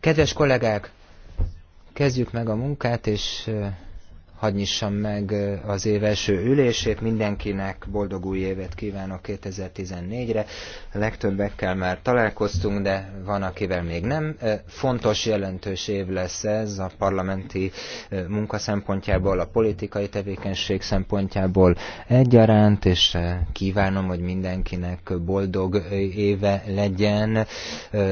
Kedves kollégák, kezdjük meg a munkát, és hadd nyissam meg az éveső ülését. Mindenkinek boldog új évet kívánok 2014-re. Legtöbbekkel már találkoztunk, de van, akivel még nem. Fontos, jelentős év lesz ez a parlamenti munka szempontjából, a politikai tevékenység szempontjából egyaránt, és kívánom, hogy mindenkinek boldog éve legyen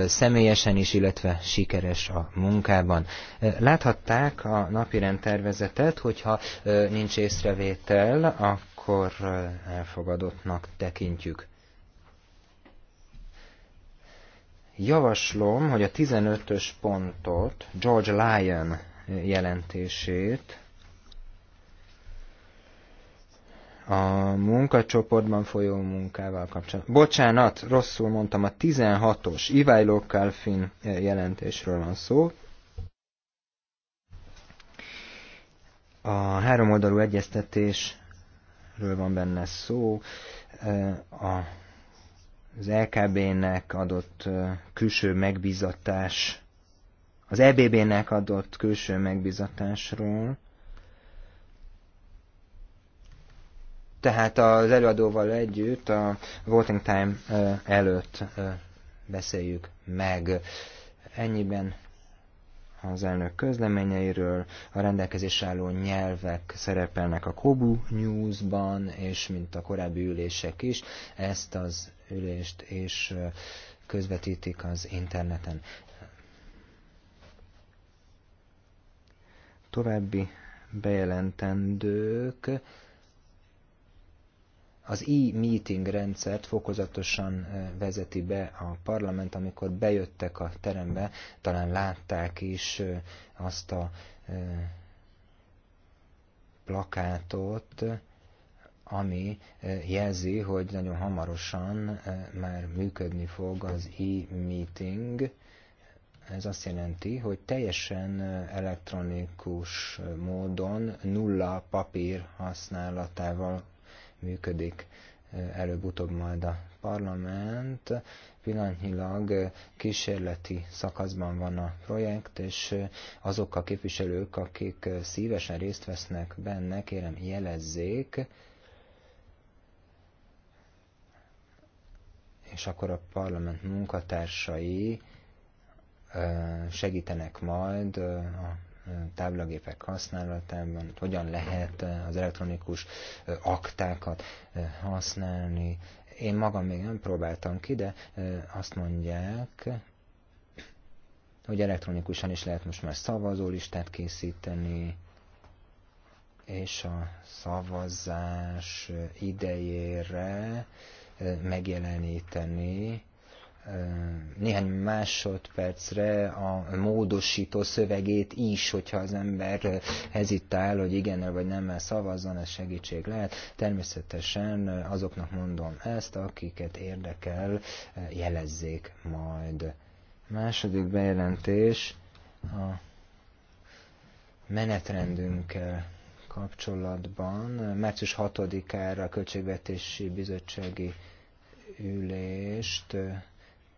személyesen is, illetve sikeres a munkában. Láthatták a napirend tervezetet, hogy Hogyha nincs észrevétel, akkor elfogadottnak tekintjük. Javaslom, hogy a 15-ös pontot, George Lyon jelentését a munkacsoportban folyó munkával kapcsolatban. Bocsánat, rosszul mondtam, a 16-os Ivailo Calfin jelentésről van szó. A háromoldalú egyeztetésről van benne szó. E, a az LKB-nek e, e adott külső megbizatás, az EBB-nek adott külső megbizatásról. Tehát az előadóval együtt a voting time előtt beszéljük meg. Ennyiben az elnök közleményeiről, a rendelkezés álló nyelvek szerepelnek a Kobu News-ban, és mint a korábbi ülések is, ezt az ülést és közvetítik az interneten. További bejelentendők az e-meeting rendszert fokozatosan vezeti be a parlament, amikor bejöttek a terembe, talán látták is azt a plakátot, ami jelzi, hogy nagyon hamarosan már működni fog az e-meeting. Ez azt jelenti, hogy teljesen elektronikus módon nulla papír használatával működik eh, előbb-utóbb majd a parlament. Pillanatnyilag eh, kísérleti szakaszban van a projekt, és eh, azok a képviselők, akik szívesen részt vesznek benne, kérem jelezzék, és akkor a parlament munkatársai segítenek majd a táblagépek használatában, hogyan lehet eh, az elektronikus eh, aktákat eh, használni. Én magam még nem próbáltam ki, de azt mondják, hogy elektronikusan is lehet most már szavazólistát készíteni, és a szavazás idejére megjeleníteni néhány másodpercre a módosító szövegét is, hogyha az ember hezitál, hogy igennel vagy nemmel szavazzon, ez segítség lehet. Természetesen azoknak mondom ezt, akiket érdekel, jelezzék majd. Második bejelentés a menetrendünkkel kapcsolatban. Március 6-ára a Költségvetési Bizottsági ülést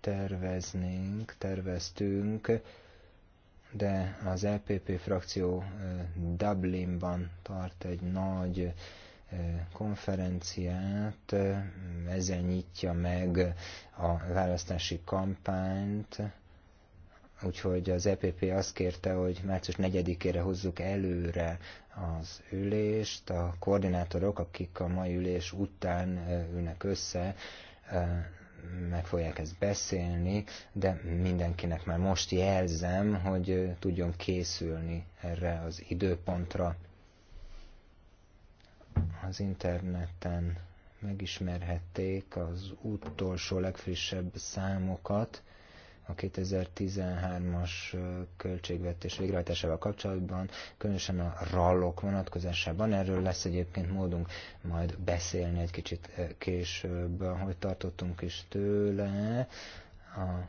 terveznénk, terveztünk, de az LPP e frakció Dublinban tart egy nagy konferenciát, ezzel nyitja meg a választási kampányt, úgyhogy az EPP azt kérte, hogy március 4-ére hozzuk előre az ülést, a koordinátorok, akik a mai ülés után ülnek össze, meg fogják ezt beszélni, de mindenkinek már most jelzem, hogy tudjon készülni erre az időpontra. Az interneten megismerhették az utolsó legfrissebb számokat, a 2013-as költségvetés végrehajtásával kapcsolatban, különösen a rallok vonatkozásában. Erről lesz egyébként módunk majd beszélni egy kicsit később, hogy tartottunk is tőle. A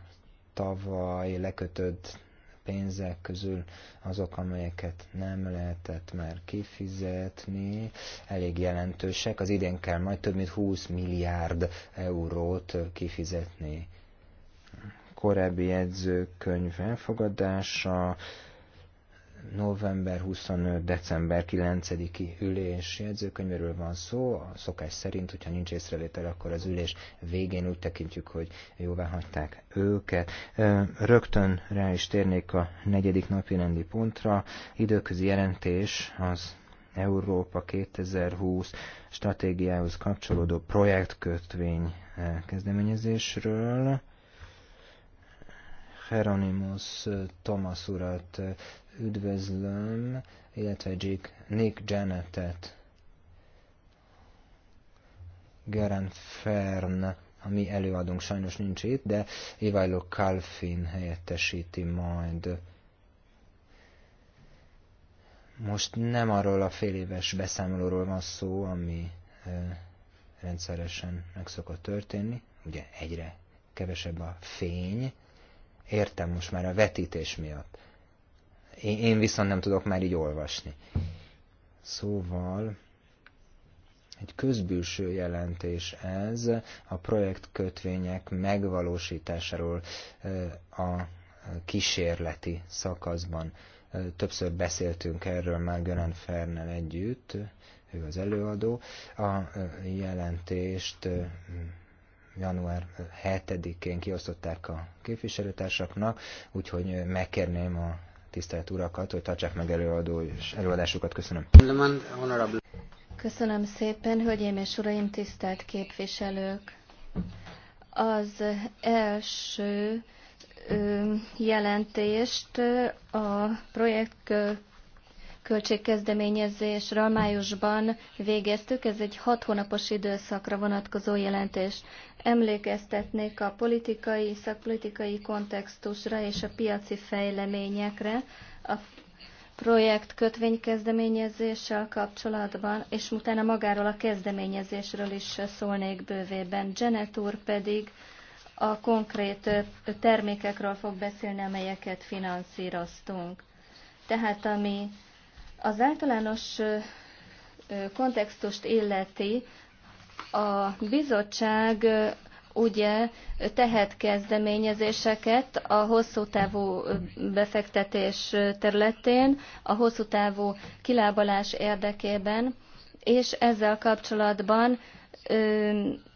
tavaly lekötött pénzek közül azok, amelyeket nem lehetett már kifizetni, elég jelentősek. Az idén kell majd több mint 20 milliárd eurót kifizetni korábbi jegyzőkönyv elfogadása, november 25. december 9-i ülés jegyzőkönyvéről van szó. A szokás szerint, hogyha nincs észrevétel, akkor az ülés végén úgy tekintjük, hogy jóvá hagyták őket. Rögtön rá is térnék a negyedik napi rendi pontra. Időközi jelentés az Európa 2020 stratégiához kapcsolódó projektkötvény kezdeményezésről. Hieronymus Thomas urat üdvözlöm, illetve Nick Janetet. Geren Fern, a mi előadónk sajnos nincs itt, de Ivajlo Kalfin helyettesíti majd. Most nem arról a fél éves beszámolóról van szó, ami rendszeresen meg szokott történni, ugye egyre kevesebb a fény, Értem most már a vetítés miatt. Én, én viszont nem tudok már így olvasni. Szóval egy közbülső jelentés ez a projektkötvények megvalósításáról a kísérleti szakaszban. Többször beszéltünk erről már Gönen Fernel együtt, ő az előadó. A jelentést január 7-én kiosztották a képviselőtársaknak, úgyhogy megkérném a tisztelt urakat, hogy tartsák meg előadó és előadásukat. Köszönöm. Köszönöm szépen, hölgyeim és uraim, tisztelt képviselők! Az első jelentést a projekt költségkezdeményezésről májusban végeztük. Ez egy hat hónapos időszakra vonatkozó jelentés. Emlékeztetnék a politikai, szakpolitikai kontextusra és a piaci fejleményekre, a projekt kötvénykezdeményezéssel kapcsolatban, és utána magáról a kezdeményezésről is szólnék bővében. Janet úr pedig a konkrét termékekről fog beszélni, amelyeket finanszíroztunk. Tehát ami az általános kontextust illeti a bizottság ugye tehet kezdeményezéseket a hosszú távú befektetés területén, a hosszú távú kilábalás érdekében, és ezzel kapcsolatban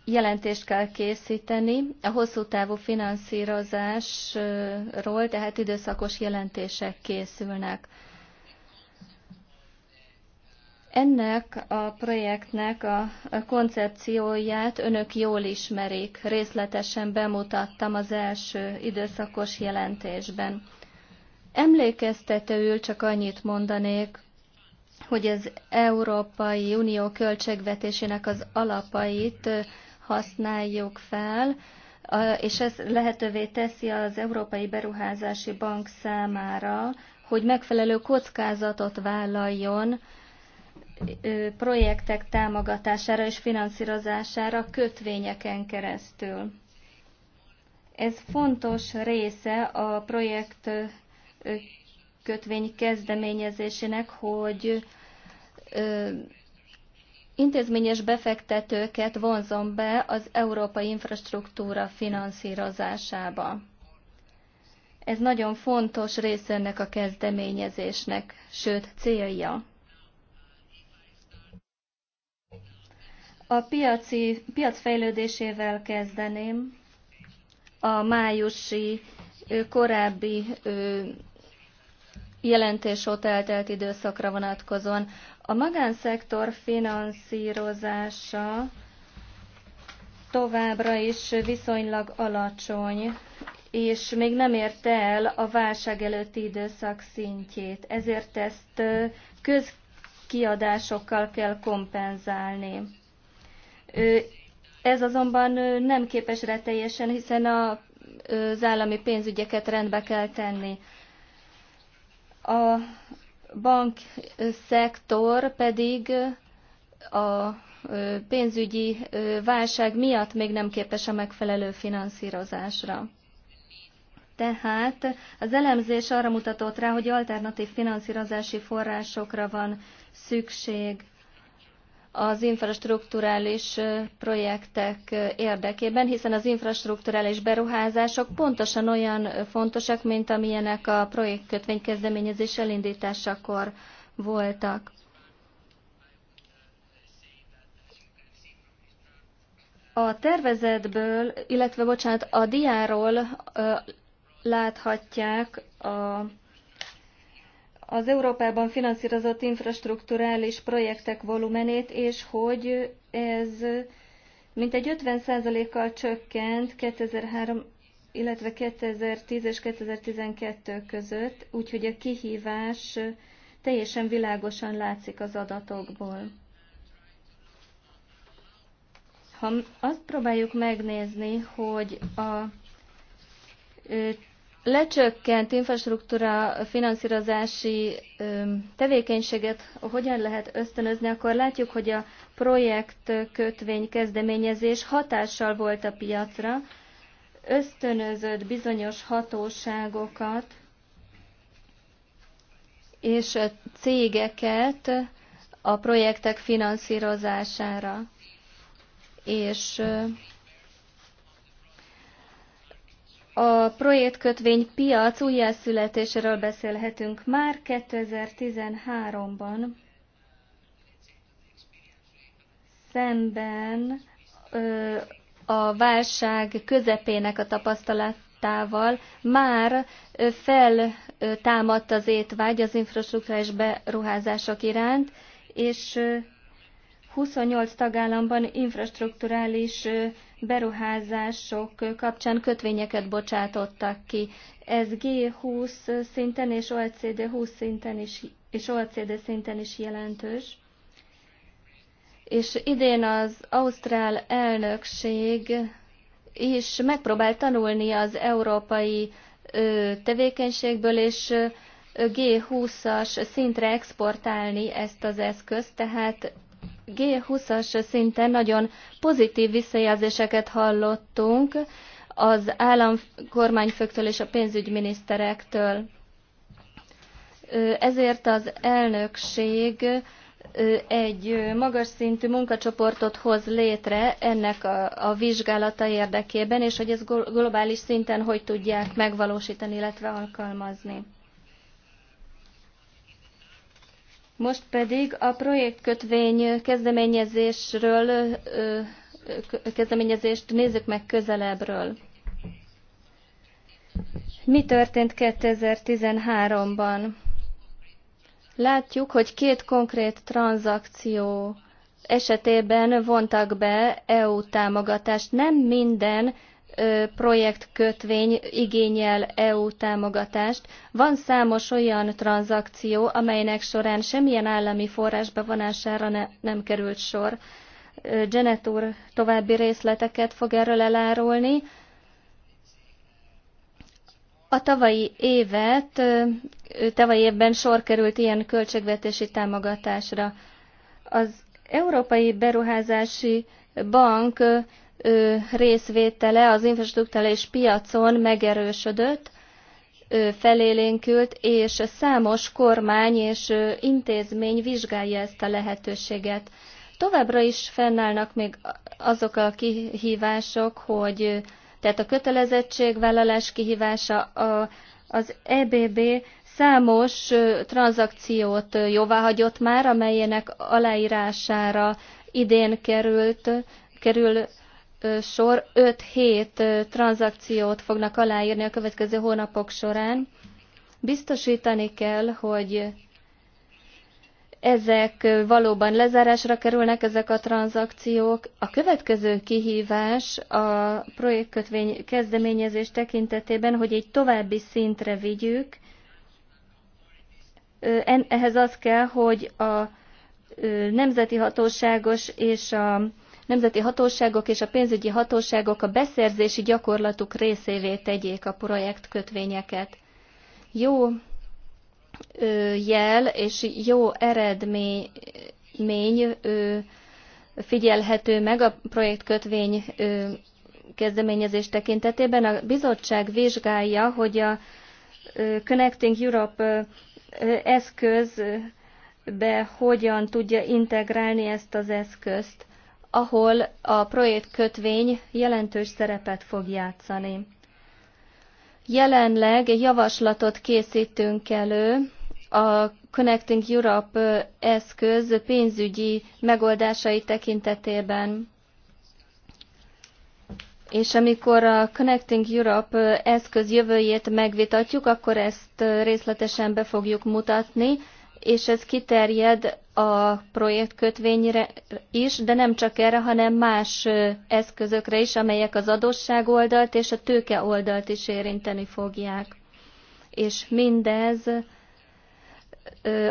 jelentést kell készíteni a hosszú távú finanszírozásról, tehát időszakos jelentések készülnek. Ennek a projektnek a koncepcióját önök jól ismerik, részletesen bemutattam az első időszakos jelentésben. Emlékeztetőül csak annyit mondanék, hogy az Európai Unió költségvetésének az alapait használjuk fel, és ez lehetővé teszi az Európai Beruházási Bank számára, hogy megfelelő kockázatot vállaljon, projektek támogatására és finanszírozására kötvényeken keresztül. Ez fontos része a projekt kötvény kezdeményezésének, hogy intézményes befektetőket vonzom be az európai infrastruktúra finanszírozásába. Ez nagyon fontos része ennek a kezdeményezésnek, sőt célja. A piaci, piac fejlődésével kezdeném. A májusi korábbi jelentés ott eltelt időszakra vonatkozóan. A magánszektor finanszírozása továbbra is viszonylag alacsony, és még nem érte el a válság előtti időszak szintjét. Ezért ezt közkiadásokkal kell kompenzálni. Ez azonban nem képes rá teljesen, hiszen a, az állami pénzügyeket rendbe kell tenni. A bankszektor pedig a pénzügyi válság miatt még nem képes a megfelelő finanszírozásra. Tehát az elemzés arra mutatott rá, hogy alternatív finanszírozási forrásokra van szükség az infrastruktúrális projektek érdekében, hiszen az infrastruktúrális beruházások pontosan olyan fontosak, mint amilyenek a projektkötvény kezdeményezés elindításakor voltak. A tervezetből, illetve bocsánat, a diáról láthatják a az Európában finanszírozott infrastrukturális projektek volumenét, és hogy ez mintegy 50%-kal csökkent 2003, illetve 2010 és 2012 között, úgyhogy a kihívás teljesen világosan látszik az adatokból. Ha azt próbáljuk megnézni, hogy a lecsökkent infrastruktúra finanszírozási tevékenységet hogyan lehet ösztönözni, akkor látjuk, hogy a projekt kötvény kezdeményezés hatással volt a piacra, ösztönözött bizonyos hatóságokat és cégeket a projektek finanszírozására. És a projektkötvény piac újjászületéséről beszélhetünk már 2013-ban, szemben ö, a válság közepének a tapasztalatával már feltámadt az étvágy az infrastruktúrás beruházások iránt, és 28 tagállamban infrastruktúrális beruházások kapcsán kötvényeket bocsátottak ki. Ez G20 szinten és OECD 20 szinten is, és OECD szinten is jelentős. És idén az Ausztrál elnökség is megpróbál tanulni az európai tevékenységből, és G20-as szintre exportálni ezt az eszközt, tehát G20-as szinten nagyon pozitív visszajelzéseket hallottunk az államkormányfőktől és a pénzügyminiszterektől. Ezért az elnökség egy magas szintű munkacsoportot hoz létre ennek a, a vizsgálata érdekében, és hogy ezt globális szinten hogy tudják megvalósítani, illetve alkalmazni. Most pedig a projektkötvény kezdeményezésről, kezdeményezést nézzük meg közelebbről. Mi történt 2013-ban? Látjuk, hogy két konkrét tranzakció esetében vontak be EU támogatást. Nem minden projektkötvény igényel EU támogatást. Van számos olyan tranzakció, amelynek során semmilyen állami forrás bevonására ne, nem került sor. Janet úr további részleteket fog erről elárulni. A tavalyi évet, tavalyi évben sor került ilyen költségvetési támogatásra. Az Európai Beruházási Bank részvétele az infrastruktúrális piacon megerősödött, felélénkült, és számos kormány és intézmény vizsgálja ezt a lehetőséget. Továbbra is fennállnak még azok a kihívások, hogy tehát a kötelezettségvállalás kihívása a, az EBB számos tranzakciót jóváhagyott már, amelyének aláírására idén került, kerül sor 5-7 tranzakciót fognak aláírni a következő hónapok során. Biztosítani kell, hogy ezek valóban lezárásra kerülnek, ezek a tranzakciók. A következő kihívás a projektkötvény kezdeményezés tekintetében, hogy egy további szintre vigyük. Ehhez az kell, hogy a nemzeti hatóságos és a nemzeti hatóságok és a pénzügyi hatóságok a beszerzési gyakorlatuk részévé tegyék a projektkötvényeket. Jó jel és jó eredmény figyelhető meg a projektkötvény kezdeményezés tekintetében. A bizottság vizsgálja, hogy a Connecting Europe eszközbe hogyan tudja integrálni ezt az eszközt ahol a projektkötvény jelentős szerepet fog játszani. Jelenleg egy javaslatot készítünk elő a Connecting Europe eh, eszköz pénzügyi megoldásai tekintetében. És amikor a Connecting Europe eh, eszköz jövőjét megvitatjuk, akkor ezt eh, részletesen be fogjuk mutatni, és ez kiterjed a projektkötvényre is, de nem csak erre, hanem más eszközökre is, amelyek az adósság oldalt és a tőke oldalt is érinteni fogják. És mindez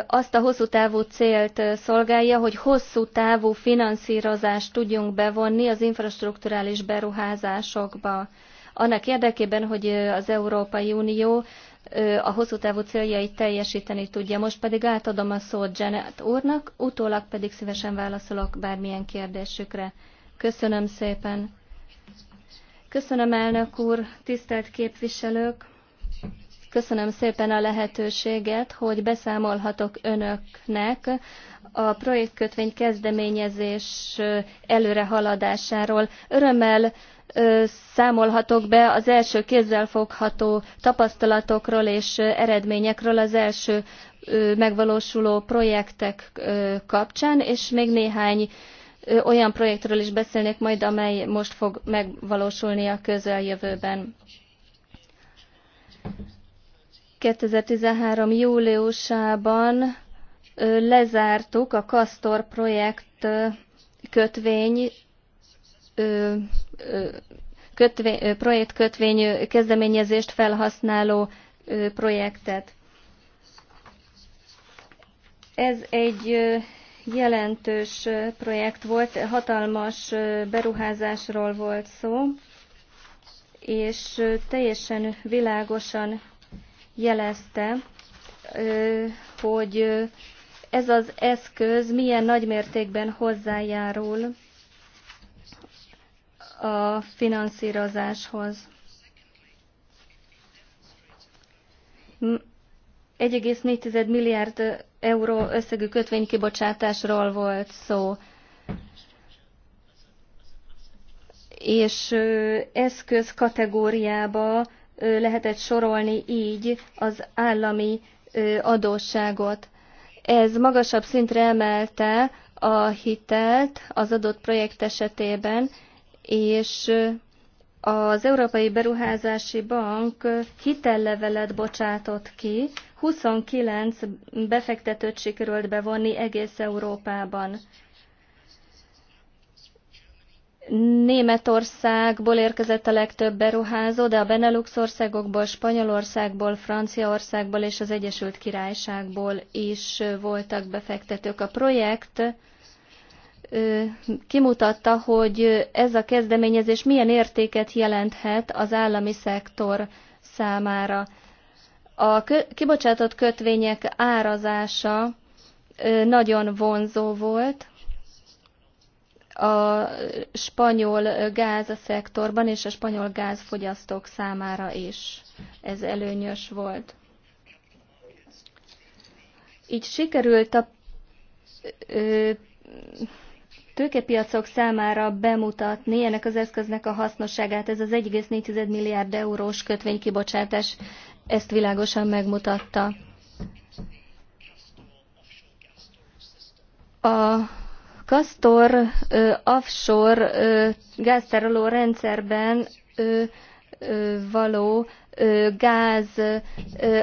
azt a hosszú távú célt szolgálja, hogy hosszú távú finanszírozást tudjunk bevonni az infrastruktúrális beruházásokba. Annak érdekében, hogy az Európai Unió a hosszú távú céljait teljesíteni tudja. Most pedig átadom a szót Janet úrnak, utólag pedig szívesen válaszolok bármilyen kérdésükre. Köszönöm szépen. Köszönöm elnök úr, tisztelt képviselők. Köszönöm szépen a lehetőséget, hogy beszámolhatok önöknek a projektkötvény kezdeményezés előrehaladásáról. Örömmel számolhatok be az első fogható tapasztalatokról és eredményekről az első megvalósuló projektek kapcsán, és még néhány olyan projektről is beszélnék majd, amely most fog megvalósulni a közeljövőben. 2013. júliusában lezártuk a Kastor projekt kötvény kötvény, projektkötvény kezdeményezést felhasználó projektet. Ez egy jelentős projekt volt, hatalmas beruházásról volt szó, és teljesen világosan jelezte, hogy ez az eszköz milyen nagymértékben hozzájárul a finanszírozáshoz. 1,4 milliárd euró összegű kötvénykibocsátásról volt szó. És eszköz kategóriába lehetett sorolni így az állami adósságot. Ez magasabb szintre emelte a hitelt az adott projekt esetében, és az Európai Beruházási Bank hitellevelet bocsátott ki, 29 befektetőt sikerült bevonni egész Európában. Németországból érkezett a legtöbb beruházó, de a Benelux országokból, Spanyolországból, Franciaországból és az Egyesült Királyságból is voltak befektetők. A projekt kimutatta, hogy ez a kezdeményezés milyen értéket jelenthet az állami szektor számára. A kibocsátott kötvények árazása nagyon vonzó volt a spanyol gázszektorban és a spanyol gázfogyasztók számára is ez előnyös volt. Így sikerült a tőkepiacok számára bemutatni ennek az eszköznek a hasznosságát. Ez az 1,4 milliárd eurós kötvénykibocsátás ezt világosan megmutatta. A Kastor offshore gáztároló rendszerben való gáz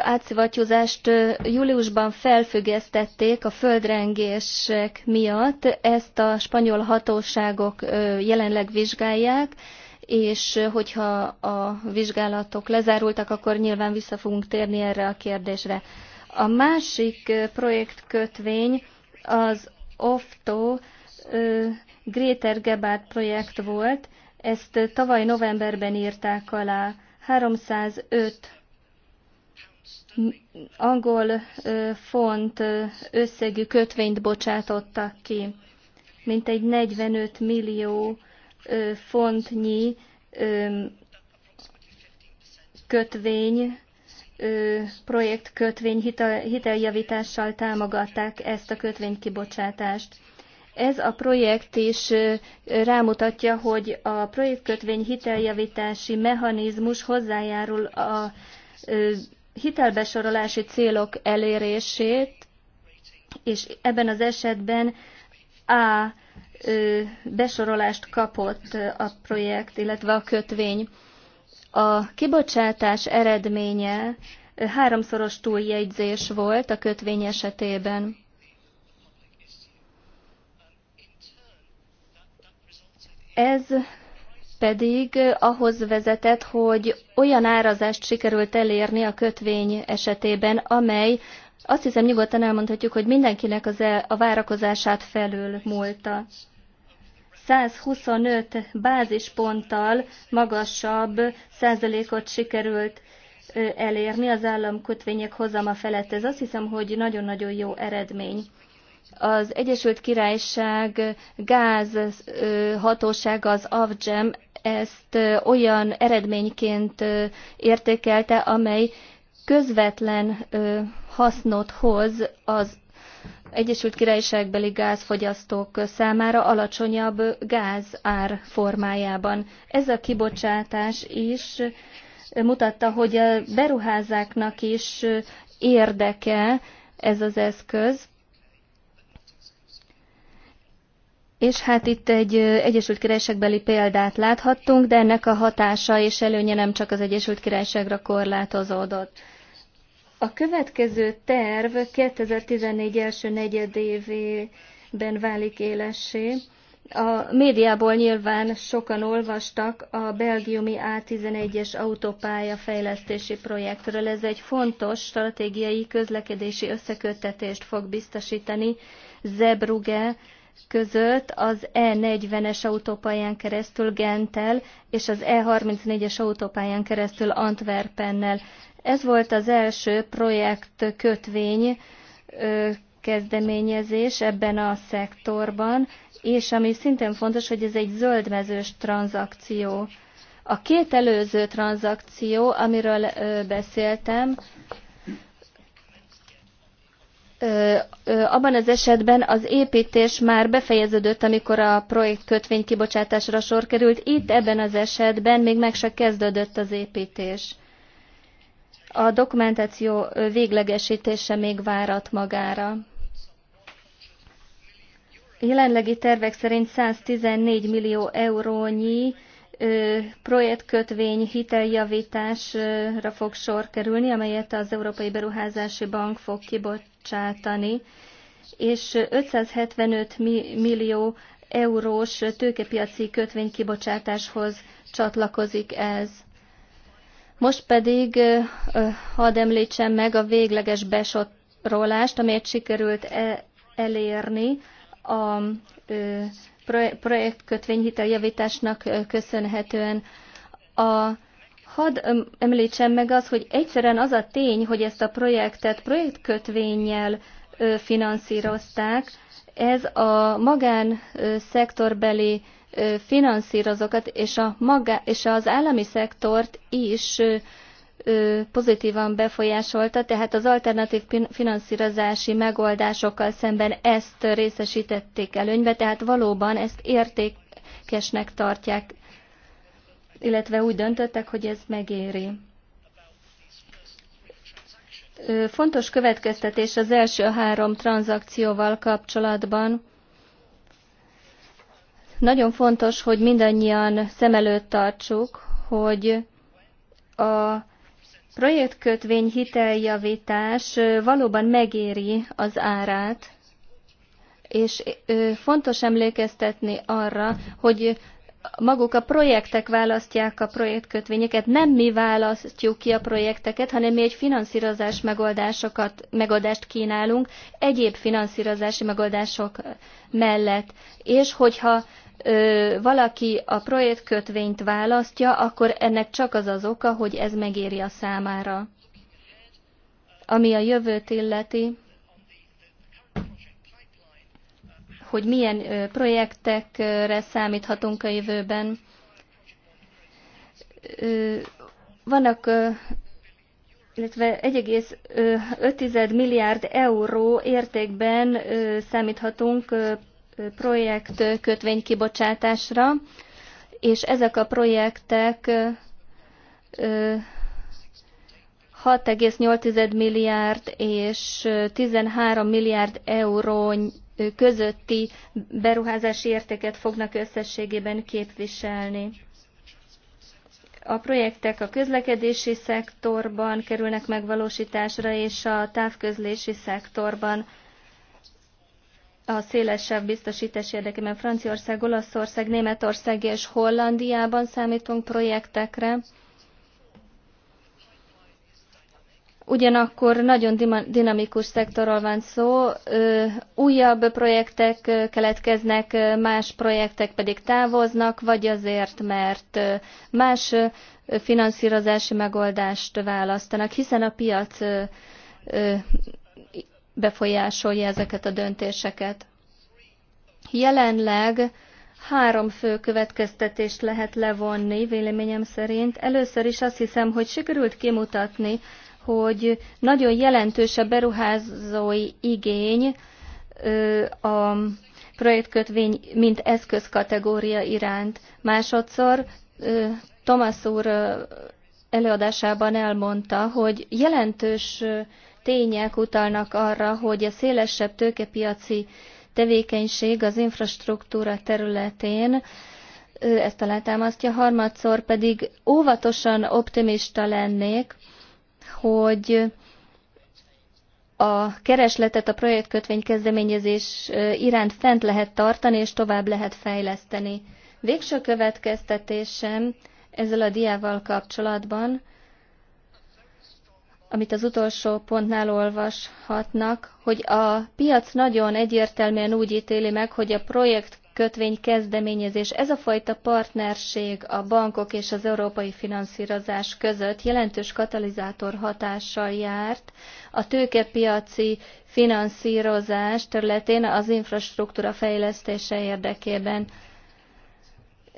átszivattyúzást júliusban felfüggesztették a földrengések miatt. Ezt a spanyol hatóságok jelenleg vizsgálják, és hogyha a vizsgálatok lezárultak, akkor nyilván vissza fogunk térni erre a kérdésre. A másik projektkötvény az OFTO Greater Gebhardt projekt volt, ezt tavaly novemberben írták alá 305 angol font összegű kötvényt bocsátottak ki, mint egy 45 millió fontnyi kötvény, projekt kötvény hiteljavítással támogatták ezt a kötvénykibocsátást. Ez a projekt is rámutatja, hogy a projektkötvény hiteljavítási mechanizmus hozzájárul a hitelbesorolási célok elérését, és ebben az esetben A besorolást kapott a projekt, illetve a kötvény. A kibocsátás eredménye háromszoros túljegyzés volt a kötvény esetében. Ez pedig ahhoz vezetett, hogy olyan árazást sikerült elérni a kötvény esetében, amely azt hiszem nyugodtan elmondhatjuk, hogy mindenkinek az el, a várakozását felül múlta. 125 bázisponttal magasabb százalékot sikerült elérni az államkötvények hozama felett. Ez azt hiszem, hogy nagyon-nagyon jó eredmény az Egyesült Királyság gáz hatósága, az AVGEM ezt olyan eredményként értékelte, amely közvetlen hasznot hoz az Egyesült Királyságbeli gázfogyasztók számára alacsonyabb gázár formájában. Ez a kibocsátás is mutatta, hogy a beruházáknak is érdeke ez az eszköz, És hát itt egy Egyesült Királyságbeli példát láthattunk, de ennek a hatása és előnye nem csak az Egyesült Királyságra korlátozódott. A következő terv 2014 első negyedévében válik élessé. A médiából nyilván sokan olvastak a belgiumi A11-es autópálya fejlesztési projektről. Ez egy fontos stratégiai közlekedési összeköttetést fog biztosítani Zebruge között az E40-es autópályán keresztül Gentel és az E34-es autópályán keresztül Antwerpennel. Ez volt az első projekt kötvény kezdeményezés ebben a szektorban, és ami szintén fontos, hogy ez egy zöldmezős tranzakció. A két előző tranzakció, amiről beszéltem, abban az esetben az építés már befejeződött, amikor a projekt kötvény kibocsátásra sor került, itt ebben az esetben még meg se kezdődött az építés. A dokumentáció véglegesítése még várat magára. Jelenlegi tervek szerint 114 millió eurónyi projektkötvény hiteljavításra fog sor kerülni, amelyet az Európai Beruházási Bank fog kibocsátani megbocsátani, és 575 millió eurós tőkepiaci kötvénykibocsátáshoz csatlakozik ez. Most pedig hadd említsem meg a végleges besorolást, amelyet sikerült e-, elérni a projektkötvényhiteljavításnak köszönhetően. A Hadd említsem meg az, hogy egyszerűen az a tény, hogy ezt a projektet projektkötvényjel finanszírozták, ez a magánszektorbeli finanszírozókat és, a maga, és az állami szektort is pozitívan befolyásolta, tehát az alternatív finanszírozási megoldásokkal szemben ezt részesítették előnybe, tehát valóban ezt értékesnek tartják illetve úgy döntöttek, hogy ez megéri. Fontos következtetés az első három tranzakcióval kapcsolatban. Nagyon fontos, hogy mindannyian szem előtt tartsuk, hogy a projektkötvény hiteljavítás valóban megéri az árát, és fontos emlékeztetni arra, hogy maguk a projektek választják a projektkötvényeket, nem mi választjuk ki a projekteket, hanem mi egy finanszírozás megoldásokat, megoldást kínálunk egyéb finanszírozási megoldások mellett. És hogyha ö, valaki a projektkötvényt választja, akkor ennek csak az az oka, hogy ez megéri a számára. Ami a jövőt illeti, hogy milyen projektekre számíthatunk a jövőben. Vannak illetve 1,5 milliárd euró értékben számíthatunk projekt kötvénykibocsátásra, és ezek a projektek 6,8 milliárd és 13 milliárd eurónyi közötti beruházási értéket fognak összességében képviselni. A projektek a közlekedési szektorban kerülnek megvalósításra, és a távközlési szektorban a szélesebb biztosítás érdekében Franciaország, Olaszország, Németország és Hollandiában számítunk projektekre, Ugyanakkor nagyon dinamikus szektorról van szó, újabb projektek keletkeznek, más projektek pedig távoznak, vagy azért, mert más finanszírozási megoldást választanak, hiszen a piac befolyásolja ezeket a döntéseket. Jelenleg három fő következtetést lehet levonni, véleményem szerint. Először is azt hiszem, hogy sikerült kimutatni, hogy nagyon jelentős a beruházói igény a projektkötvény, mint eszközkategória iránt. Másodszor Thomas úr előadásában elmondta, hogy jelentős tények utalnak arra, hogy a szélesebb tőkepiaci tevékenység az infrastruktúra területén ezt alátámasztja, harmadszor pedig óvatosan optimista lennék, hogy a keresletet a projektkötvény kezdeményezés iránt fent lehet tartani, és tovább lehet fejleszteni. Végső következtetésem ezzel a diával kapcsolatban, amit az utolsó pontnál olvashatnak, hogy a piac nagyon egyértelműen úgy ítéli meg, hogy a projekt kötvény kezdeményezés. Ez a fajta partnerség a bankok és az európai finanszírozás között jelentős katalizátor hatással járt a tőkepiaci finanszírozás területén az infrastruktúra fejlesztése érdekében.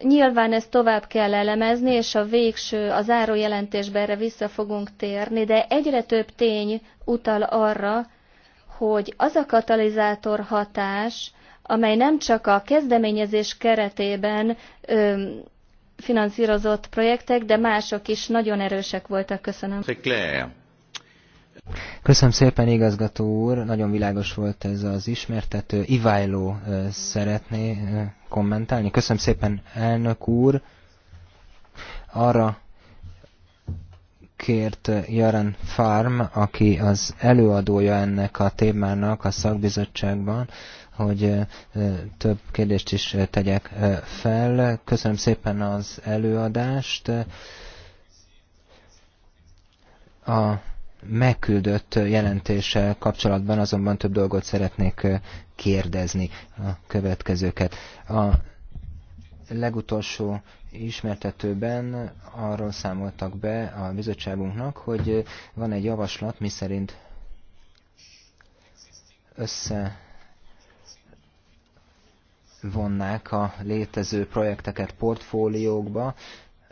Nyilván ezt tovább kell elemezni, és a végső, az árójelentésben erre vissza fogunk térni, de egyre több tény utal arra, hogy az a katalizátor hatás, amely nem csak a kezdeményezés keretében ö, finanszírozott projektek, de mások is nagyon erősek voltak. Köszönöm. Köszönöm szépen, igazgató úr. Nagyon világos volt ez az ismertető. Iváló szeretné kommentálni. Köszönöm szépen, elnök úr. Arra kért Jaren Farm, aki az előadója ennek a témának a szakbizottságban, hogy több kérdést is tegyek fel. Köszönöm szépen az előadást. A megküldött jelentéssel kapcsolatban azonban több dolgot szeretnék kérdezni a következőket. A legutolsó ismertetőben arról számoltak be a bizottságunknak, hogy van egy javaslat, miszerint össze bevonnák a létező projekteket portfóliókba,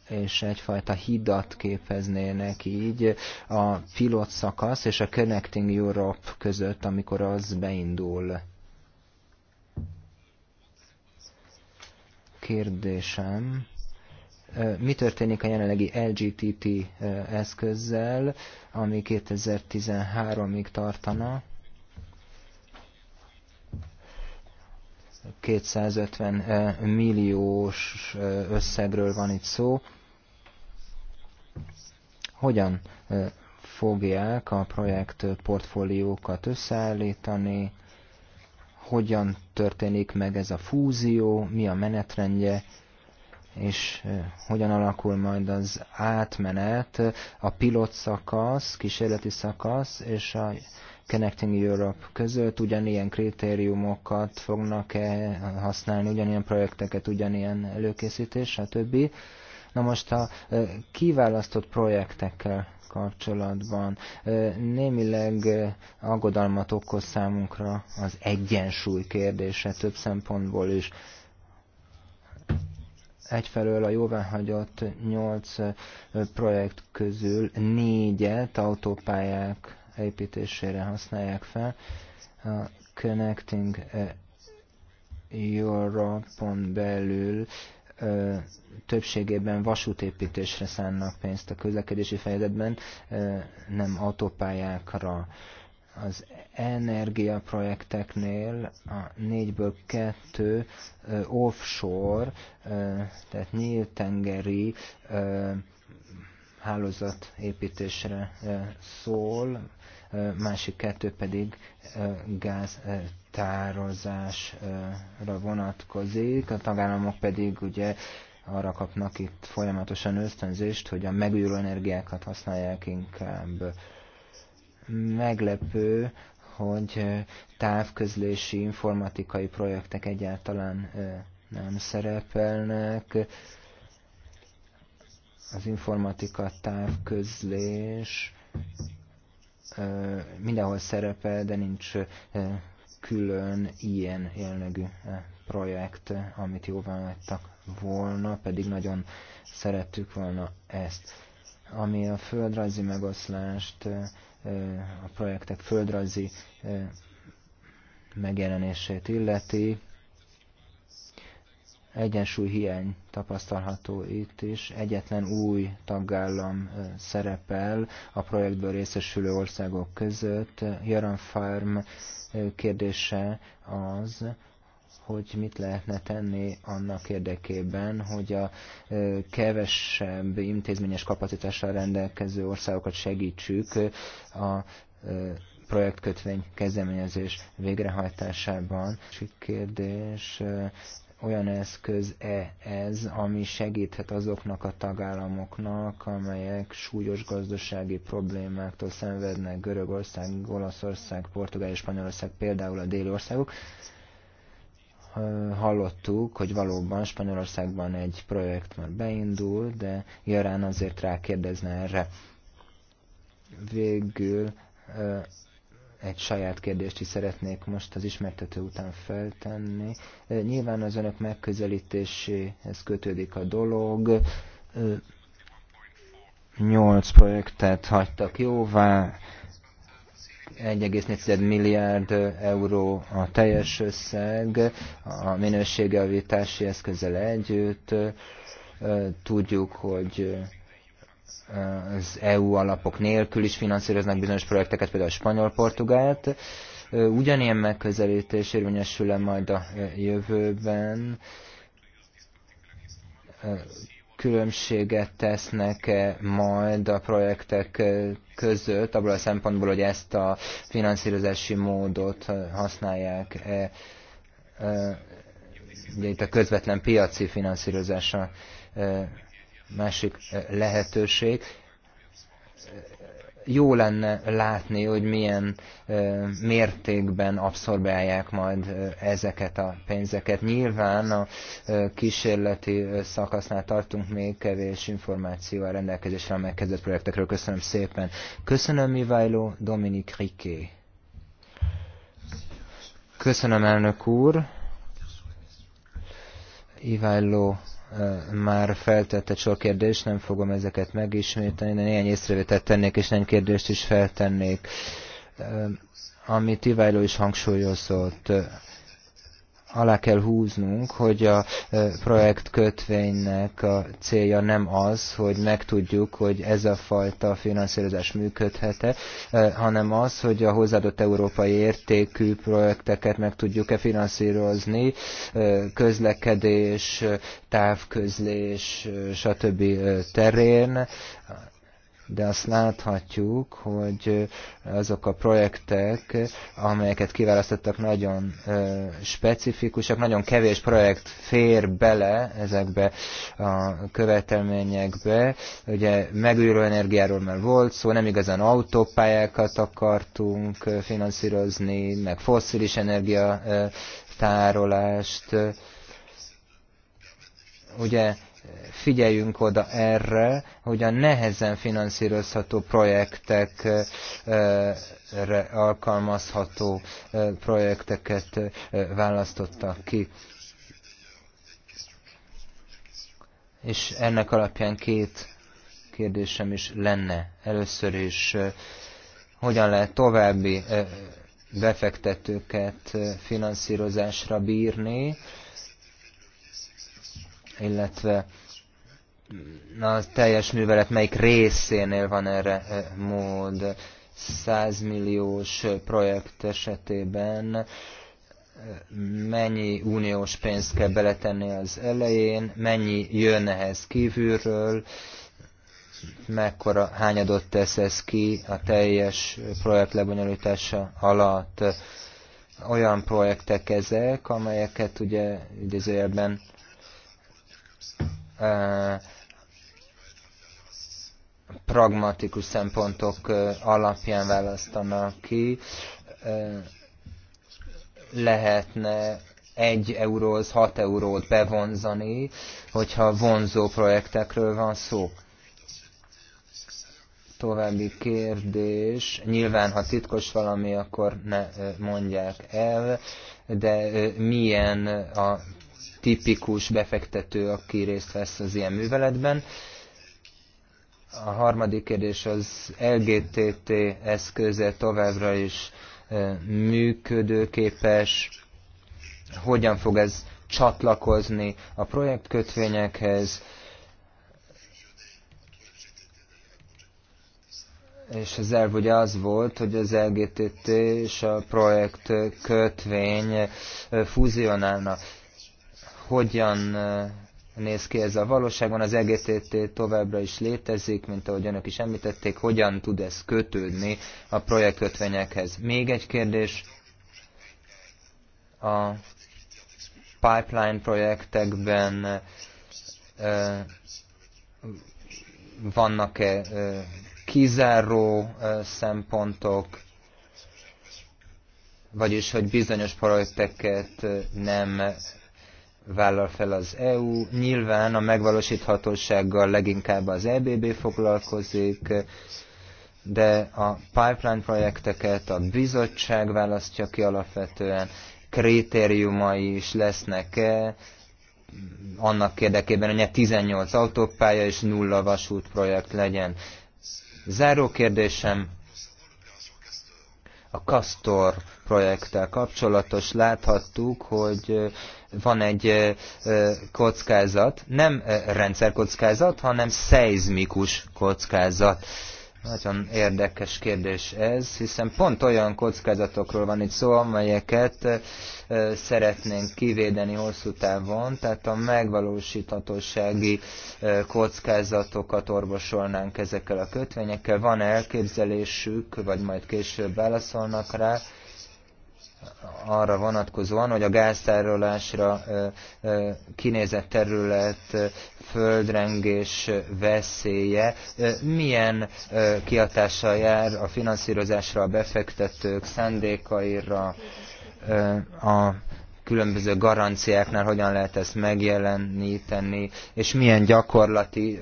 és egyfajta hidat képeznének így a pilot szakasz és a Connecting Europe között, amikor az beindul. Kérdésem mi történik a jelenlegi LGTT eszközzel, ami 2013-ig tartana. 250 milliós összegről van itt szó. Hogyan fogják a projekt portfóliókat összeállítani, hogyan történik meg ez a fúzió, mi a menetrendje, és hogyan alakul majd az átmenet, a pilot szakasz, kísérleti szakasz, és a Connecting Europe között, ugyanilyen kritériumokat fognak-e használni, ugyanilyen projekteket, ugyanilyen előkészítés, stb. Na most a kiválasztott projektekkel kapcsolatban némileg aggodalmat okoz számunkra az egyensúly kérdése több szempontból is egyfelől a jóváhagyott nyolc projekt közül négyet autópályák építésére használják fel. A Connecting Europe-on belül ö, többségében vasútépítésre szánnak pénzt a közlekedési fejezetben, ö, nem autópályákra. Az energiaprojekteknél a négyből kettő ö, offshore, ö, tehát nyíltengeri ö, hálózatépítésre ö, szól, másik kettő pedig gáztározásra vonatkozik, a tagállamok pedig ugye arra kapnak itt folyamatosan ösztönzést, hogy a megújuló energiákat használják inkább. Meglepő, hogy távközlési informatikai projektek egyáltalán nem szerepelnek. Az informatika távközlés mindenhol szerepel, de nincs külön ilyen jellegű projekt, amit jóvá hagytak volna, pedig nagyon szerettük volna ezt. Ami a földrajzi megoszlást, a projektek földrajzi megjelenését illeti, hiány tapasztalható itt is. Egyetlen új tagállam szerepel a projektből részesülő országok között. Jaran Farm kérdése az, hogy mit lehetne tenni annak érdekében, hogy a kevesebb intézményes kapacitással rendelkező országokat segítsük a projektkötvény kezdeményezés végrehajtásában. kérdés olyan eszköz-e ez, ami segíthet azoknak a tagállamoknak, amelyek súlyos gazdasági problémáktól szenvednek, Görögország, Olaszország, Portugál és Spanyolország, például a déli országok. Hallottuk, hogy valóban Spanyolországban egy projekt már beindul, de Jarán azért rákérdezne erre. Végül egy saját kérdést is szeretnék most az ismertető után feltenni. Nyilván az önök megközelítéséhez kötődik a dolog. Nyolc projektet hagytak jóvá, 1,4 milliárd euró a teljes összeg, a minőségjavítási eszközzel együtt. Tudjuk, hogy az EU alapok nélkül is finanszíroznak bizonyos projekteket, például a spanyol-portugált. Ugyanilyen megközelítés érvényesül-e majd a jövőben? Különbséget tesznek-e majd a projektek között, abból a szempontból, hogy ezt a finanszírozási módot használják -e, ugye itt a közvetlen piaci finanszírozása Másik eh, lehetőség, jó lenne látni, hogy milyen eh, mértékben abszorbálják majd eh, ezeket a pénzeket. Nyilván a kísérleti szakasznál tartunk még kevés információ a rendelkezésre a megkezdett projektekről. Köszönöm szépen. Köszönöm, Mivajló Dominik Riké. Köszönöm, elnök úr. Iváló már feltette sok kérdést, nem fogom ezeket megismételni, de néhány észrevételt tennék, és nem kérdést is feltennék. Amit Iváló is hangsúlyozott, alá kell húznunk, hogy a e, projekt kötvénynek a célja nem az, hogy megtudjuk, hogy ez a fajta finanszírozás működhet-e, e, hanem az, hogy a hozzáadott európai értékű projekteket meg tudjuk-e finanszírozni, e, közlekedés, távközlés, stb. terén, de azt láthatjuk, hogy azok a projektek, amelyeket kiválasztottak, nagyon specifikusak, nagyon kevés projekt fér bele ezekbe a követelményekbe. Ugye megújuló energiáról már volt szó, nem igazán autópályákat akartunk finanszírozni, meg fosszilis energia tárolást. Ugye figyeljünk oda erre, hogy a nehezen finanszírozható projektekre alkalmazható projekteket választottak ki. És ennek alapján két kérdésem is lenne. Először is, hogyan lehet további befektetőket finanszírozásra bírni, illetve a teljes művelet melyik részénél van erre e, mód. 100 milliós projekt esetében e, mennyi uniós pénzt kell beletenni az elején, mennyi jön ehhez kívülről, mekkora hányadot tesz ez ki a teljes projekt lebonyolítása alatt. Olyan projektek ezek, amelyeket ugye idézőjelben pragmatikus szempontok alapján választanak ki. Lehetne egy euróhoz hat eurót bevonzani, hogyha vonzó projektekről van szó. További kérdés. Nyilván, ha titkos valami, akkor ne mondják el, de milyen a tipikus befektető, aki részt vesz az ilyen műveletben. A harmadik kérdés az LGTT eszköze továbbra is működőképes, hogyan fog ez csatlakozni a projektkötvényekhez, és az elv ugye az volt, hogy az LGTT és a projekt kötvény fúzionálna hogyan eh, néz ki ez a valóságban. Az EGTT továbbra is létezik, mint ahogy önök is említették, hogyan tud ez kötődni a projektkötvényekhez. Még egy kérdés. A pipeline projektekben eh, vannak-e eh, kizáró szempontok, vagyis hogy bizonyos projekteket nem vállal fel az EU. Nyilván a megvalósíthatósággal leginkább az EBB foglalkozik, de a pipeline projekteket a bizottság választja ki alapvetően, kritériumai is lesznek-e, annak érdekében, hogy ne 18 autópálya és nulla vasút projekt legyen. Záró kérdésem a Castor projekttel kapcsolatos. Láthattuk, hogy van egy kockázat, nem rendszerkockázat, hanem szeizmikus kockázat. Nagyon érdekes kérdés ez, hiszen pont olyan kockázatokról van itt szó, amelyeket szeretnénk kivédeni hosszú távon, tehát a megvalósíthatósági kockázatokat orvosolnánk ezekkel a kötvényekkel. Van elképzelésük, vagy majd később válaszolnak rá, arra vonatkozóan, hogy a gáztárolásra kinézett terület földrengés veszélye milyen kiatással jár a finanszírozásra, a befektetők szándékaira, a különböző garanciáknál hogyan lehet ezt megjeleníteni, és milyen gyakorlati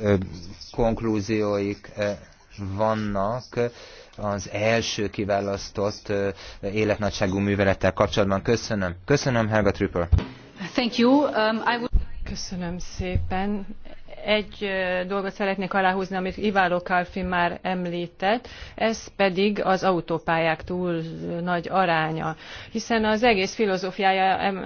konklúzióik vannak az első kiválasztott életnagyságú művelettel kapcsolatban. Köszönöm. Köszönöm, Helga Trüppel. Thank you. Um, I would... Köszönöm szépen egy dolgot szeretnék aláhúzni, amit Iváló Kalfi már említett, ez pedig az autópályák túl nagy aránya. Hiszen az egész filozófiája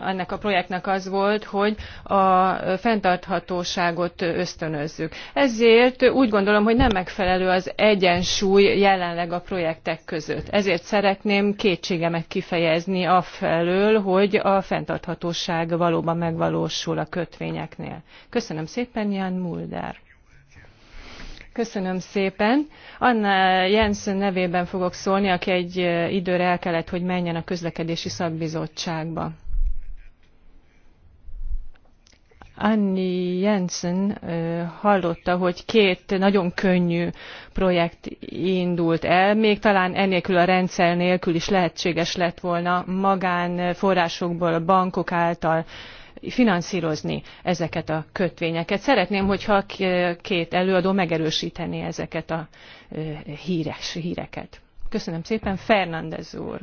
ennek a projektnek az volt, hogy a fenntarthatóságot ösztönözzük. Ezért úgy gondolom, hogy nem megfelelő az egyensúly jelenleg a projektek között. Ezért szeretném kétségemet kifejezni afelől, hogy a fenntarthatóság valóban megvalósul a kötvényeknél. Köszönöm szépen, Jan Mulder. Köszönöm szépen. Anna Jensen nevében fogok szólni, aki egy időre el kellett, hogy menjen a közlekedési szakbizottságba. Anni Jensen hallotta, hogy két nagyon könnyű projekt indult el, még talán enélkül a rendszer nélkül is lehetséges lett volna magánforrásokból, bankok által finanszírozni ezeket a kötvényeket. Szeretném, hogyha a két előadó megerősítené ezeket a híres híreket. Köszönöm szépen, Fernández úr.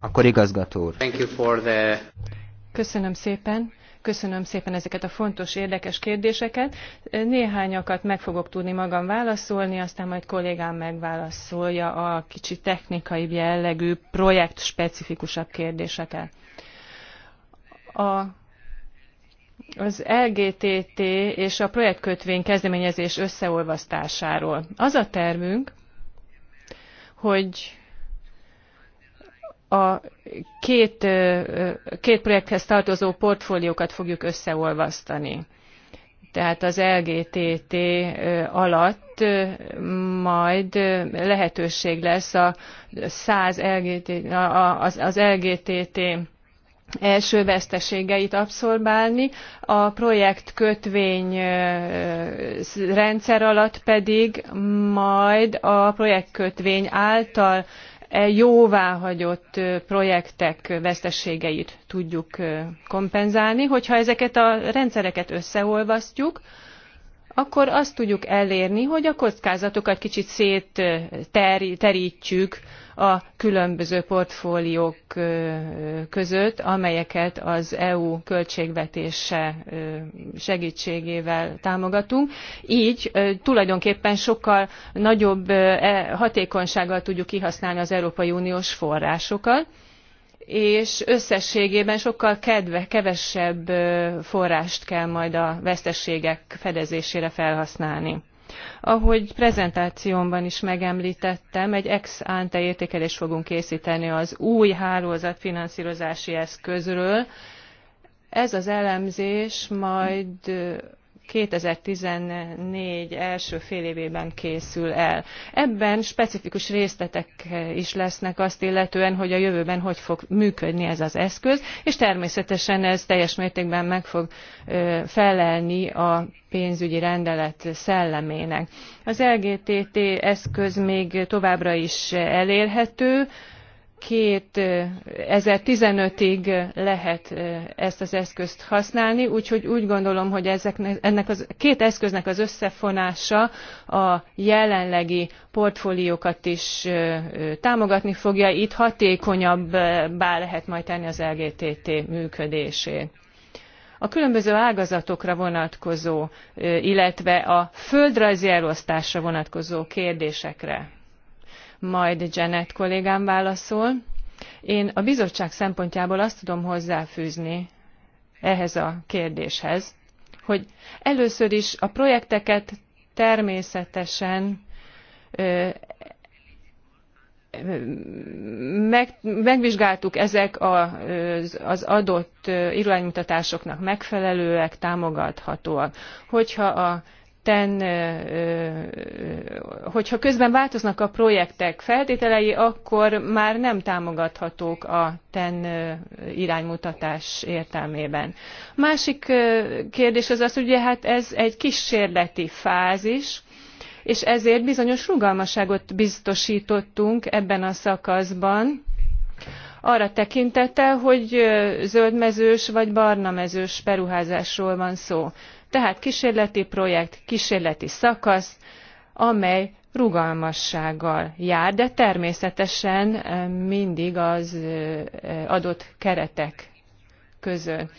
Akkor igazgató úr. Thank you for the... Köszönöm szépen. Köszönöm szépen ezeket a fontos, érdekes kérdéseket. Néhányakat meg fogok tudni magam válaszolni, aztán majd kollégám megválaszolja a kicsit technikai jellegű, projekt specifikusabb kérdéseket. A az LGTT és a projektkötvény kezdeményezés összeolvasztásáról. Az a tervünk, hogy a két, két projekthez tartozó portfóliókat fogjuk összeolvasztani. Tehát az LGTT alatt majd lehetőség lesz a 100 LGTT, az LGTT első veszteségeit abszorbálni, a projekt kötvény rendszer alatt pedig majd a projekt kötvény által e jóváhagyott projektek veszteségeit tudjuk kompenzálni. Hogyha ezeket a rendszereket összeolvasztjuk, akkor azt tudjuk elérni, hogy a kockázatokat kicsit szétterítjük, ter a különböző portfóliók között, amelyeket az EU költségvetése segítségével támogatunk. Így tulajdonképpen sokkal nagyobb e, hatékonysággal tudjuk kihasználni az Európai Uniós forrásokat és összességében sokkal kedve, kevesebb forrást kell majd a veszteségek fedezésére felhasználni. Ahogy prezentációmban is megemlítettem, egy ex ante értékelést fogunk készíteni az új finanszírozási eszközről. Ez az elemzés majd 2014 első félévében készül el. Ebben specifikus részletek is lesznek azt illetően, hogy a jövőben hogy fog működni ez az eszköz, és természetesen ez teljes mértékben meg fog felelni a pénzügyi rendelet szellemének. Az LGTT eszköz még továbbra is elérhető, 2015-ig lehet ezt az eszközt használni, úgyhogy úgy gondolom, hogy ezeknek, ennek az két eszköznek az összefonása a jelenlegi portfóliókat is támogatni fogja, itt hatékonyabbá lehet majd tenni az LGTT működését a különböző ágazatokra vonatkozó, illetve a földrajzi elosztásra vonatkozó kérdésekre majd Janet kollégám válaszol. Én a bizottság szempontjából azt tudom hozzáfűzni ehhez a kérdéshez, hogy először is a projekteket természetesen meg, megvizsgáltuk ezek a az adott iránymutatásoknak megfelelőek, támogathatóak. Hogyha a projekten, hogyha közben változnak a projektek feltételei, akkor már nem támogathatók a TEN iránymutatás értelmében. Másik kérdés az az, hogy ugye hát ez egy kísérleti fázis, és ezért bizonyos rugalmasságot biztosítottunk ebben a szakaszban, arra tekintettel, hogy zöldmezős vagy barnamezős beruházásról van szó tehát kísérleti projekt, kísérleti szakasz, amely rugalmassággal jár, de természetesen eh, mindig az eh, adott keretek közön.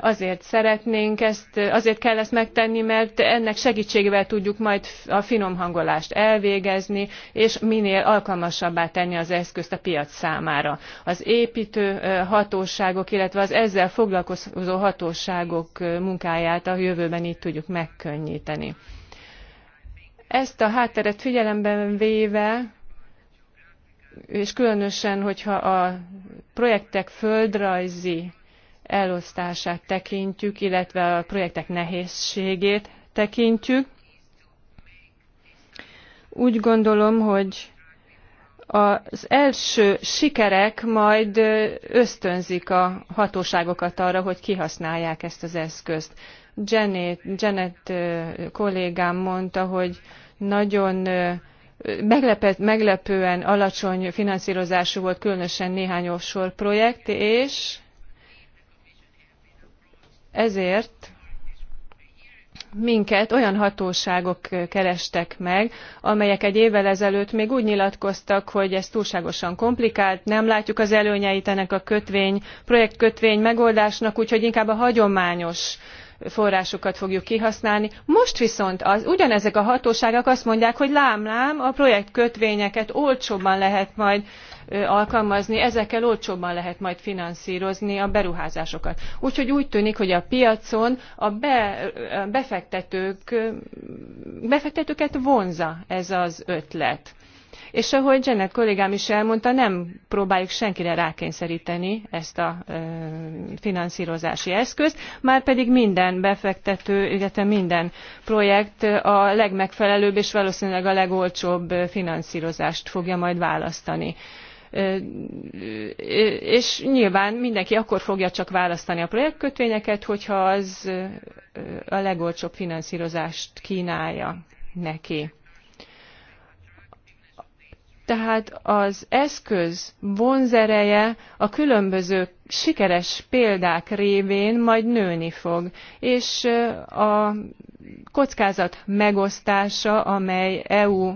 Azért szeretnénk ezt, azért kell ezt megtenni, mert ennek segítségével tudjuk majd a finom hangolást elvégezni, és minél alkalmasabbá tenni az eszközt a piac számára. Az építő hatóságok, illetve az ezzel foglalkozó hatóságok munkáját a jövőben így tudjuk megkönnyíteni. Ezt a hátteret figyelemben véve és különösen, hogyha a projektek földrajzi elosztását tekintjük, illetve a projektek nehézségét tekintjük. Úgy gondolom, hogy az első sikerek majd ösztönzik a hatóságokat arra, hogy kihasználják ezt az eszközt. Janet, Janet kollégám mondta, hogy nagyon meglepet, meglepően alacsony finanszírozású volt különösen néhány offshore projekt, és ezért minket olyan hatóságok kerestek meg, amelyek egy évvel ezelőtt még úgy nyilatkoztak, hogy ez túlságosan komplikált, nem látjuk az előnyeit ennek a kötvény, projektkötvény megoldásnak, úgyhogy inkább a hagyományos forrásokat fogjuk kihasználni. Most viszont az, ugyanezek a hatóságok azt mondják, hogy lám-lám, a projektkötvényeket olcsóbban lehet majd alkalmazni, ezekkel olcsóbban lehet majd finanszírozni a beruházásokat. Úgyhogy úgy tűnik, hogy a piacon a, be, a befektetők, befektetőket vonza ez az ötlet. És ahogy Janet kollégám is elmondta, nem próbáljuk senkire rákényszeríteni ezt a ö, finanszírozási eszközt, már pedig minden befektető, illetve minden projekt a legmegfelelőbb és valószínűleg a legolcsóbb finanszírozást fogja majd választani és nyilván mindenki akkor fogja csak választani a projektkötvényeket, hogyha az a legolcsóbb finanszírozást kínálja neki. Tehát az eszköz vonzereje a különböző sikeres példák révén majd nőni fog, és a kockázat megosztása, amely EU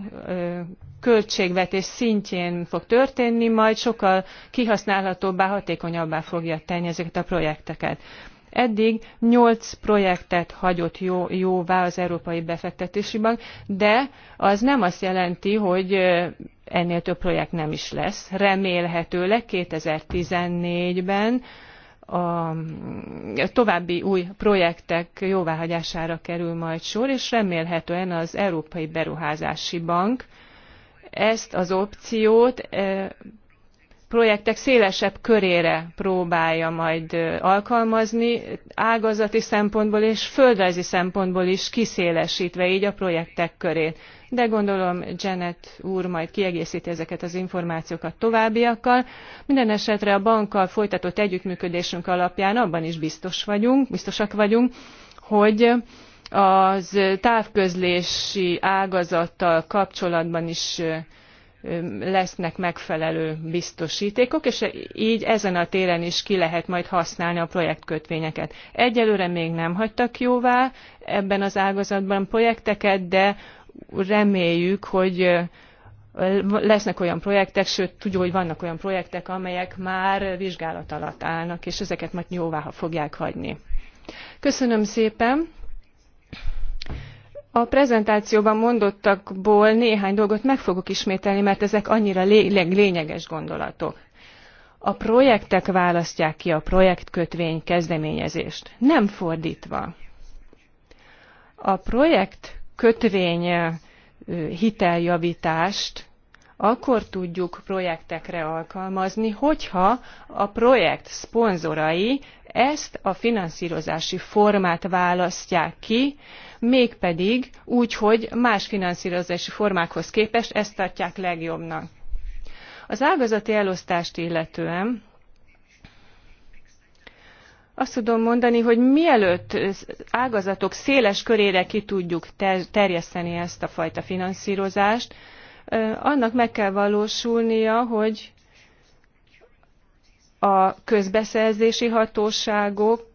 költségvetés szintjén fog történni, majd sokkal kihasználhatóbbá, hatékonyabbá fogja tenni ezeket a projekteket. Eddig 8 projektet hagyott jó, jóvá az Európai Befektetési Bank, de az nem azt jelenti, hogy ennél több projekt nem is lesz. Remélhetőleg 2014-ben a további új projektek jóváhagyására kerül majd sor, és remélhetően az Európai Beruházási Bank ezt az opciót projektek szélesebb körére próbálja majd alkalmazni, ágazati szempontból és földrajzi szempontból is kiszélesítve így a projektek körét. De gondolom Janet úr majd kiegészíti ezeket az információkat továbbiakkal. Minden esetre a bankkal folytatott együttműködésünk alapján abban is biztos vagyunk, biztosak vagyunk, hogy az távközlési ágazattal kapcsolatban is lesznek megfelelő biztosítékok, és így ezen a téren is ki lehet majd használni a projektkötvényeket. Egyelőre még nem hagytak jóvá ebben az ágazatban projekteket, de reméljük, hogy lesznek olyan projektek, sőt tudjuk, hogy vannak olyan projektek, amelyek már vizsgálat alatt állnak, és ezeket majd jóvá fogják hagyni. Köszönöm szépen! A prezentációban mondottakból néhány dolgot meg fogok ismételni, mert ezek annyira lényeges gondolatok. A projektek választják ki a projektkötvény kezdeményezést, nem fordítva. A projektkötvény hiteljavítást akkor tudjuk projektekre alkalmazni, hogyha a projekt szponzorai ezt a finanszírozási formát választják ki, mégpedig úgy, hogy más finanszírozási formákhoz képest ezt tartják legjobbnak. Az ágazati elosztást illetően azt tudom mondani, hogy mielőtt ágazatok széles körére ki tudjuk terjeszteni ezt a fajta finanszírozást, annak meg kell valósulnia, hogy a közbeszerzési hatóságok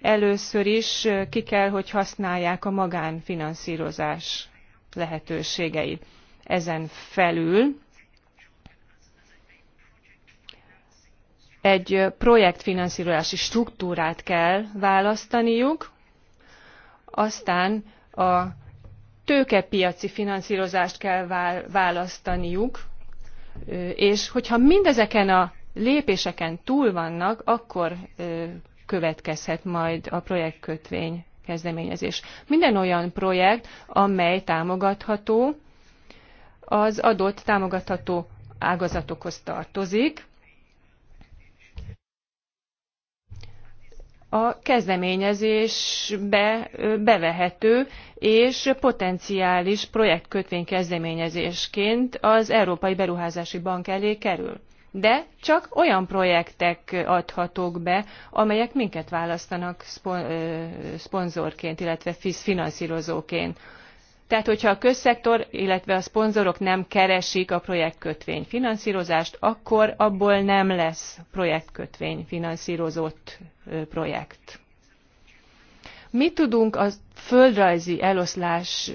először is ki kell, hogy használják a magánfinanszírozás lehetőségeit. Ezen felül egy projektfinanszírozási struktúrát kell választaniuk, aztán a tőkepiaci finanszírozást kell választaniuk, és hogyha mindezeken a lépéseken túl vannak, akkor következhet majd a projektkötvény kezdeményezés. Minden olyan projekt, amely támogatható, az adott támogatható ágazatokhoz tartozik, a kezdeményezésbe bevehető és potenciális projektkötvény kezdeményezésként az Európai Beruházási Bank elé kerül. De csak olyan projektek adhatók be, amelyek minket választanak szponzorként, illetve finanszrozóként. Tehát, hogyha a közszektor, illetve a szponzorok nem keresik a projektkötvény finanszírozást, akkor abból nem lesz projektkötvény finanszírozott projekt. Mit tudunk a földrajzi eloszlás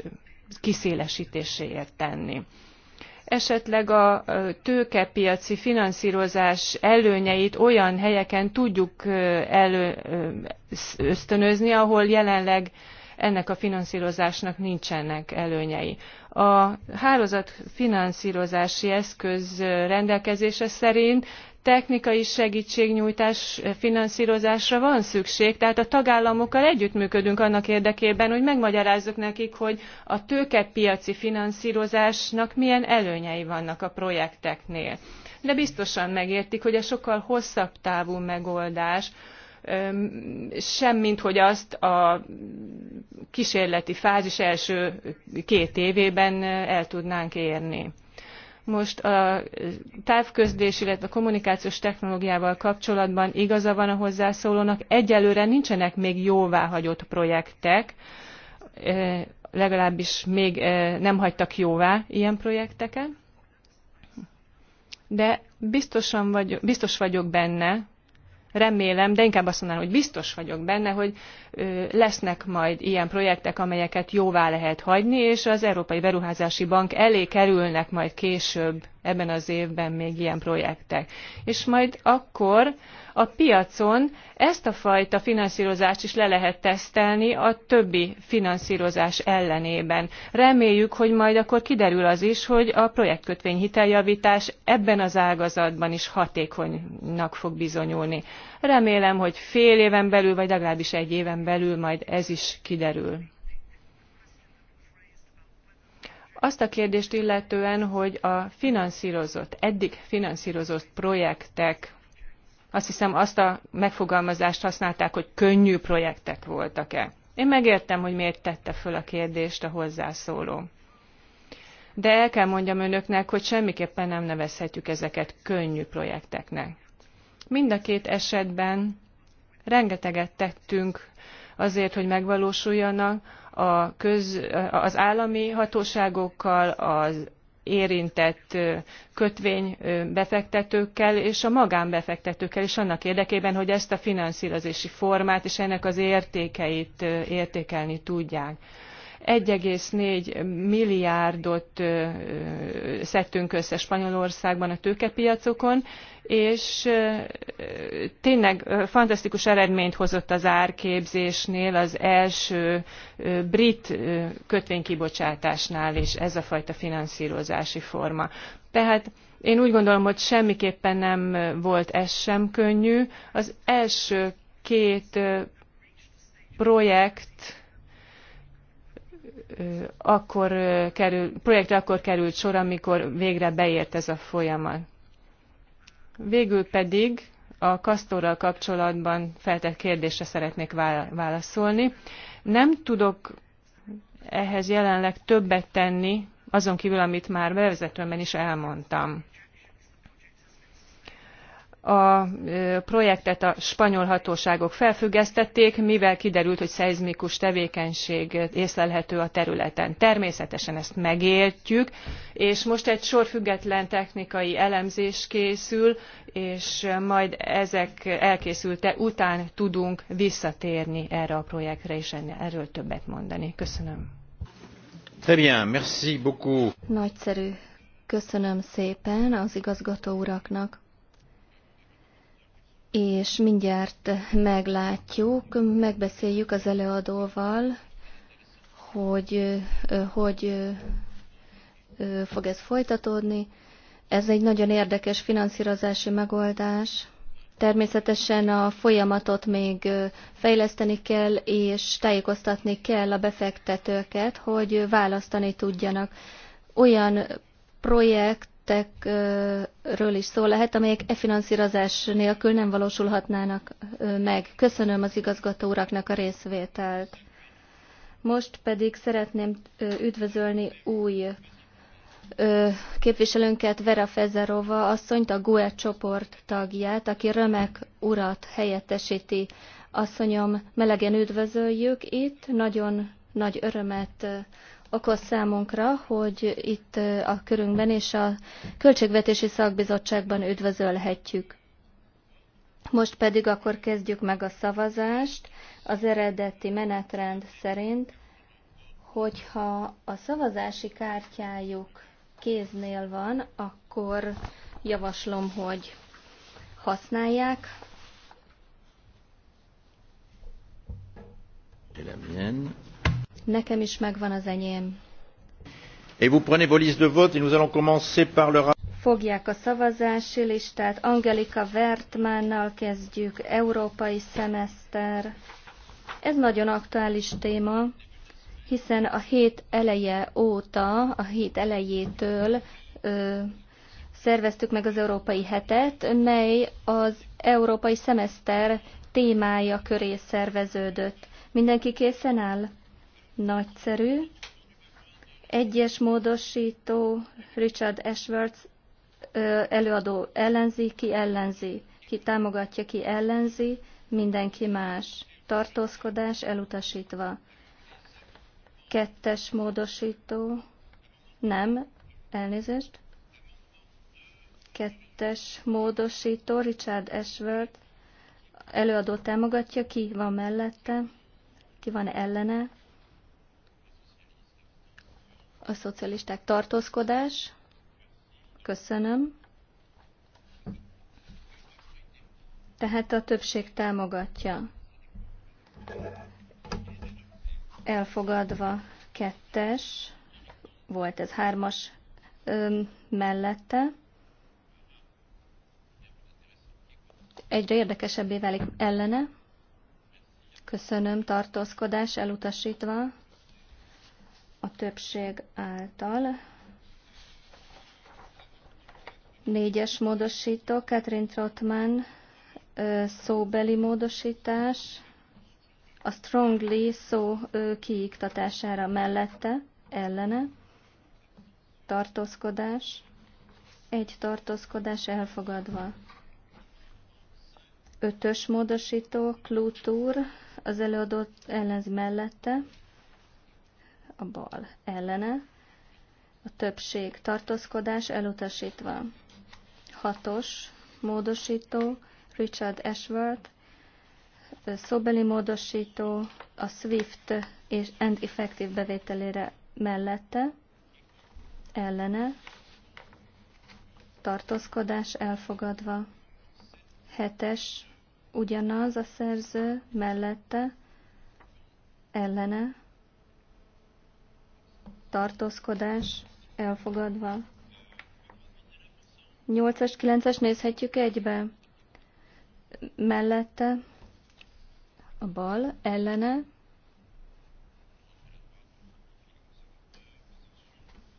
kiszélesítéséért tenni? Esetleg a tőkepiaci finanszírozás előnyeit olyan helyeken tudjuk elő, ösztönözni, ahol jelenleg ennek a finanszírozásnak nincsenek előnyei. A hálózat finanszírozási eszköz rendelkezése szerint technikai segítségnyújtás finanszírozásra van szükség tehát a tagállamokkal együttműködünk annak érdekében hogy megmagyarázzuk nekik hogy a tőkepiaci finanszírozásnak milyen előnyei vannak a projekteknél de biztosan megértik hogy a sokkal hosszabb távú megoldás sem mint hogy azt a kísérleti fázis első két évében el tudnánk érni. Most a távközlés, illetve a kommunikációs technológiával kapcsolatban igaza van a hozzászólónak, egyelőre nincsenek még jóváhagyott projektek, legalábbis még nem hagytak jóvá ilyen projekteket, de biztosan vagy, biztos vagyok benne, remélem, de inkább azt mondanám, hogy biztos vagyok benne, hogy lesznek majd ilyen projektek, amelyeket jóvá lehet hagyni, és az Európai Beruházási Bank elé kerülnek majd később ebben az évben még ilyen projektek. És majd akkor a piacon ezt a fajta finanszírozást is le lehet tesztelni a többi finanszírozás ellenében. Reméljük, hogy majd akkor kiderül az is, hogy a projektkötvény hiteljavítás ebben az ágazatban is hatékonynak fog bizonyulni. Remélem, hogy fél éven belül, vagy legalábbis egy éven belül majd ez is kiderül. Azt a kérdést illetően, hogy a finanszírozott, eddig finanszírozott projektek, azt hiszem azt a megfogalmazást használták, hogy könnyű projektek voltak-e. Én megértem, hogy miért tette föl a kérdést a hozzászóló. De el kell mondjam önöknek, hogy semmiképpen nem nevezhetjük ezeket könnyű projekteknek. Mind a két esetben rengeteget tettünk azért, hogy megvalósuljanak a köz, az állami hatóságokkal, az érintett kötvény befektetőkkel és a magánbefektetőkkel is annak érdekében, hogy ezt a finanszírozási formát és ennek az értékeit értékelni tudják. 1,4 milliárdot szedtünk össze Spanyolországban a tőkepiacokon, és tényleg fantasztikus eredményt hozott az árképzésnél, az első brit kötvénykibocsátásnál is ez a fajta finanszírozási forma. Tehát én úgy gondolom, hogy semmiképpen nem volt ez sem könnyű. Az első két projekt akkor kerül, projektre akkor került sor, amikor végre beért ez a folyamat. Végül pedig a kasztorral kapcsolatban feltett kérdésre szeretnék válaszolni. Nem tudok ehhez jelenleg többet tenni, azon kívül, amit már bevezetőben is elmondtam a projektet a spanyol hatóságok felfüggesztették, mivel kiderült, hogy szeizmikus tevékenység észlelhető a területen. Természetesen ezt megértjük, és most egy sor független technikai elemzés készül, és majd ezek elkészülte után tudunk visszatérni erre a projektre, és erről többet mondani. Köszönöm. Très bien, merci beaucoup. Nagyszerű. Köszönöm szépen az igazgató uraknak és mindjárt meglátjuk, megbeszéljük az előadóval, hogy hogy fog ez folytatódni. Ez egy nagyon érdekes finanszírozási megoldás. Természetesen a folyamatot még fejleszteni kell, és tájékoztatni kell a befektetőket, hogy választani tudjanak. Olyan projekt, projektekről is szó lehet, amelyek e finanszírozás nélkül nem valósulhatnának meg. Köszönöm az igazgató uraknak a részvételt. Most pedig szeretném üdvözölni új képviselőnket, Vera Fezerova asszonyt, a GUE csoport tagját, aki Römek urat helyettesíti. Asszonyom, melegen üdvözöljük itt, nagyon nagy örömet okoz számunkra, hogy itt a körünkben és a Költségvetési Szakbizottságban üdvözölhetjük. Most pedig akkor kezdjük meg a szavazást az eredeti menetrend szerint, hogyha a szavazási kártyájuk kéznél van, akkor javaslom, hogy használják. Et la mienne. Nekem is megvan az enyém. Et vous prenez vos listes de vote et nous allons commencer par le Fogják a szavazási listát. Angelika Wertmannnal kezdjük. Európai szemeszter. Ez nagyon aktuális téma, hiszen a hét eleje óta, a hét elejétől ö, szerveztük meg az Európai Hetet, mely az Európai Szemeszter témája köré szerveződött. Mindenki készen áll? Nagyszerű. Egyes módosító Richard Ashworth előadó ellenzi, ki ellenzi, ki támogatja, ki ellenzi, mindenki más. Tartózkodás elutasítva. Kettes módosító. Nem, elnézést. Kettes módosító Richard Ashworth előadó támogatja, ki van mellette, ki van ellene, a szocialisták tartózkodás. Köszönöm. Tehát a többség támogatja. Elfogadva kettes, volt ez hármas ö, mellette. Egyre érdekesebbé válik ellene. Köszönöm, tartózkodás elutasítva a többség által. Négyes módosító, Katrin Trotman szóbeli módosítás, a strongly szó kiiktatására mellette, ellene, tartózkodás, egy tartózkodás elfogadva. Ötös módosító, klútúr, az előadó ellenz mellette, a bal ellene, a többség tartózkodás elutasítva. Hatos módosító, Richard Ashworth, szóbeli módosító, a SWIFT és End Effective bevételére mellette, ellene, tartózkodás elfogadva. Hetes, ugyanaz a szerző, mellette, ellene, tartózkodás elfogadva. 8-as, 9 nézhetjük egybe. Mellette a bal, ellene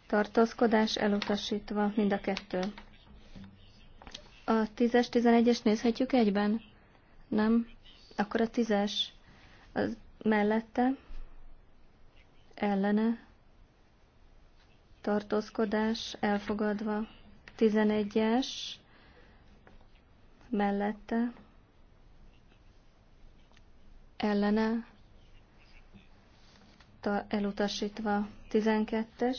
tartózkodás elutasítva, mind a kettő. A 10-es, 11-es nézhetjük egyben? Nem? Akkor a 10-es az mellette, ellene tartózkodás elfogadva. 11-es mellette ellene elutasítva 12-es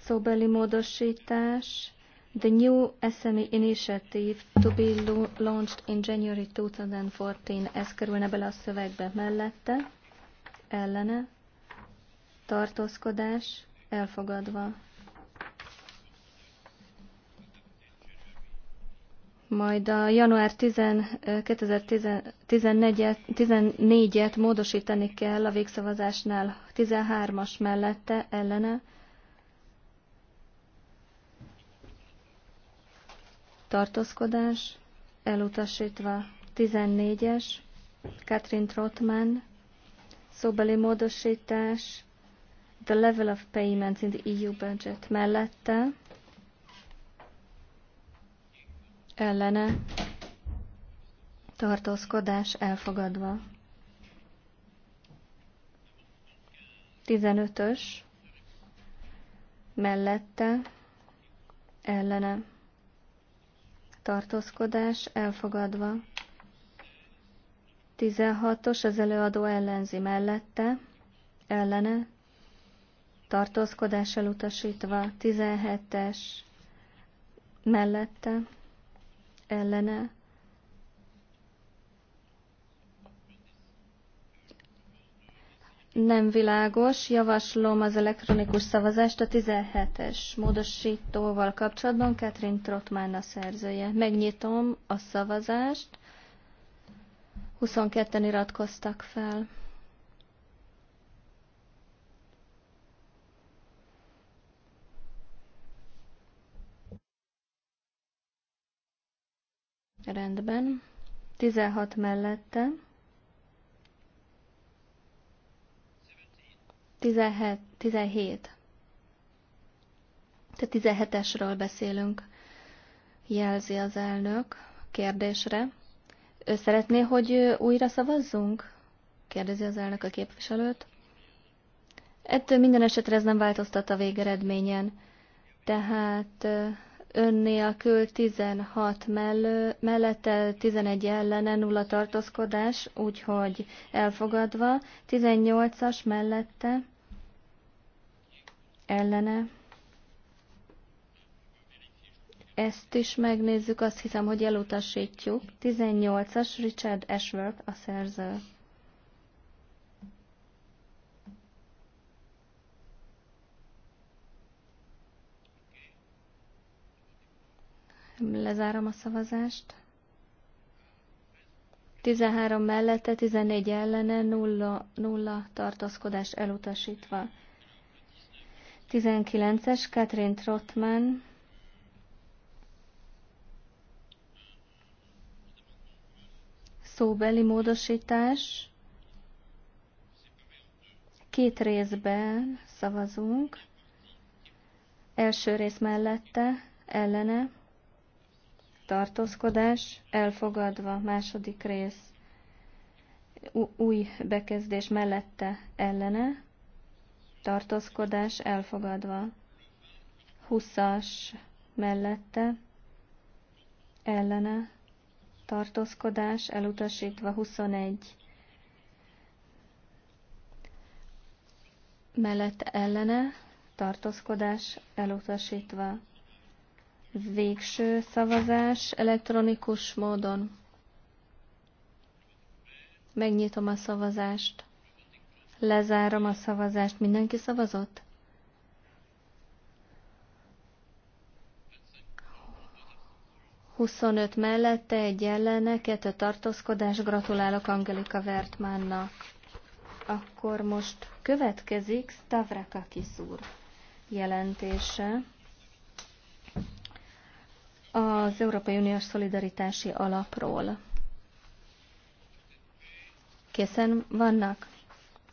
szóbeli módosítás The new SME initiative to be launched in January 2014 ez kerülne bele a szövegbe mellette ellene tartózkodás elfogadva. Majd a január 2014-et módosítani kell a végszavazásnál 13-as mellette ellene. Tartózkodás elutasítva 14-es, Katrin Trotman, szóbeli módosítás, the level of payments in the EU budget mellette, ellene, tartózkodás elfogadva. 15-ös, mellette, ellene, tartózkodás elfogadva. 16-os az előadó ellenzi mellette, ellene, tartózkodás elutasítva, 17-es mellette, ellene, nem világos, javaslom az elektronikus szavazást a 17-es módosítóval kapcsolatban, Katrin Trotmán a szerzője. Megnyitom a szavazást, 22-en iratkoztak fel. Rendben. 16 mellette. 17. 17. Tehát 17-esről beszélünk, jelzi az elnök kérdésre. Ő szeretné, hogy újra szavazzunk? Kérdezi az elnök a képviselőt. Ettől minden esetre ez nem változtat a végeredményen. Tehát ön nélkül 16 mellő, mellette 11 ellene nulla tartózkodás, úgyhogy elfogadva, 18-as mellette ellene. Ezt is megnézzük, azt hiszem, hogy elutasítjuk. 18-as Richard Ashworth a szerző. Lezárom a szavazást. 13 mellette, 14 ellene, 0, 0 tartózkodás elutasítva. 19-es Katrin Trottmann. Szóbeli módosítás. Két részben szavazunk. Első rész mellette, ellene tartózkodás, elfogadva, második rész, új bekezdés mellette ellene, tartózkodás, elfogadva, huszas mellette, ellene, tartózkodás, elutasítva, 21 mellett ellene, tartózkodás, elutasítva, Végső szavazás elektronikus módon. Megnyitom a szavazást. Lezárom a szavazást. Mindenki szavazott? 25 mellette, egy ellene, kettő tartózkodás. Gratulálok Angelika Vertmánnak. Akkor most következik Stavrakakis úr jelentése az Európai Uniós Szolidaritási Alapról. Készen vannak?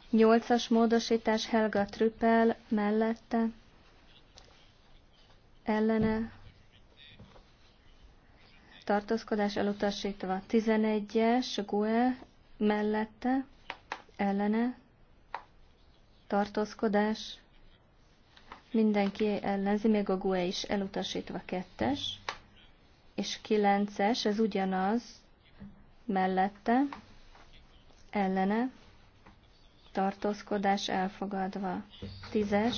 Nyolcas módosítás Helga Trüppel mellette, ellene, tartózkodás elutasítva. 11-es GUE mellette, ellene, tartózkodás, mindenki ellenzi, még a GUE is elutasítva kettes és 9-es, ez ugyanaz mellette, ellene, tartózkodás elfogadva. 10-es,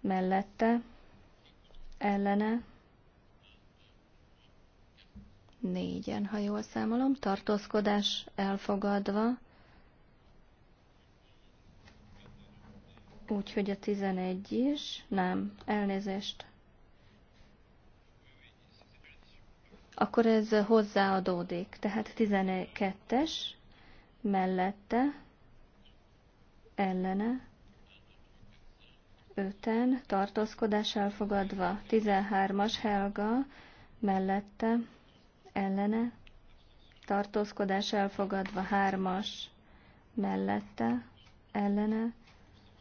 mellette, ellene, négyen, ha jól számolom, tartózkodás elfogadva, úgyhogy a 11 is, nem, elnézést, akkor ez hozzáadódik. Tehát 12-es mellette, ellene, öten, tartózkodás elfogadva, 13-as Helga, mellette, ellene, tartózkodás elfogadva, 3-as, mellette, ellene,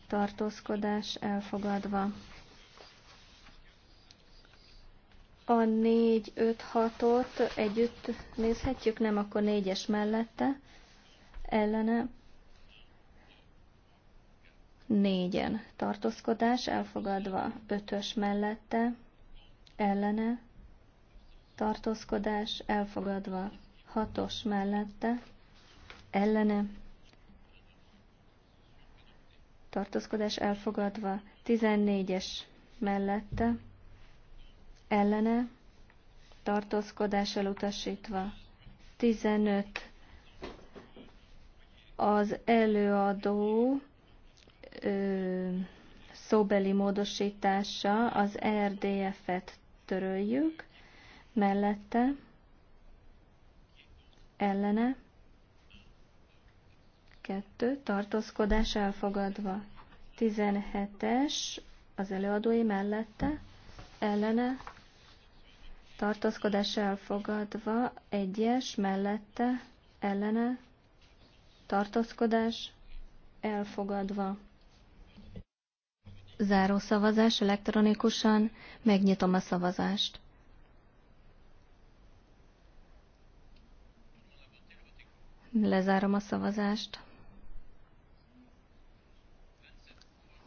tartózkodás elfogadva. A 4, 5, 6-ot együtt nézhetjük, nem akkor 4-es mellette, ellene. 4-en tartózkodás, elfogadva 5-ös mellette, ellene. Tartózkodás, elfogadva 6-os mellette, ellene. Tartózkodás elfogadva 14-es mellette, ellene, tartózkodással elutasítva. 15. Az előadó ö, szóbeli módosítása, az RDF-et töröljük, mellette, ellene, kettő, tartózkodás elfogadva. 17-es az előadói mellette, ellene, tartózkodás elfogadva, egyes mellette ellene tartózkodás elfogadva. Záró szavazás elektronikusan, megnyitom a szavazást. Lezárom a szavazást.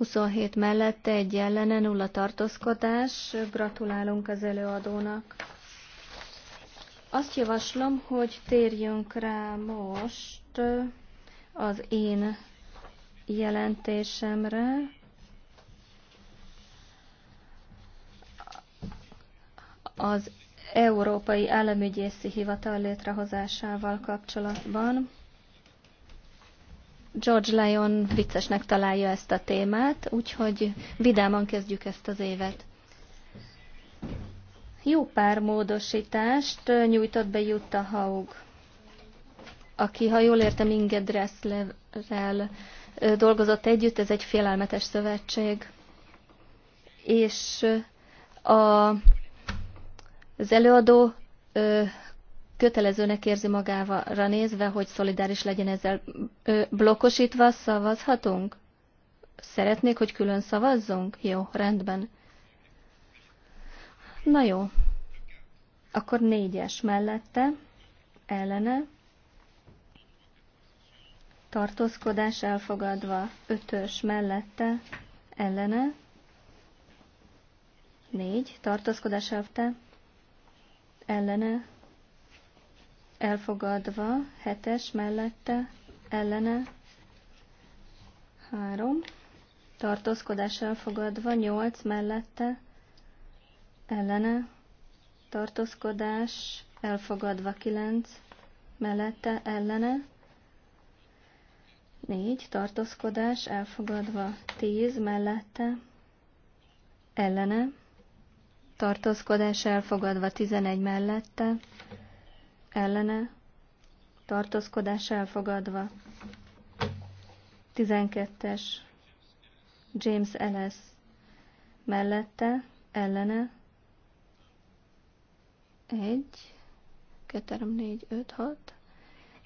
27 mellette egy ellene nulla tartózkodás. Gratulálunk az előadónak. Azt javaslom, hogy térjünk rá most az én jelentésemre. Az Európai Államügyészi Hivatal létrehozásával kapcsolatban. George Lyon viccesnek találja ezt a témát, úgyhogy vidáman kezdjük ezt az évet. Jó pár módosítást nyújtott be Jutta Haug, aki, ha jól értem, Inge Dresslerrel dolgozott együtt, ez egy félelmetes szövetség, és a, az előadó kötelezőnek érzi magára nézve, hogy szolidáris legyen ezzel. Ö, blokkosítva szavazhatunk? Szeretnék, hogy külön szavazzunk? Jó, rendben. Na jó. Akkor négyes mellette, ellene, tartózkodás elfogadva, ötös mellette, ellene, négy, tartózkodás elfogadva, ellene, elfogadva, hetes mellette, ellene, három, tartózkodás elfogadva, nyolc mellette, ellene, tartózkodás elfogadva, kilenc mellette, ellene, négy, tartózkodás elfogadva, tíz mellette, ellene, tartózkodás elfogadva, tizenegy mellette, ellene, tartózkodás elfogadva. 12-es James Ellis mellette, ellene, 1, 2, 3, 4, 5, 6,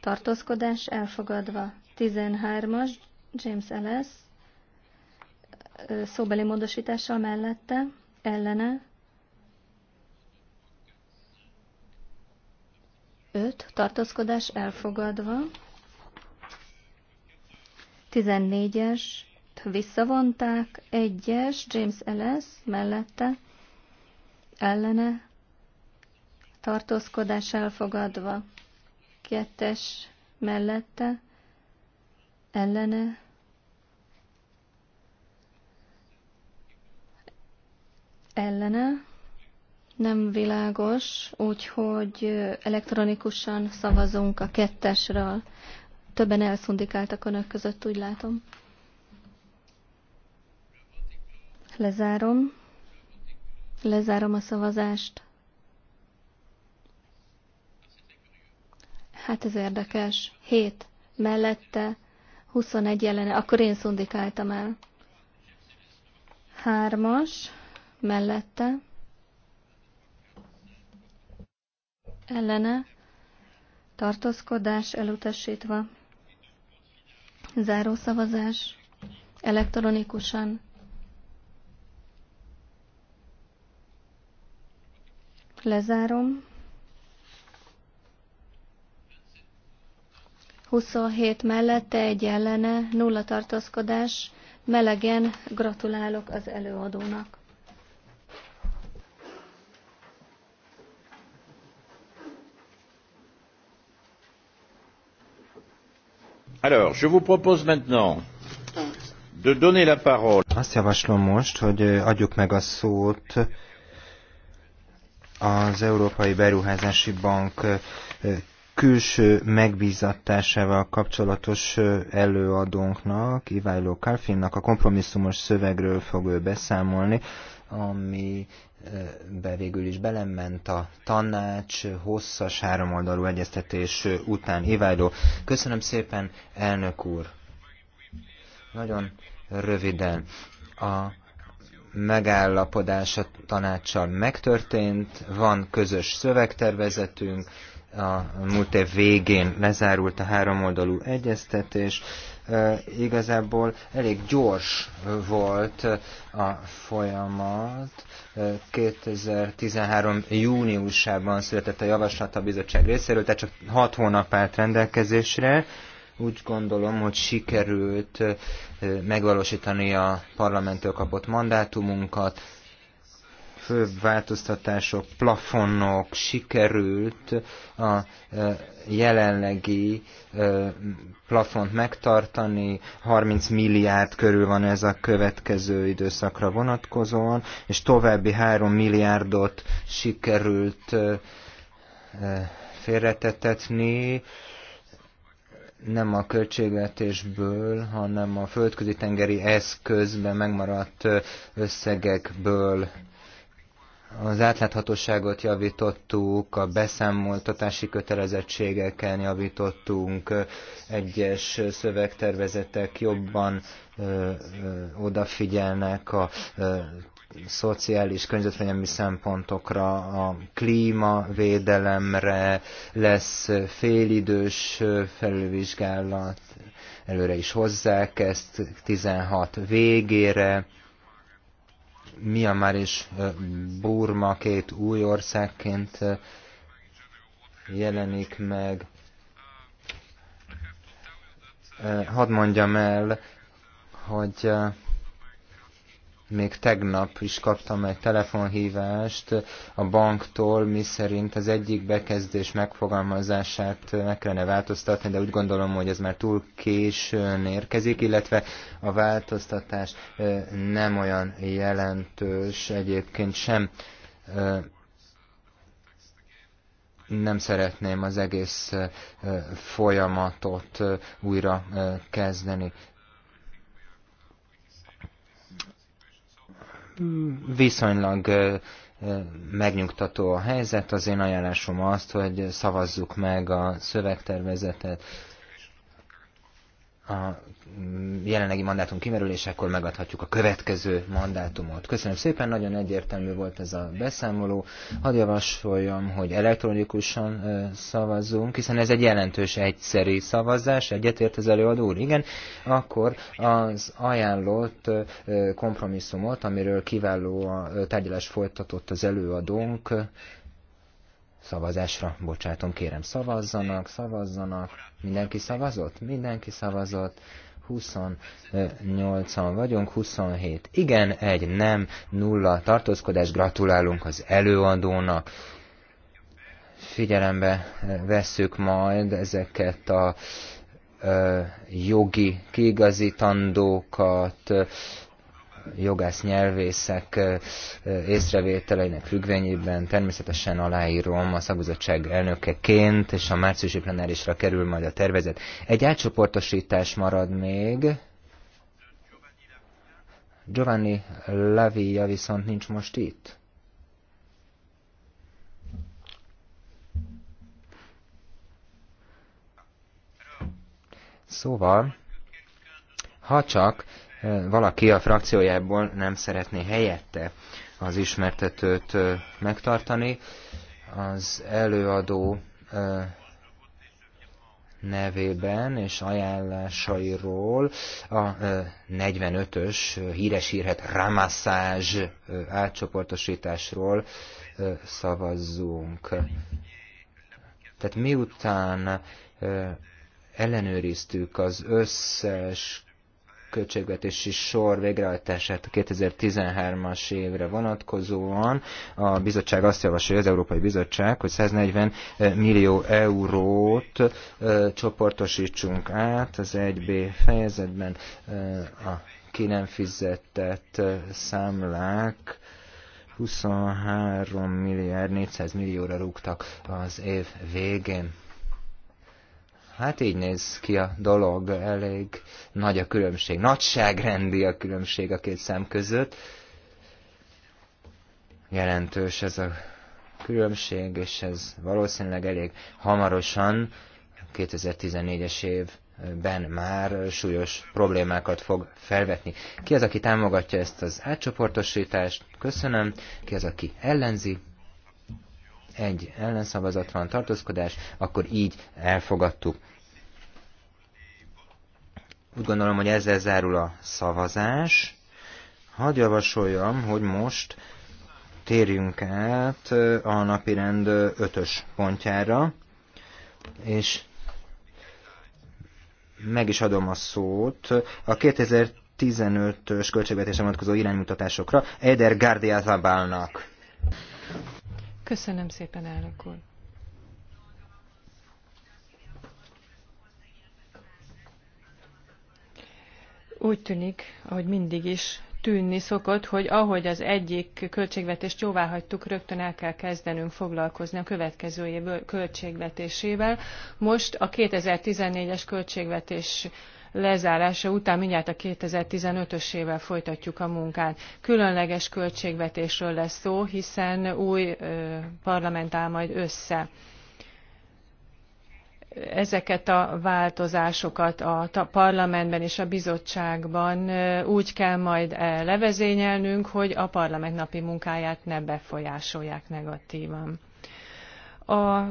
tartózkodás elfogadva. 13-as James Ellis szóbeli módosítással mellette, ellene, 5. Tartózkodás elfogadva. 14-es. Visszavonták. 1-es. James Ellis mellette. Ellene. Tartózkodás elfogadva. 2-es. Mellette. Ellene. Ellene nem világos, úgyhogy elektronikusan szavazunk a kettesről. Többen elszundikáltak önök között, úgy látom. Lezárom. Lezárom a szavazást. Hát ez érdekes. 7 mellette, 21 ellene. Akkor én szundikáltam el. Hármas mellette ellene, tartózkodás elutasítva, zárószavazás elektronikusan, lezárom, 27 mellette, egy ellene, nulla tartózkodás, melegen gratulálok az előadónak. Azt javaslom most, hogy adjuk meg a szót az Európai Beruházási Bank külső megbízatásával kapcsolatos előadónknak, Iváló Kalfinnak a kompromisszumos szövegről fog ő beszámolni, ami be végül is belement a tanács hosszas háromoldalú egyeztetés után. Ivádó, köszönöm szépen, elnök úr. Nagyon röviden. A megállapodás a tanácssal megtörtént, van közös szövegtervezetünk, a múlt év végén lezárult a háromoldalú egyeztetés, Eh, igazából elég gyors volt a folyamat. 2013. Eh, júniusában született a javaslat a bizottság részéről, tehát csak 6 hónap állt rendelkezésre úgy gondolom, hogy sikerült eh, megvalósítani a parlamenttől kapott mandátumunkat, főbb változtatások, plafonok sikerült a e, jelenlegi e, plafont megtartani, 30 milliárd körül van ez a következő időszakra vonatkozóan, és további 3 milliárdot sikerült e, félretetetni, nem a költségvetésből, hanem a földközi tengeri eszközben megmaradt összegekből az átláthatóságot javítottuk, a beszámoltatási kötelezettségeken javítottunk, egyes szövegtervezetek jobban ö, ö, odafigyelnek a ö, szociális környezetvédelmi szempontokra, a klímavédelemre, lesz félidős felülvizsgálat, előre is hozzák ezt 16 végére, Myanmar és Burma két új országként jelenik meg. Hadd mondjam el, hogy még tegnap is kaptam egy telefonhívást a banktól, miszerint az egyik bekezdés megfogalmazását meg kellene változtatni, de úgy gondolom, hogy ez már túl későn érkezik, illetve a változtatás nem olyan jelentős egyébként sem nem szeretném az egész folyamatot újra kezdeni. viszonylag megnyugtató a helyzet, az én ajánlásom azt, hogy szavazzuk meg a szövegtervezetet a jelenlegi mandátum kimerülésekor megadhatjuk a következő mandátumot. Köszönöm szépen, nagyon egyértelmű volt ez a beszámoló. Hadd javasoljam, hogy elektronikusan szavazzunk, hiszen ez egy jelentős egyszeri szavazás, egyetért az előadó úr. Igen, akkor az ajánlott kompromisszumot, amiről kiváló a tárgyalás folytatott az előadónk, szavazásra bocsátom, kérem szavazzanak, szavazzanak, mindenki szavazott? Mindenki szavazott, 28-an vagyunk, 27 igen, egy nem, nulla tartózkodás, gratulálunk az előadónak. Figyelembe eh, vesszük majd ezeket a eh, jogi kiigazítandókat, jogász nyelvészek észrevételeinek függvényében természetesen aláírom a szakbizottság elnökeként, és a márciusi plenárisra kerül majd a tervezet. Egy átcsoportosítás marad még. Giovanni Lavia viszont nincs most itt. Szóval, ha csak Eh, valaki a frakciójából nem szeretné helyette az ismertetőt eh, megtartani. Az előadó eh, nevében és ajánlásairól a 45-ös híres írhet Ramassage átcsoportosításról szavazzunk. Tehát miután ellenőriztük az összes költségvetési sor végrehajtását 2013-as évre vonatkozóan a bizottság azt javasolja, az Európai Bizottság, hogy 140 eh, millió eurót eh, csoportosítsunk át az 1B fejezetben eh, a ki nem fizetett számlák 23 milliárd 400 millióra rúgtak az év végén. Hát így néz ki a dolog, elég nagy a különbség, nagyságrendi a különbség a két szem között. Jelentős ez a különbség, és ez valószínűleg elég hamarosan, 2014-es évben már súlyos problémákat fog felvetni. Ki az, aki támogatja ezt az átcsoportosítást? Köszönöm. Ki az, aki ellenzi? egy ellenszavazat van, tartózkodás, akkor így elfogadtuk. Úgy gondolom, hogy ezzel zárul a szavazás. Hadd javasoljam, hogy most térjünk át a napirend ötös pontjára, és meg is adom a szót. A 2015-ös költségvetésre vonatkozó iránymutatásokra Eder Gardiazabalnak. Köszönöm szépen, elnök úr. Úgy tűnik, ahogy mindig is tűnni szokott, hogy ahogy az egyik költségvetést jóvá hagytuk, rögtön el kell kezdenünk foglalkozni a következő év költségvetésével. Most a 2014-es költségvetés lezárása után mindjárt a 2015-ös évvel folytatjuk a munkát. Különleges költségvetésről lesz szó, hiszen új parlament áll majd össze ezeket a változásokat a parlamentben és a bizottságban úgy kell majd levezényelnünk, hogy a parlament napi munkáját ne befolyásolják negatívan. A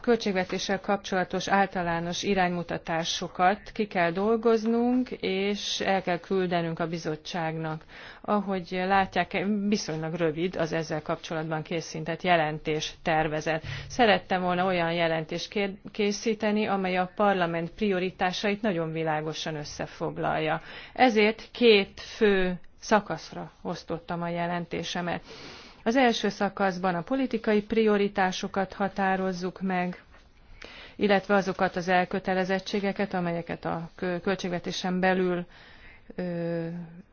költségvetéssel kapcsolatos általános iránymutatásokat ki kell dolgoznunk, és el kell küldenünk a bizottságnak. Ahogy látják, viszonylag rövid az ezzel kapcsolatban készített jelentés tervezet. Szerettem volna olyan jelentést készíteni, amely a parlament prioritásait nagyon világosan összefoglalja. Ezért két fő szakaszra osztottam a jelentésemet. Az első szakaszban a politikai prioritásokat határozzuk meg, illetve azokat az elkötelezettségeket, amelyeket a költségvetésen belül ö,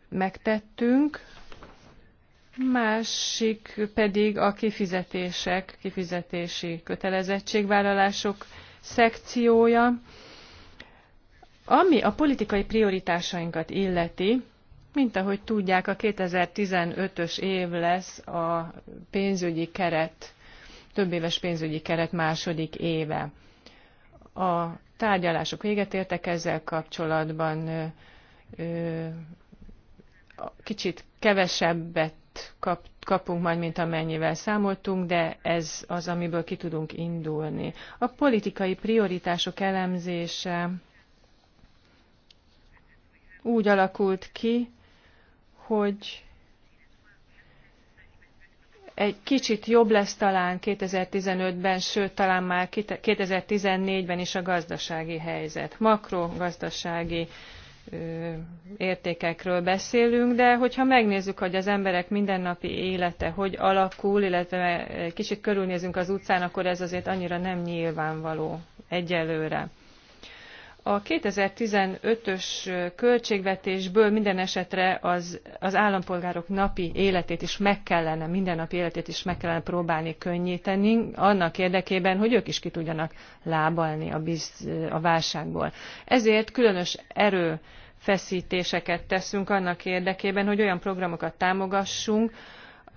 megtettünk. Másik pedig a kifizetések, kifizetési kötelezettségvállalások szekciója. Ami a politikai prioritásainkat illeti, mint ahogy tudják, a 2015-ös év lesz a pénzügyi keret, több éves pénzügyi keret második éve. A tárgyalások véget értek ezzel kapcsolatban. Kicsit kevesebbet kap, kapunk majd, mint amennyivel számoltunk, de ez az, amiből ki tudunk indulni. A politikai prioritások elemzése úgy alakult ki, hogy egy kicsit jobb lesz talán 2015-ben, sőt talán már 2014-ben is a gazdasági helyzet. Makrogazdasági értékekről beszélünk, de hogyha megnézzük, hogy az emberek mindennapi élete hogy alakul, illetve kicsit körülnézünk az utcán, akkor ez azért annyira nem nyilvánvaló egyelőre. A 2015-ös költségvetésből minden esetre az, az állampolgárok napi életét is meg kellene, mindennapi életét is meg kellene próbálni könnyíteni, annak érdekében, hogy ők is ki tudjanak lábalni a, biz, a válságból. Ezért különös erő feszítéseket teszünk annak érdekében, hogy olyan programokat támogassunk,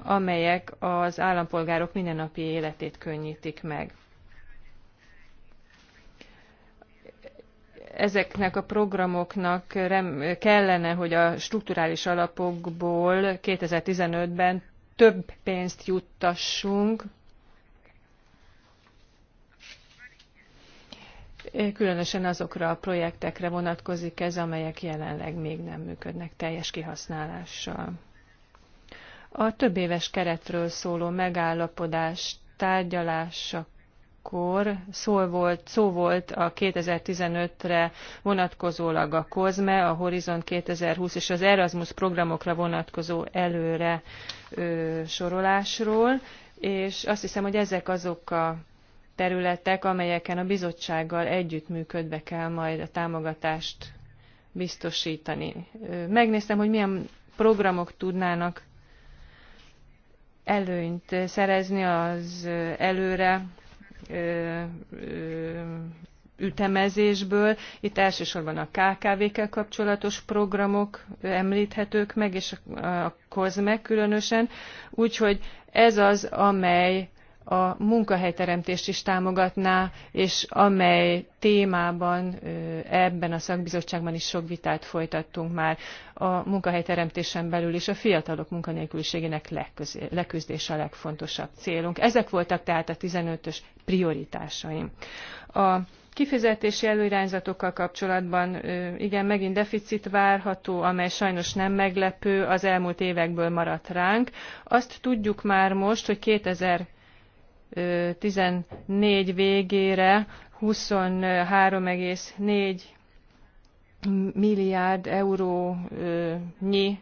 amelyek az állampolgárok mindennapi életét könnyítik meg. ezeknek a programoknak rem, kellene, hogy a strukturális alapokból 2015-ben több pénzt juttassunk, különösen azokra a projektekre vonatkozik ez, amelyek jelenleg még nem működnek teljes kihasználással. A több éves keretről szóló megállapodás tárgyalása akkor szó volt, szó volt a 2015-re vonatkozólag a COSME, a Horizon 2020 és az Erasmus programokra vonatkozó előre ö, sorolásról, és azt hiszem, hogy ezek azok a területek, amelyeken a bizottsággal együttműködve kell majd a támogatást biztosítani. Megnéztem, hogy milyen programok tudnának előnyt szerezni az előre ütemezésből. Itt elsősorban a KKV-kkel kapcsolatos programok említhetők meg, és a COSME különösen. Úgyhogy ez az, amely a munkahelyteremtést is támogatná, és amely témában ebben a szakbizottságban is sok vitát folytattunk már a munkahelyteremtésen belül is a fiatalok munkanélküliségének leküzdése a legfontosabb célunk. Ezek voltak tehát a 15-ös prioritásaim. A kifizetési előirányzatokkal kapcsolatban igen, megint deficit várható, amely sajnos nem meglepő, az elmúlt évekből maradt ránk. Azt tudjuk már most, hogy 2000 14 végére 23,4 milliárd eurónyi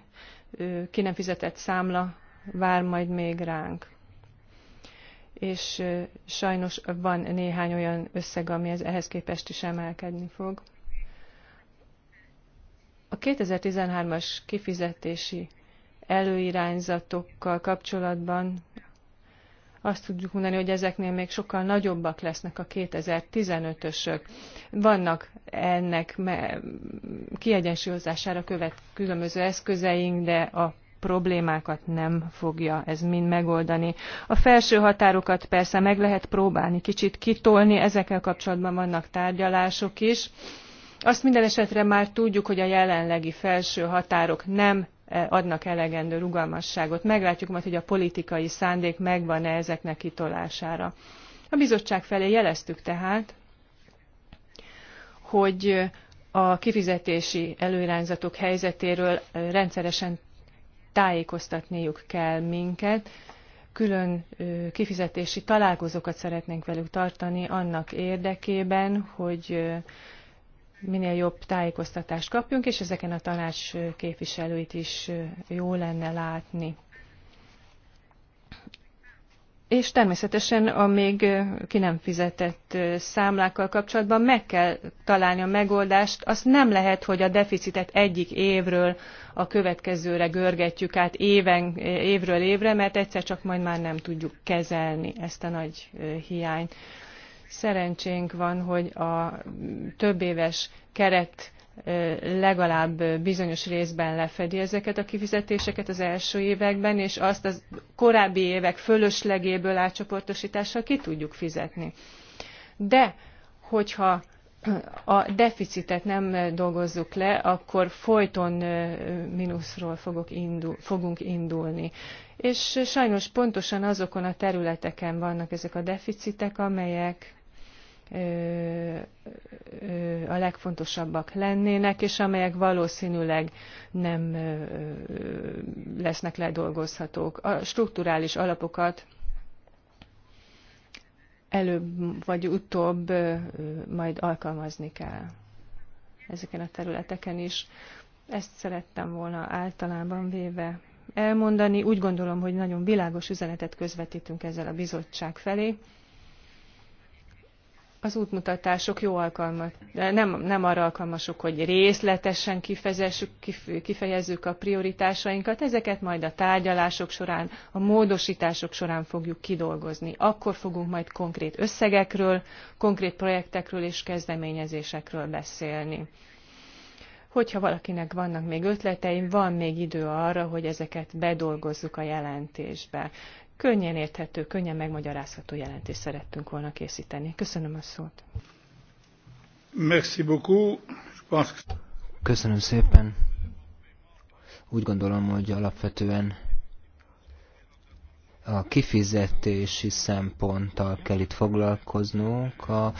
ki nem fizetett számla vár majd még ránk. És sajnos van néhány olyan összeg, ami ehhez képest is emelkedni fog. A 2013-as kifizetési előirányzatokkal kapcsolatban azt tudjuk mondani, hogy ezeknél még sokkal nagyobbak lesznek a 2015-ösök. Vannak ennek kiegyensúlyozására követ különböző eszközeink, de a problémákat nem fogja ez mind megoldani. A felső határokat persze meg lehet próbálni kicsit kitolni, ezekkel kapcsolatban vannak tárgyalások is. Azt minden esetre már tudjuk, hogy a jelenlegi felső határok nem E, adnak elegendő rugalmasságot. Meglátjuk majd, hogy a politikai szándék megvan-e ezeknek kitolására. A bizottság felé jeleztük tehát, hogy a kifizetési előirányzatok helyzetéről e, rendszeresen tájékoztatniuk kell minket. Külön e, kifizetési találkozókat szeretnénk velük tartani annak érdekében, hogy minél jobb tájékoztatást kapjunk, és ezeken a tanács képviselőit is jó lenne látni. És természetesen a még ki nem fizetett számlákkal kapcsolatban meg kell találni a megoldást. Azt nem lehet, hogy a deficitet egyik évről a következőre görgetjük át éven, évről évre, mert egyszer csak majd már nem tudjuk kezelni ezt a nagy hiányt. Szerencsénk van, hogy a több éves keret legalább bizonyos részben lefedi ezeket a kifizetéseket az első években, és azt a az korábbi évek fölöslegéből átcsoportosítással ki tudjuk fizetni. De, hogyha a deficitet nem dolgozzuk le, akkor folyton mínuszról indul, fogunk indulni. És sajnos pontosan azokon a területeken vannak ezek a deficitek, amelyek a legfontosabbak lennének, és amelyek valószínűleg nem lesznek ledolgozhatók. A strukturális alapokat előbb vagy utóbb majd alkalmazni kell ezeken a területeken is. Ezt szerettem volna általában véve elmondani. Úgy gondolom, hogy nagyon világos üzenetet közvetítünk ezzel a bizottság felé az útmutatások jó alkalmat, nem, nem arra alkalmasok, hogy részletesen kifejezzük, kifejezzük a prioritásainkat, ezeket majd a tárgyalások során, a módosítások során fogjuk kidolgozni. Akkor fogunk majd konkrét összegekről, konkrét projektekről és kezdeményezésekről beszélni. Hogyha valakinek vannak még ötleteim, van még idő arra, hogy ezeket bedolgozzuk a jelentésbe könnyen érthető, könnyen megmagyarázható jelentést szerettünk volna készíteni. Köszönöm a szót. Merci beaucoup. Köszönöm szépen. Úgy gondolom, hogy alapvetően a kifizetési szemponttal kell itt foglalkoznunk. A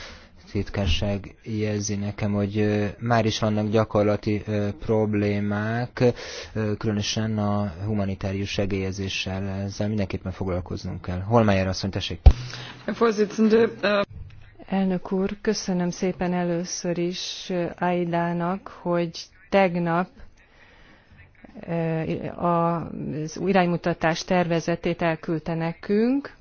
titkárság jelzi nekem, hogy már is vannak gyakorlati problémák, különösen a humanitárius segélyezéssel. Ezzel mindenképpen foglalkoznunk kell. Holmeyer asszony, tessék! Elnök úr, köszönöm szépen először is Aidának, hogy tegnap az iránymutatás tervezetét elküldte nekünk,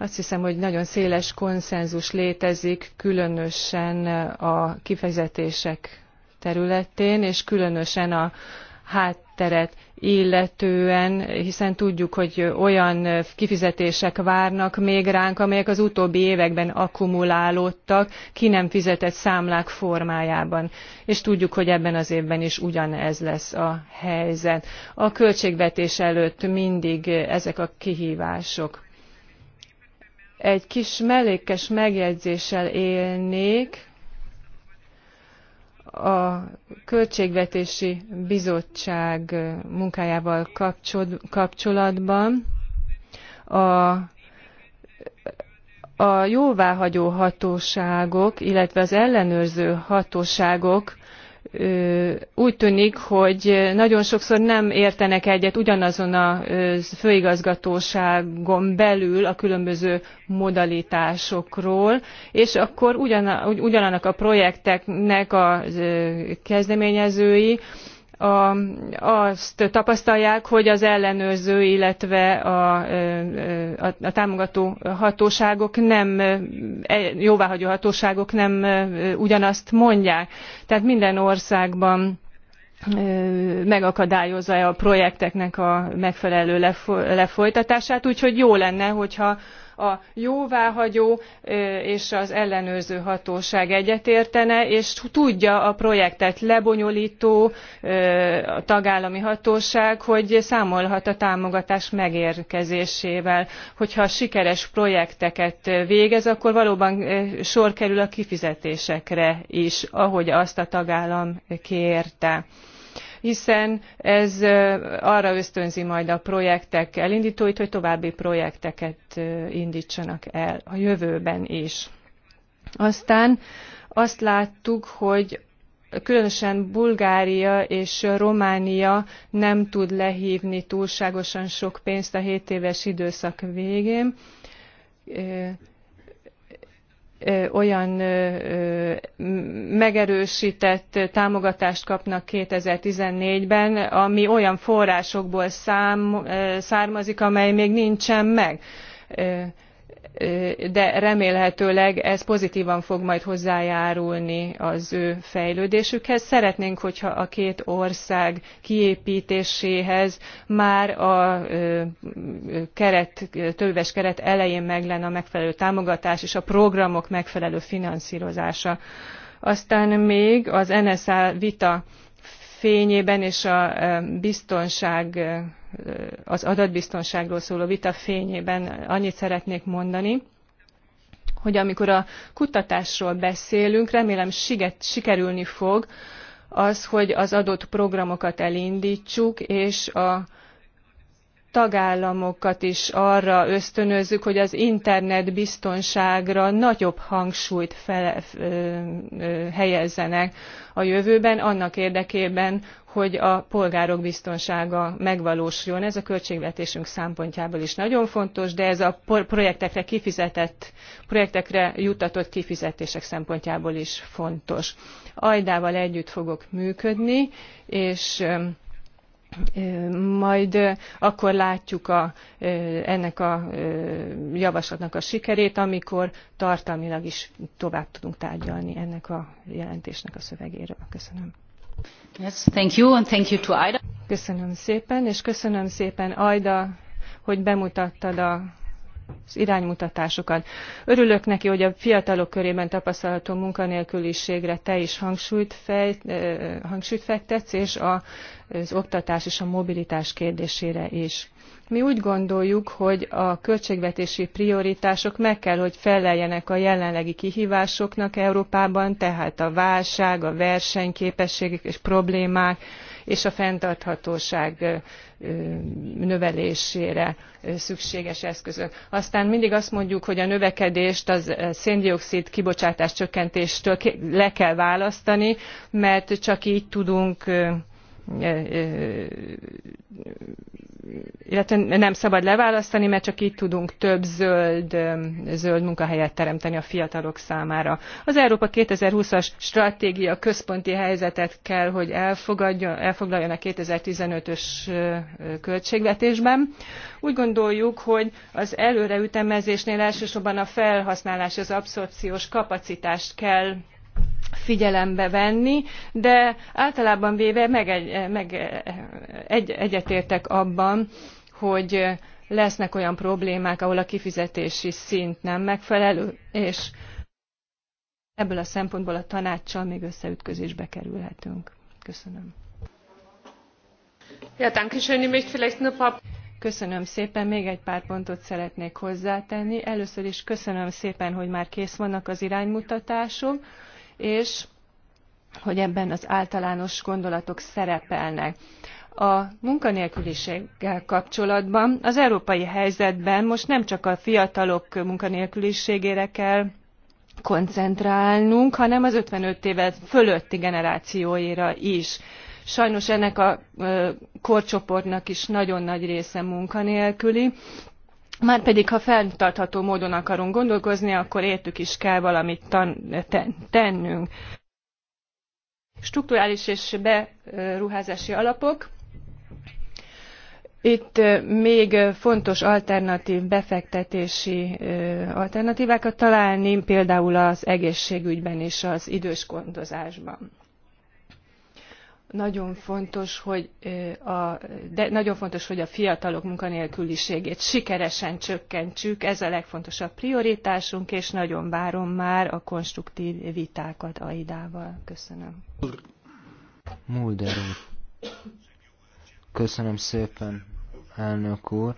azt hiszem, hogy nagyon széles konszenzus létezik, különösen a kifizetések területén, és különösen a hátteret illetően, hiszen tudjuk, hogy olyan kifizetések várnak még ránk, amelyek az utóbbi években akkumulálódtak, ki nem fizetett számlák formájában. És tudjuk, hogy ebben az évben is ugyanez lesz a helyzet. A költségvetés előtt mindig ezek a kihívások egy kis mellékes megjegyzéssel élnék a Költségvetési Bizottság munkájával kapcsolatban. A a jóváhagyó hatóságok, illetve az ellenőrző hatóságok úgy tűnik, hogy nagyon sokszor nem értenek egyet ugyanazon a főigazgatóságon belül a különböző modalitásokról, és akkor ugyanannak a projekteknek a kezdeményezői a, azt tapasztalják, hogy az ellenőrző, illetve a, a, a támogató hatóságok nem, e, jóváhagyó hatóságok nem ugyanazt mondják. Tehát minden országban megakadályozza -e a projekteknek a megfelelő lefolytatását, úgyhogy jó lenne, hogyha a jóváhagyó és az ellenőrző hatóság egyetértene és tudja a projektet lebonyoltó tagállami hatóság hogy számolhat a támogatás megérkezésével. hogyha sikeres projekteket végez akkor valóban sor kerül a kifizetésekre is ahogy azt a tagállam kérte hiszen ez arra ösztönzi majd a projektek elindítóit, hogy további projekteket indítsanak el a jövőben is. Aztán azt láttuk, hogy különösen Bulgária és Románia nem tud lehívni túlságosan sok pénzt a 7 éves időszak végén, olyan megerősített támogatást kapnak 2014-ben, ami olyan forrásokból származik, amely még nincsen meg de remélhetőleg ez pozitívan fog majd hozzájárulni az ő fejlődésükhez. Szeretnénk, hogyha a két ország kiépítéséhez már a keret, többes keret elején meg lenne a megfelelő támogatás és a programok megfelelő finanszírozása. Aztán még az NSA vita fényében és a biztonság az adatbiztonságról szóló vita fényében annyit szeretnék mondani, hogy amikor a kutatásról beszélünk, remélem siget, sikerülni fog az, hogy az adott programokat elindítsuk, és a tagállamokat is arra ösztönözzük, hogy az internet biztonságra nagyobb hangsúlyt fele, helyezzenek a jövőben, annak érdekében, hogy a polgárok biztonsága megvalósuljon. Ez a költségvetésünk szempontjából is nagyon fontos, de ez a projektekre kifizetett, projektekre juttatott kifizetések szempontjából is fontos. Ajdával együtt fogok működni, és majd akkor látjuk a, ennek a javaslatnak a sikerét, amikor tartalmilag is tovább tudunk tárgyalni ennek a jelentésnek a szövegéről. Köszönöm. Yes, thank you, and thank you to Aida. Köszönöm szépen, és köszönöm szépen Aida, hogy bemutattad a az iránymutatásokat. Örülök neki, hogy a fiatalok körében tapasztalható munkanélküliségre te is hangsúlyt, fejt, hangsúlyt fektetsz, és a az oktatás és a mobilitás kérdésére is. Mi úgy gondoljuk, hogy a költségvetési prioritások meg kell, hogy feleljenek a jelenlegi kihívásoknak Európában, tehát a válság, a versenyképesség és problémák, és a fenntarthatóság növelésére szükséges eszközök. Aztán mindig azt mondjuk, hogy a növekedést az széndiokszid kibocsátás csökkentéstől le kell választani, mert csak így tudunk illetve nem szabad leválasztani, mert csak így tudunk több zöld, zöld munkahelyet teremteni a fiatalok számára. Az Európa 2020-as stratégia központi helyzetet kell, hogy elfoglaljon a 2015-ös költségvetésben. Úgy gondoljuk, hogy az előreütemezésnél elsősorban a felhasználás, az abszorpciós kapacitást kell figyelembe venni, de általában véve meg, egy, meg egy, egyetértek abban, hogy lesznek olyan problémák, ahol a kifizetési szint nem megfelelő, és ebből a szempontból a tanácssal még összeütközésbe kerülhetünk. Köszönöm. Ja, danke schön. Ich möchte vielleicht nur paar Köszönöm szépen, még egy pár pontot szeretnék hozzátenni. Először is köszönöm szépen, hogy már kész vannak az iránymutatások és hogy ebben az általános gondolatok szerepelnek. A munkanélküliséggel kapcsolatban az európai helyzetben most nem csak a fiatalok munkanélküliségére kell koncentrálnunk, hanem az 55 évet fölötti generációira is. Sajnos ennek a korcsoportnak is nagyon nagy része munkanélküli, Márpedig, ha fenntartható módon akarunk gondolkozni, akkor értük is kell valamit tan- ten- tennünk. Strukturális és beruházási alapok. Itt még fontos alternatív befektetési alternatívákat találni, például az egészségügyben és az gondozásban nagyon fontos, hogy a, de nagyon fontos, hogy a fiatalok munkanélküliségét sikeresen csökkentsük, ez a legfontosabb prioritásunk, és nagyon várom már a konstruktív vitákat AIDával. Köszönöm. Mulder úr. Köszönöm szépen, elnök úr.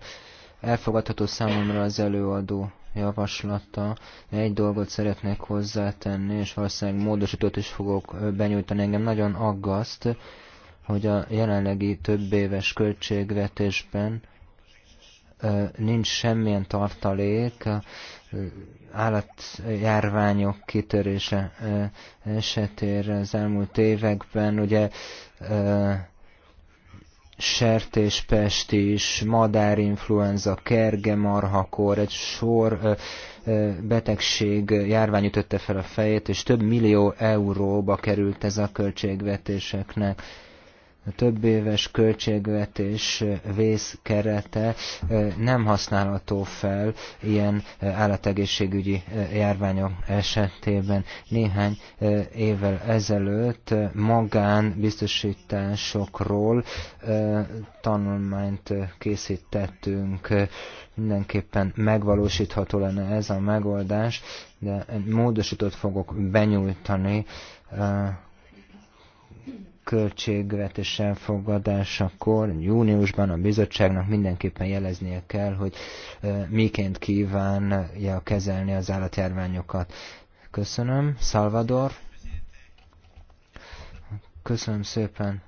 Elfogadható számomra az előadó javaslata. Egy dolgot szeretnék hozzátenni, és valószínűleg módosítót is fogok benyújtani. Engem nagyon aggaszt, hogy a jelenlegi több éves költségvetésben nincs semmilyen tartalék állatjárványok kitörése esetére az elmúlt években. Ugye sertéspest is, madárinfluenza, marhakor, egy sor betegség járvány ütötte fel a fejét, és több millió euróba került ez a költségvetéseknek több éves költségvetés vészkerete nem használható fel ilyen állategészségügyi járványok esetében. Néhány évvel ezelőtt magán biztosításokról tanulmányt készítettünk, mindenképpen megvalósítható lenne ez a megoldás, de módosítót fogok benyújtani költségvetés elfogadásakor, júniusban a bizottságnak mindenképpen jeleznie kell, hogy miként kívánja kezelni az állatjárványokat. Köszönöm. Salvador. Köszönöm szépen,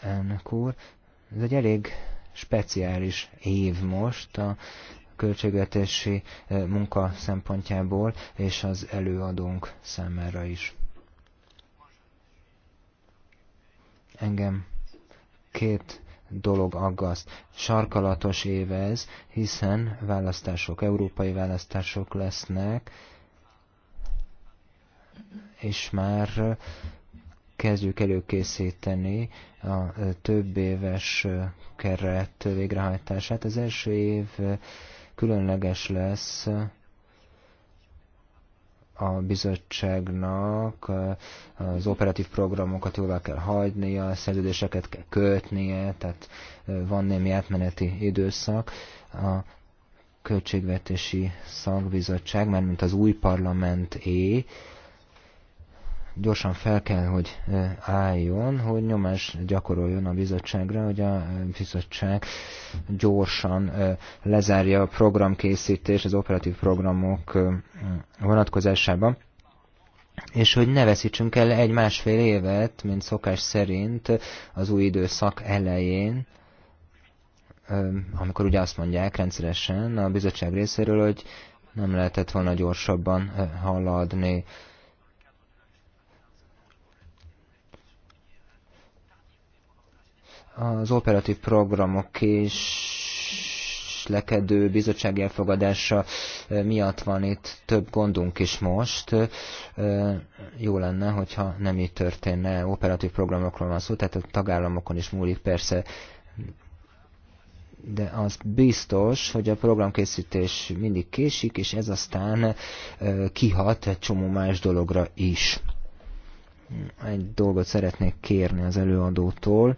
elnök úr. Ez egy elég speciális év most a költségvetési munka szempontjából, és az előadónk számára is. engem két dolog aggaszt. Sarkalatos év ez, hiszen választások, európai választások lesznek, és már kezdjük előkészíteni a több éves keret végrehajtását. Az első év különleges lesz, a bizottságnak az operatív programokat jóvá kell hagynia, szerződéseket kell kötnie, tehát van némi átmeneti időszak. A költségvetési szakbizottság, mint az új parlament parlamenté, gyorsan fel kell, hogy eh, álljon, hogy nyomás gyakoroljon a bizottságra, hogy a eh, bizottság gyorsan eh, lezárja a programkészítés az operatív programok vonatkozásában, és hogy ne veszítsünk el egy-másfél évet, mint szokás szerint az új időszak elején, amikor ugye azt mondják rendszeresen a bizottság részéről, hogy nem lehetett volna gyorsabban haladni. az operatív programok és lekedő bizottsági elfogadása miatt van itt több gondunk is most. Jó lenne, hogyha nem így történne, operatív programokról van szó, tehát a tagállamokon is múlik persze, de az biztos, hogy a programkészítés mindig késik, és ez aztán kihat egy csomó más dologra is. Egy dolgot szeretnék kérni az előadótól,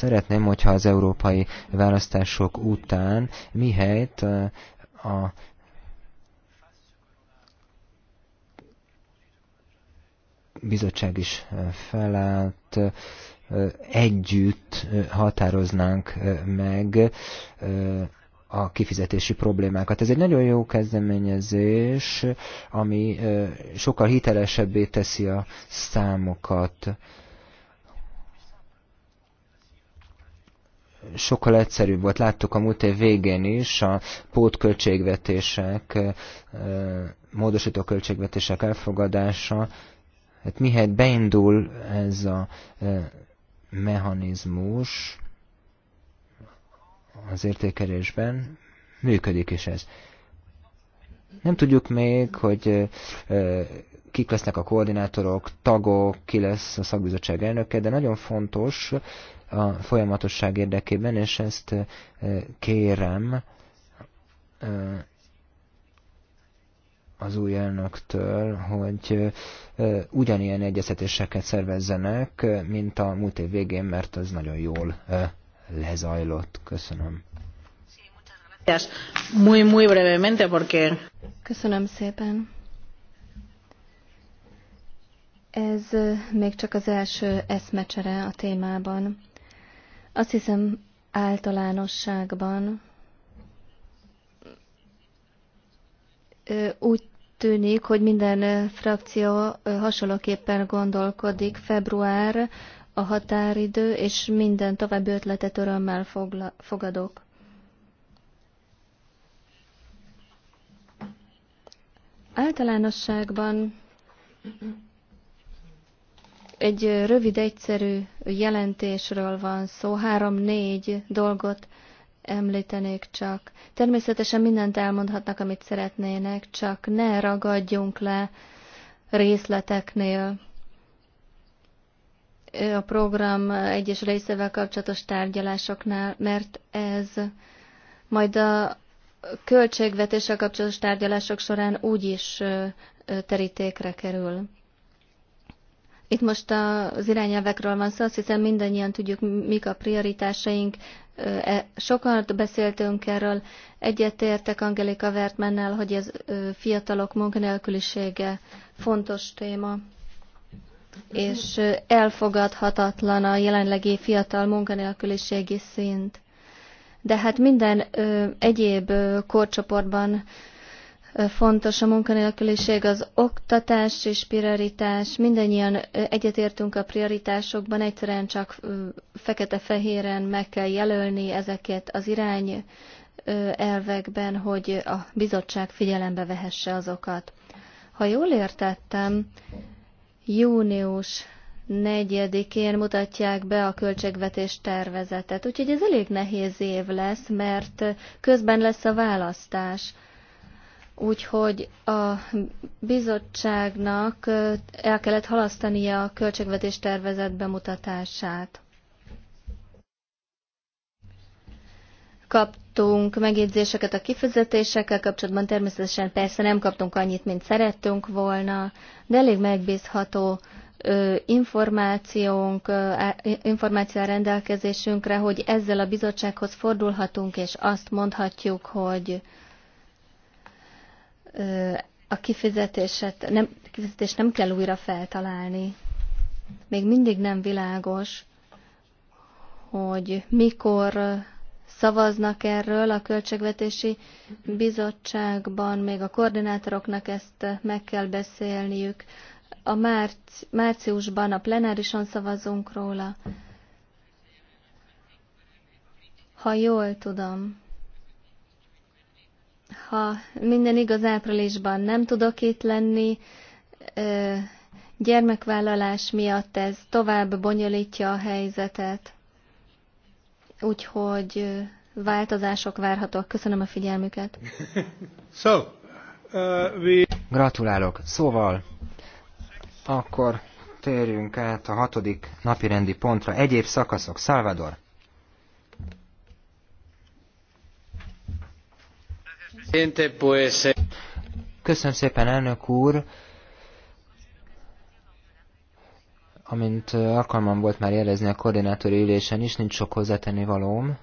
Szeretném, hogyha az európai választások után mihelyt a bizottság is felállt, együtt határoznánk meg a kifizetési problémákat. Ez egy nagyon jó kezdeményezés, ami sokkal hitelesebbé teszi a számokat. sokkal egyszerűbb volt. Láttuk a múlt év végén is a pótköltségvetések, módosító költségvetések elfogadása. Hát mihelyt beindul ez a mechanizmus az értékelésben, működik is ez. Nem tudjuk még, hogy kik lesznek a koordinátorok, tagok, ki lesz a szakbizottság elnöke, de nagyon fontos, a folyamatosság érdekében, és ezt kérem az új elnöktől, hogy ugyanilyen egyeztetéseket szervezzenek, mint a múlt év végén, mert az nagyon jól lezajlott. Köszönöm. Muy, muy brevemente, porque... Köszönöm szépen. Ez még csak az első eszmecsere a témában. Azt hiszem általánosságban úgy tűnik, hogy minden frakció hasonlóképpen gondolkodik. Február a határidő, és minden további ötletet örömmel fogadok. Általánosságban egy rövid, egyszerű jelentésről van szó, három-négy dolgot említenék csak. Természetesen mindent elmondhatnak, amit szeretnének, csak ne ragadjunk le részleteknél. A program egyes részével kapcsolatos tárgyalásoknál, mert ez majd a költségvetéssel kapcsolatos tárgyalások során úgyis terítékre kerül. Itt most az irányelvekről van szó, azt hiszem mindannyian tudjuk, mik a prioritásaink. E, sokat beszéltünk erről, egyetértek Angelika Vertmennel, hogy ez fiatalok munkanélkülisége fontos téma, és elfogadhatatlan a jelenlegi fiatal munkanélküliségi szint. De hát minden egyéb korcsoportban fontos a munkanélküliség, az oktatás és prioritás, mindannyian egyetértünk a prioritásokban, egyszerűen csak fekete-fehéren meg kell jelölni ezeket az irány elvekben, hogy a bizottság figyelembe vehesse azokat. Ha jól értettem, június 4-én mutatják be a költségvetés tervezetet, úgyhogy ez elég nehéz év lesz, mert közben lesz a választás. Úgyhogy a bizottságnak el kellett halasztania a költségvetés tervezet bemutatását. Kaptunk megjegyzéseket a kifizetésekkel kapcsolatban, természetesen persze nem kaptunk annyit, mint szerettünk volna, de elég megbízható információnk, információ rendelkezésünkre, hogy ezzel a bizottsághoz fordulhatunk, és azt mondhatjuk, hogy a kifizetéset nem, kifizetést nem kell újra feltalálni. Még mindig nem világos, hogy mikor szavaznak erről a Költségvetési Bizottságban, még a koordinátoroknak ezt meg kell beszélniük. A márci, márciusban a plenárison szavazunk róla. Ha jól tudom, ha minden igaz, áprilisban nem tudok itt lenni, gyermekvállalás miatt ez tovább bonyolítja a helyzetet, úgyhogy változások várhatók. Köszönöm a figyelmüket. So, uh, we... Gratulálok. Szóval, akkor térjünk át a hatodik napirendi pontra. Egyéb szakaszok. Salvador. Köszönöm szépen, elnök úr! Amint alkalmam volt már jelezni a koordinátori ülésen is, nincs sok hozzátenni valóm.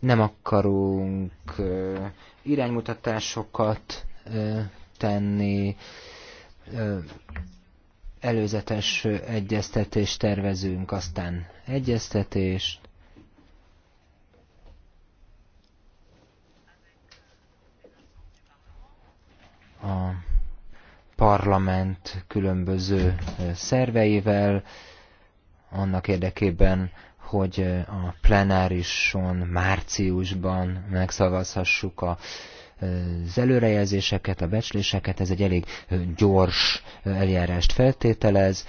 Nem akarunk iránymutatásokat tenni, előzetes egyeztetést tervezünk, aztán egyeztetést, a parlament különböző szerveivel, annak érdekében, hogy a plenárison márciusban megszavazhassuk a az előrejelzéseket, a becsléseket, ez egy elég gyors eljárást feltételez,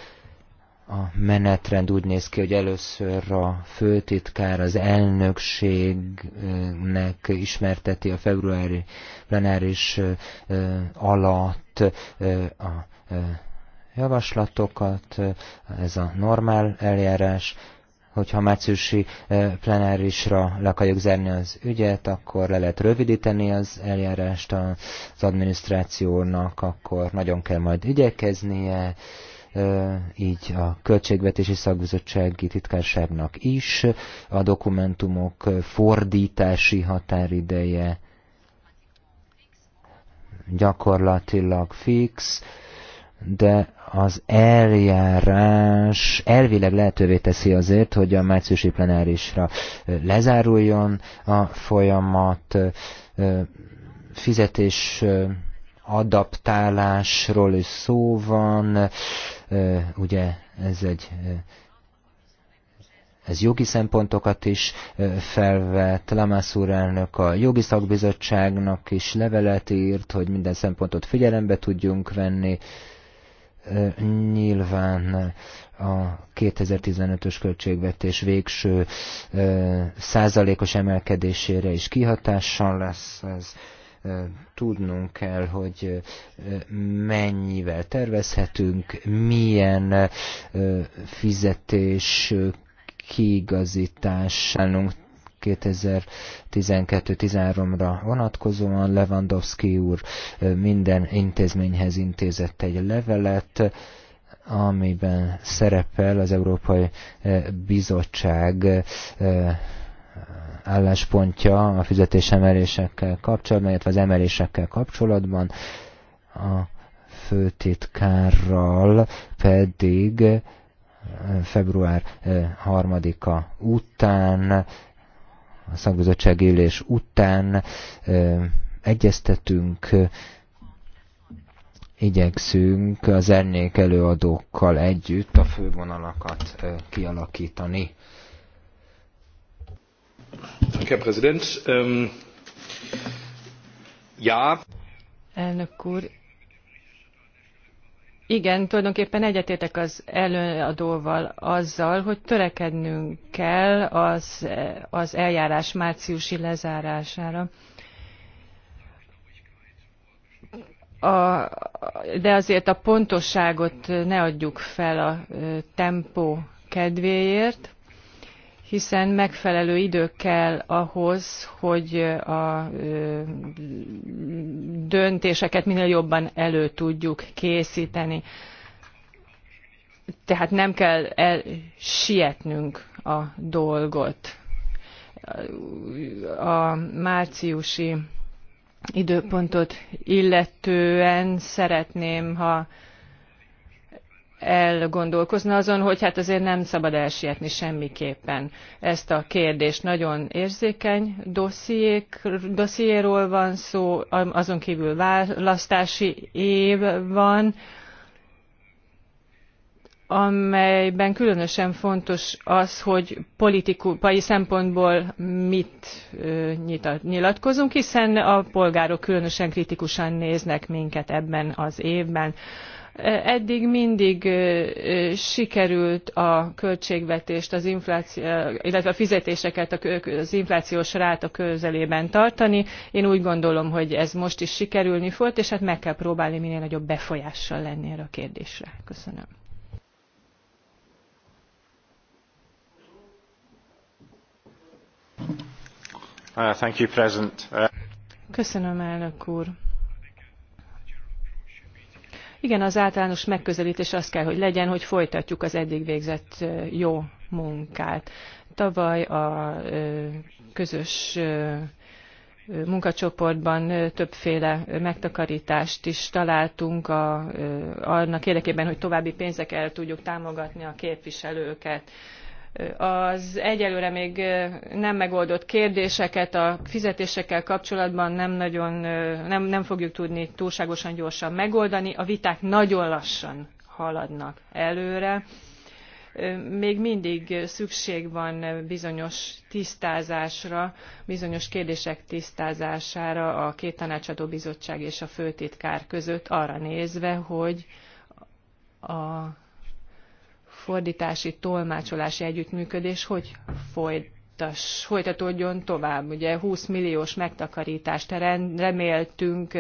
a menetrend úgy néz ki, hogy először a főtitkár az elnökségnek ismerteti a februári plenáris alatt a javaslatokat, ez a normál eljárás, hogyha márciusi plenárisra le akarjuk zárni az ügyet, akkor le lehet rövidíteni az eljárást az adminisztrációnak, akkor nagyon kell majd ügyekeznie, így a Költségvetési Szakbizottsági Titkárságnak is, a dokumentumok fordítási határideje gyakorlatilag fix, de az eljárás elvileg lehetővé teszi azért, hogy a márciusi plenárisra lezáruljon a folyamat, fizetés adaptálásról is szó van, Ugye ez egy ez jogi szempontokat is felvett. Lamász úr elnök a jogi szakbizottságnak is levelet írt, hogy minden szempontot figyelembe tudjunk venni. Nyilván a 2015-ös költségvetés végső százalékos emelkedésére is kihatással lesz ez. Tudnunk kell, hogy mennyivel tervezhetünk, milyen fizetés kiigazításánunk 2012-13-ra vonatkozóan Lewandowski úr minden intézményhez intézett egy levelet, amiben szerepel az Európai Bizottság álláspontja a fizetésemelésekkel kapcsolatban, illetve az emelésekkel kapcsolatban. A főtitkárral pedig eh, február 3-a eh, után, a szakbizottsági ülés után eh, egyeztetünk, igyekszünk az ernék előadókkal együtt a fővonalakat kialakítani. Herr Präsident. Ähm, ja. Elnök úr, igen, tulajdonképpen egyetértek az előadóval azzal, hogy törekednünk kell az, az eljárás márciusi lezárására. A, de azért a pontosságot ne adjuk fel a tempó kedvéért hiszen megfelelő idő kell ahhoz, hogy a döntéseket minél jobban elő tudjuk készíteni. Tehát nem kell el sietnünk a dolgot. A márciusi időpontot illetően szeretném, ha elgondolkozna azon, hogy hát azért nem szabad elsietni semmiképpen ezt a kérdést. Nagyon érzékeny dossziék, dossziéról van szó, azon kívül választási év van, amelyben különösen fontos az, hogy politikai szempontból mit nyilatkozunk, hiszen a polgárok különösen kritikusan néznek minket ebben az évben. Eddig mindig sikerült a költségvetést, az infláció, illetve a fizetéseket az inflációs ráta közelében tartani. Én úgy gondolom, hogy ez most is sikerülni fog, és hát meg kell próbálni minél nagyobb befolyással lenni erre a kérdésre. Köszönöm. Uh, uh, Köszönöm, elnök úr. Igen, az általános megközelítés az kell, hogy legyen, hogy folytatjuk az eddig végzett jó munkát. Tavaly a közös munkacsoportban többféle megtakarítást is találtunk a, annak érdekében, hogy további pénzekkel tudjuk támogatni a képviselőket az egyelőre még nem megoldott kérdéseket a fizetésekkel kapcsolatban nem nagyon nem, nem fogjuk tudni túlságosan gyorsan megoldani. A viták nagyon lassan haladnak előre. Még mindig szükség van bizonyos tisztázásra, bizonyos kérdések tisztázására a két tanácsadó bizottság és a főtitkár között arra nézve, hogy a fordítási, tolmácsolási együttműködés hogy folytas, folytatódjon tovább. Ugye 20 milliós megtakarítást reméltünk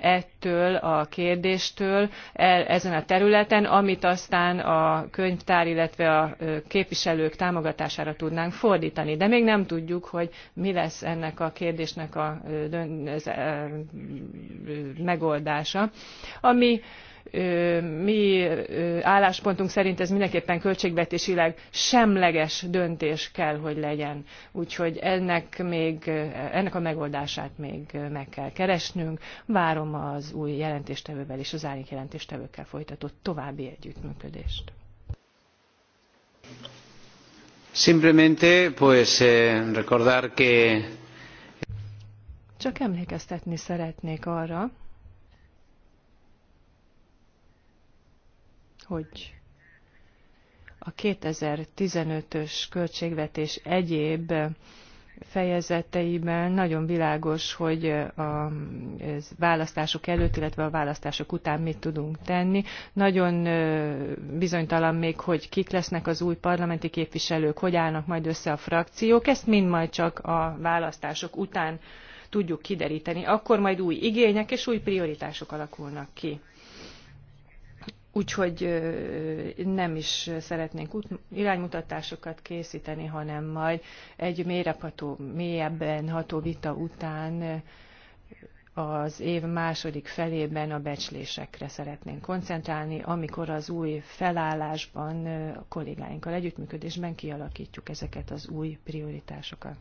ettől a kérdéstől el, ezen a területen, amit aztán a könyvtár, illetve a képviselők támogatására tudnánk fordítani. De még nem tudjuk, hogy mi lesz ennek a kérdésnek a megoldása. Ami mi álláspontunk szerint ez mindenképpen költségvetésileg semleges döntés kell, hogy legyen. Úgyhogy ennek, még, ennek a megoldását még meg kell keresnünk. Várom az új jelentéstevővel és az árnyék jelentéstevőkkel folytatott további együttműködést. Simplemente pues eh, recordar que csak emlékeztetni szeretnék arra, hogy a 2015-ös költségvetés egyéb fejezeteiben nagyon világos, hogy a választások előtt, illetve a választások után mit tudunk tenni. Nagyon bizonytalan még, hogy kik lesznek az új parlamenti képviselők, hogy állnak majd össze a frakciók. Ezt mind majd csak a választások után tudjuk kideríteni. Akkor majd új igények és új prioritások alakulnak ki. Úgyhogy nem is szeretnénk iránymutatásokat készíteni, hanem majd egy mélyrepható, mélyebben ható vita után az év második felében a becslésekre szeretnénk koncentrálni, amikor az új felállásban a kollégáinkkal együttműködésben kialakítjuk ezeket az új prioritásokat.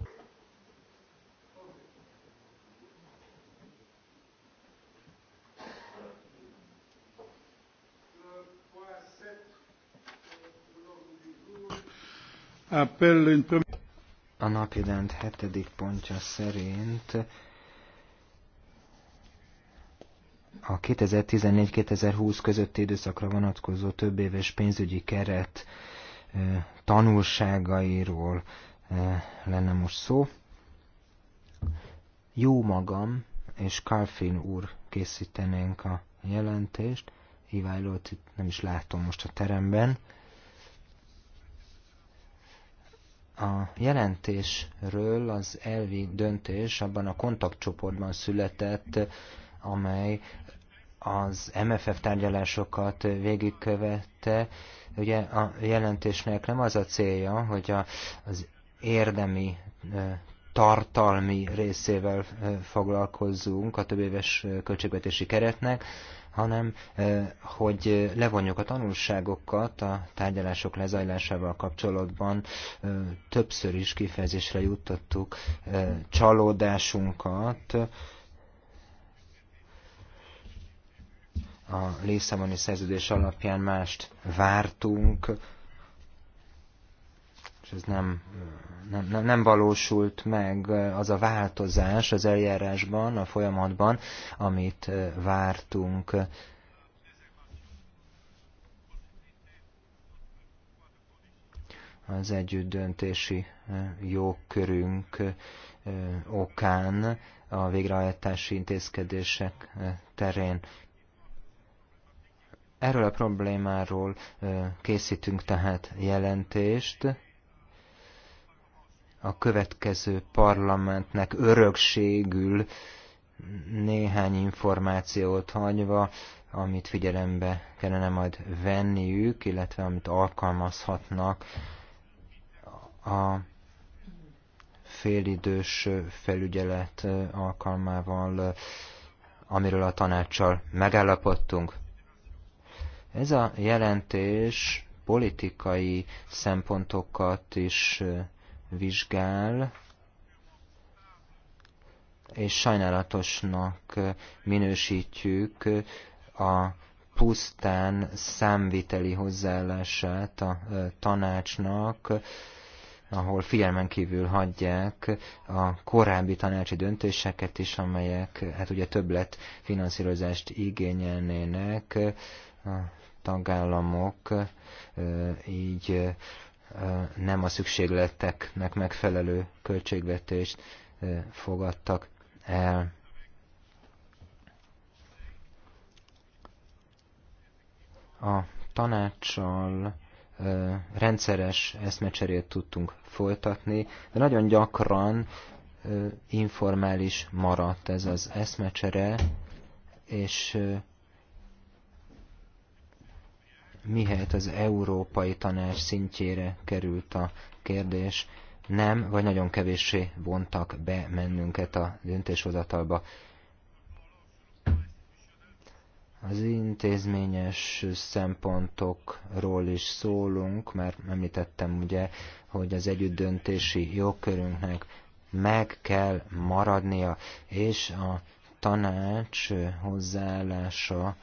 A napirend hetedik pontja szerint a 2014-2020 közötti időszakra vonatkozó több éves pénzügyi keret tanulságairól lenne most szó. Jó magam és Kalfin úr készítenénk a jelentést. Iválót itt nem is látom most a teremben. A jelentésről az elvi döntés abban a kontaktcsoportban született, amely az MFF tárgyalásokat végigkövette. Ugye a jelentésnek nem az a célja, hogy a, az érdemi tartalmi részével foglalkozzunk a többéves költségvetési keretnek, hanem eh, hogy eh, levonjuk a tanulságokat a tárgyalások lezajlásával kapcsolatban. Eh, többször is kifejezésre juttattuk csalódásunkat, a Lisszaboni szerződés alapján mást vártunk, és ez nem nem, nem, nem valósult meg az a változás az eljárásban, a folyamatban, amit vártunk. Az együttdöntési jogkörünk okán a végrehajtási intézkedések terén. Erről a problémáról készítünk tehát jelentést, a következő parlamentnek örökségül néhány információt hagyva, amit figyelembe kellene majd venniük, illetve amit alkalmazhatnak a félidős felügyelet alkalmával, amiről a tanácssal megállapodtunk. Ez a jelentés politikai szempontokat is vizsgál, és sajnálatosnak minősítjük a pusztán számviteli hozzáállását a tanácsnak, ahol figyelmen kívül hagyják a korábbi tanácsi döntéseket is, amelyek hát ugye többlet finanszírozást igényelnének a tagállamok így nem a szükségleteknek megfelelő költségvetést fogadtak el. A tanácssal rendszeres eszmecserét tudtunk folytatni, de nagyon gyakran informális maradt ez az eszmecsere, és mihelyt az Európai Tanács szintjére került a kérdés, nem, vagy nagyon kevéssé vontak be mennünket a döntéshozatalba. Az intézményes szempontokról is szólunk, mert említettem ugye, hogy az együttdöntési jogkörünknek meg kell maradnia, és a tanács hozzáállása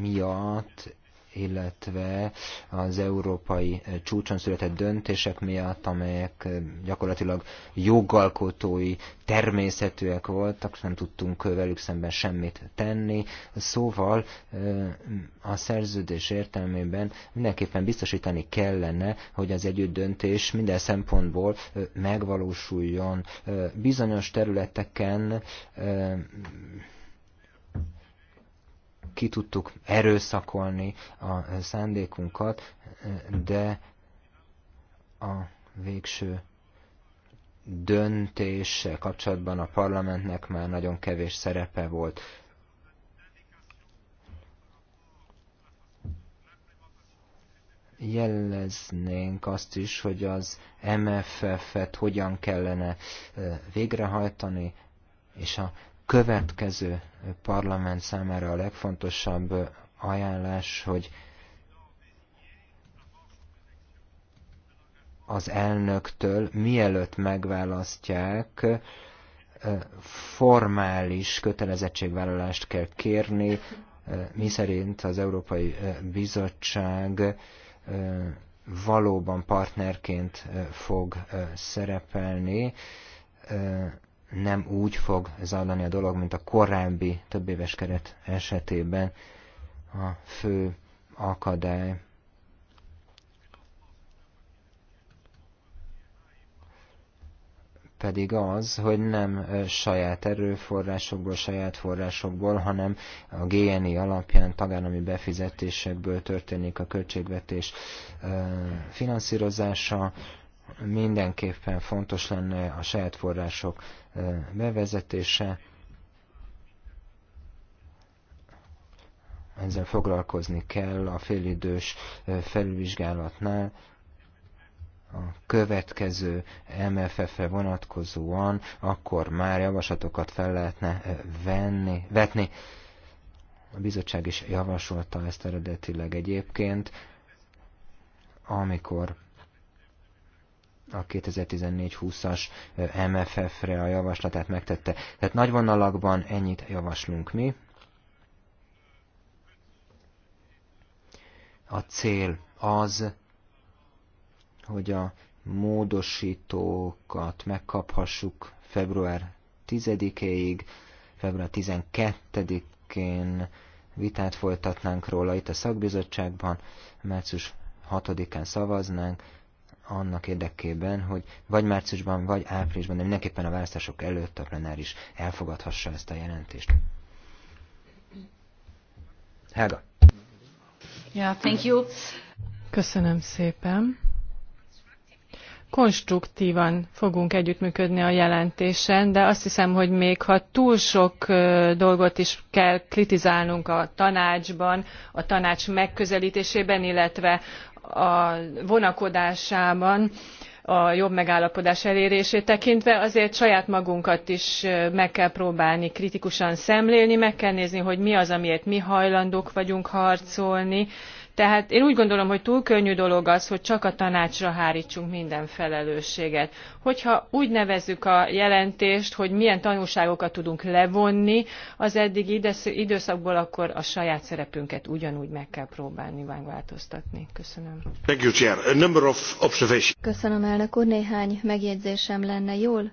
miatt illetve az európai csúcson született döntések miatt, amelyek gyakorlatilag jogalkotói természetűek voltak, nem tudtunk velük szemben semmit tenni. Szóval a szerződés értelmében mindenképpen biztosítani kellene, hogy az együtt döntés minden szempontból megvalósuljon. Bizonyos területeken ki tudtuk erőszakolni a szándékunkat, de a végső döntéssel kapcsolatban a parlamentnek már nagyon kevés szerepe volt. Jeleznénk azt is, hogy az MFF-et hogyan kellene végrehajtani, és a következő parlament számára a legfontosabb ajánlás, hogy az elnöktől, mielőtt megválasztják, formális kötelezettségvállalást kell kérni, miszerint az Európai Bizottság valóban partnerként fog szerepelni, nem úgy fog zajlani a dolog, mint a korábbi több éves keret esetében. A fő akadály pedig az, hogy nem saját erőforrásokból, saját forrásokból, hanem a GNI alapján tagállami befizetésekből történik a költségvetés finanszírozása. Mindenképpen fontos lenne a saját források bevezetése. Ezzel foglalkozni kell a félidős felülvizsgálatnál, a következő MFF-re vonatkozóan, akkor már javaslatokat fel lehetne venni, vetni. A bizottság is javasolta ezt eredetileg egyébként, amikor a 2014-20-as MFF-re a javaslatát megtette. Tehát nagy vonalakban ennyit javaslunk mi. A cél az, hogy a módosítókat megkaphassuk február 10-éig, február 12-én vitát folytatnánk róla itt a szakbizottságban, március 6-án szavaznánk, annak érdekében, hogy vagy márciusban, vagy áprilisban, de mindenképpen a választások előtt a plenáris elfogadhassa ezt a jelentést. Helga. Yeah, thank you. Köszönöm szépen. Konstruktívan fogunk együttműködni a jelentésen, de azt hiszem, hogy még ha túl sok dolgot is kell kritizálnunk a tanácsban, a tanács megközelítésében, illetve a vonakodásában a jobb megállapodás elérését tekintve azért saját magunkat is meg kell próbálni kritikusan szemlélni meg kell nézni hogy mi az amiért mi hajlandók vagyunk harcolni tehát én úgy gondolom, hogy túl könnyű dolog az, hogy csak a tanácsra hárítsunk minden felelősséget. Hogyha úgy nevezzük a jelentést, hogy milyen tanulságokat tudunk levonni az eddigi időszakból, akkor a saját szerepünket ugyanúgy meg kell próbálni változtatni. Köszönöm. Thank you, Chair. A number of observations. Köszönöm, elnök úr. Néhány megjegyzésem lenne jól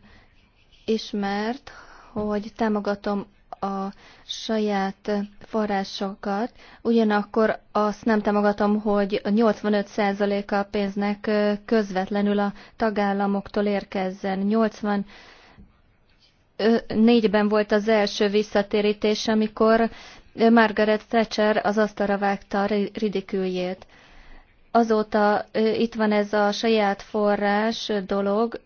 ismert, hogy támogatom a saját forrásokat, ugyanakkor azt nem támogatom, hogy 85%-a a pénznek közvetlenül a tagállamoktól érkezzen. 80 négyben volt az első visszatérítés, amikor Margaret Thatcher az asztalra vágta a ridiküljét. Azóta itt van ez a saját forrás dolog,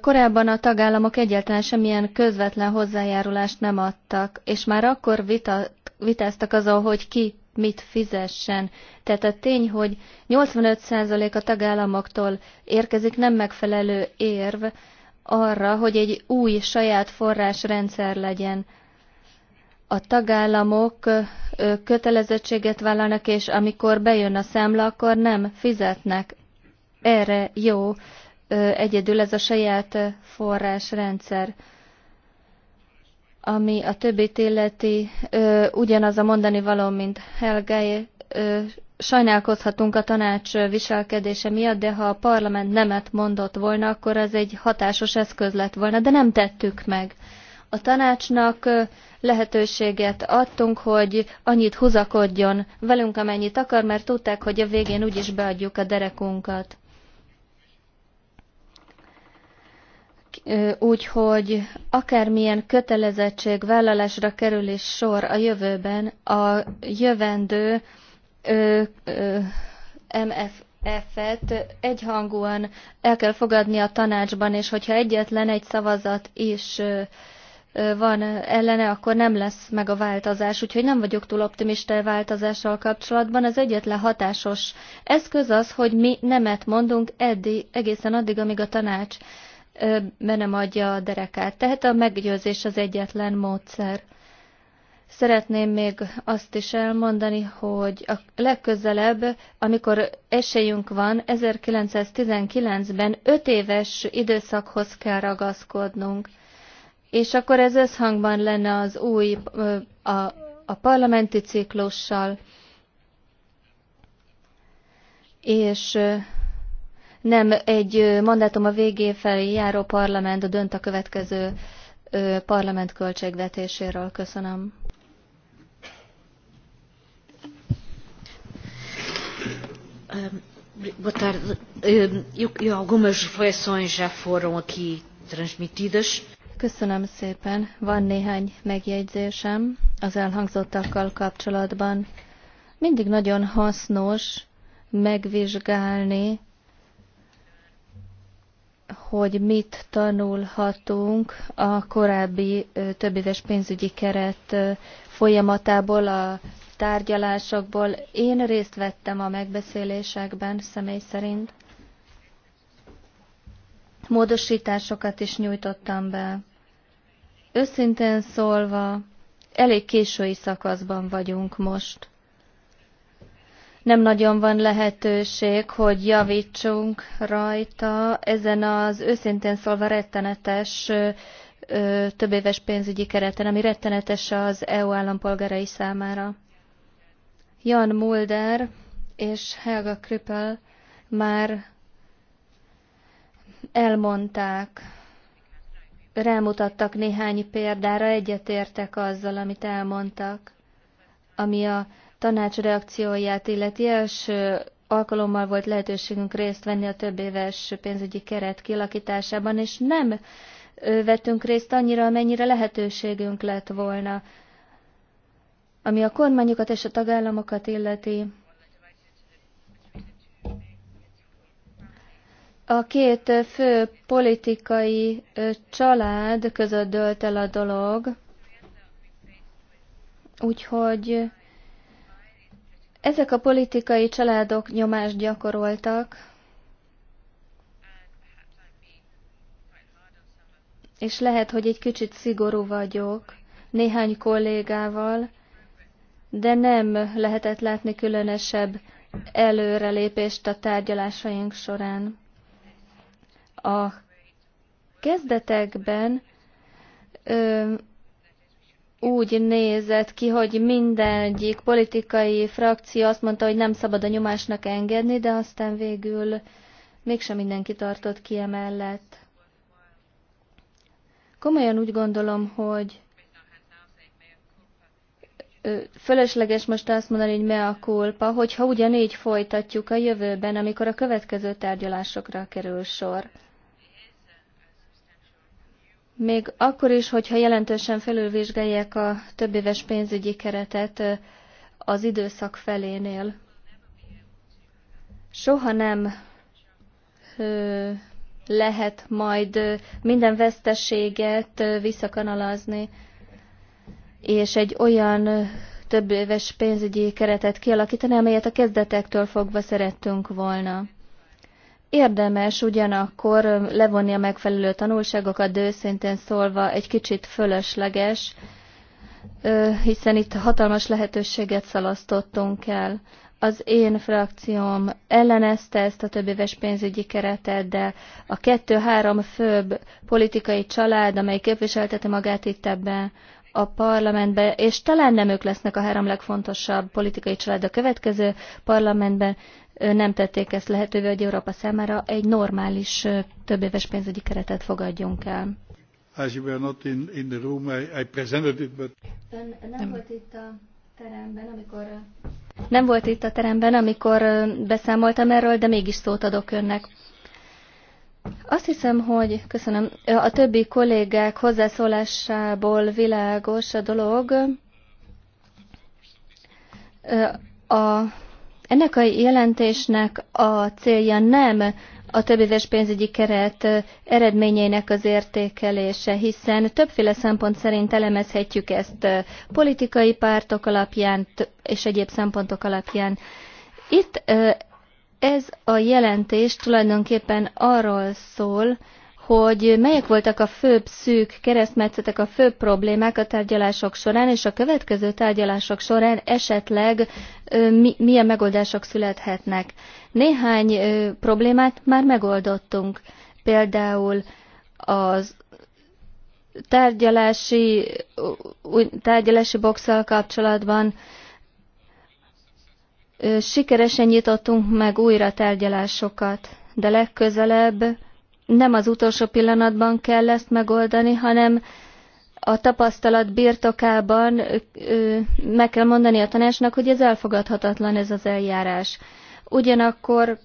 Korábban a tagállamok egyáltalán semmilyen közvetlen hozzájárulást nem adtak, és már akkor vita, vitáztak azon, hogy ki mit fizessen. Tehát a tény, hogy 85% a tagállamoktól érkezik nem megfelelő érv arra, hogy egy új saját forrásrendszer legyen. A tagállamok kötelezettséget vállalnak, és amikor bejön a számla, akkor nem fizetnek. Erre jó egyedül ez a saját forrásrendszer ami a többit illeti, ugyanaz a mondani való, mint Helgei, sajnálkozhatunk a tanács viselkedése miatt, de ha a parlament nemet mondott volna, akkor ez egy hatásos eszköz lett volna, de nem tettük meg. A tanácsnak lehetőséget adtunk, hogy annyit húzakodjon velünk, amennyit akar, mert tudták, hogy a végén úgyis beadjuk a derekunkat. Úgyhogy akármilyen kötelezettség vállalásra kerülés sor a jövőben, a jövendő MFF-et egyhangúan el kell fogadni a tanácsban, és hogyha egyetlen egy szavazat is van ellene, akkor nem lesz meg a változás, úgyhogy nem vagyok túl optimista a e változással kapcsolatban. Az egyetlen hatásos eszköz az, hogy mi nemet mondunk eddig, egészen addig, amíg a tanács be nem adja a derekát. Tehát a meggyőzés az egyetlen módszer. Szeretném még azt is elmondani, hogy a legközelebb, amikor esélyünk van, 1919-ben 5 éves időszakhoz kell ragaszkodnunk. És akkor ez összhangban lenne az új, a, a parlamenti ciklussal. És nem egy mandátum a végé felé járó parlament dönt a következő parlament költségvetéséről. Köszönöm. Ehm, boa tarde. Ehm, eu, algumas reflexões já foram aqui transmitidas. Köszönöm szépen. Van néhány megjegyzésem az elhangzottakkal kapcsolatban. Mindig nagyon hasznos megvizsgálni hogy mit tanulhatunk a korábbi többéves pénzügyi keret folyamatából, a tárgyalásokból. Én részt vettem a megbeszélésekben személy szerint. Módosításokat is nyújtottam be. Őszintén szólva, elég késői szakaszban vagyunk most nem nagyon van lehetőség, hogy javítsunk rajta ezen az őszintén szólva rettenetes többéves pénzügyi kereten, ami rettenetes az EU állampolgárai számára. Jan Mulder és Helga Krüppel már elmondták, rámutattak néhány példára, egyetértek azzal, amit elmondtak, ami a tanács reakcióját illeti első alkalommal volt lehetőségünk részt venni a több éves pénzügyi keret kialakításában, és nem vettünk részt annyira, amennyire lehetőségünk lett volna. Ami a kormányokat és a tagállamokat illeti, a két fő politikai család között dölt el a dolog, úgyhogy ezek a politikai családok nyomást gyakoroltak, és lehet, hogy egy kicsit szigorú vagyok néhány kollégával, de nem lehetett látni különösebb előrelépést a tárgyalásaink során. A kezdetekben ö, úgy nézett ki, hogy mindegyik politikai frakció azt mondta, hogy nem szabad a nyomásnak engedni, de aztán végül mégsem mindenki tartott ki emellett. Komolyan úgy gondolom, hogy fölösleges most azt mondani, hogy a kulpa, hogyha ugyanígy folytatjuk a jövőben, amikor a következő tárgyalásokra kerül sor még akkor is, hogyha jelentősen felülvizsgálják a többéves pénzügyi keretet az időszak felénél. Soha nem lehet majd minden veszteséget visszakanalazni, és egy olyan több éves pénzügyi keretet kialakítani, amelyet a kezdetektől fogva szerettünk volna. Érdemes ugyanakkor levonni a megfelelő tanulságokat, de őszintén szólva egy kicsit fölösleges, hiszen itt hatalmas lehetőséget szalasztottunk el. Az én frakcióm ellenezte ezt a többéves pénzügyi keretet, de a kettő-három főbb politikai család, amely képviselteti magát itt ebben a parlamentben, és talán nem ők lesznek a három legfontosabb politikai család a következő parlamentben, nem tették ezt lehetővé, hogy Európa számára egy normális többéves pénzügyi keretet fogadjunk el. As you were not in, in the room, I, I presented it, but... Ön nem, nem volt itt a teremben, amikor... Nem volt itt a teremben, amikor beszámoltam erről, de mégis szót adok önnek. Azt hiszem, hogy köszönöm. A többi kollégák hozzászólásából világos a dolog. A ennek a jelentésnek a célja nem a többéves pénzügyi keret eredményeinek az értékelése, hiszen többféle szempont szerint elemezhetjük ezt politikai pártok alapján és egyéb szempontok alapján. Itt ez a jelentés tulajdonképpen arról szól, hogy melyek voltak a főbb szűk keresztmetszetek, a főbb problémák a tárgyalások során, és a következő tárgyalások során esetleg mi, milyen megoldások születhetnek. Néhány problémát már megoldottunk, például az tárgyalási, tárgyalási boxsal kapcsolatban sikeresen nyitottunk meg újra tárgyalásokat, de legközelebb nem az utolsó pillanatban kell ezt megoldani, hanem a tapasztalat birtokában meg kell mondani a tanácsnak, hogy ez elfogadhatatlan ez az eljárás. Ugyanakkor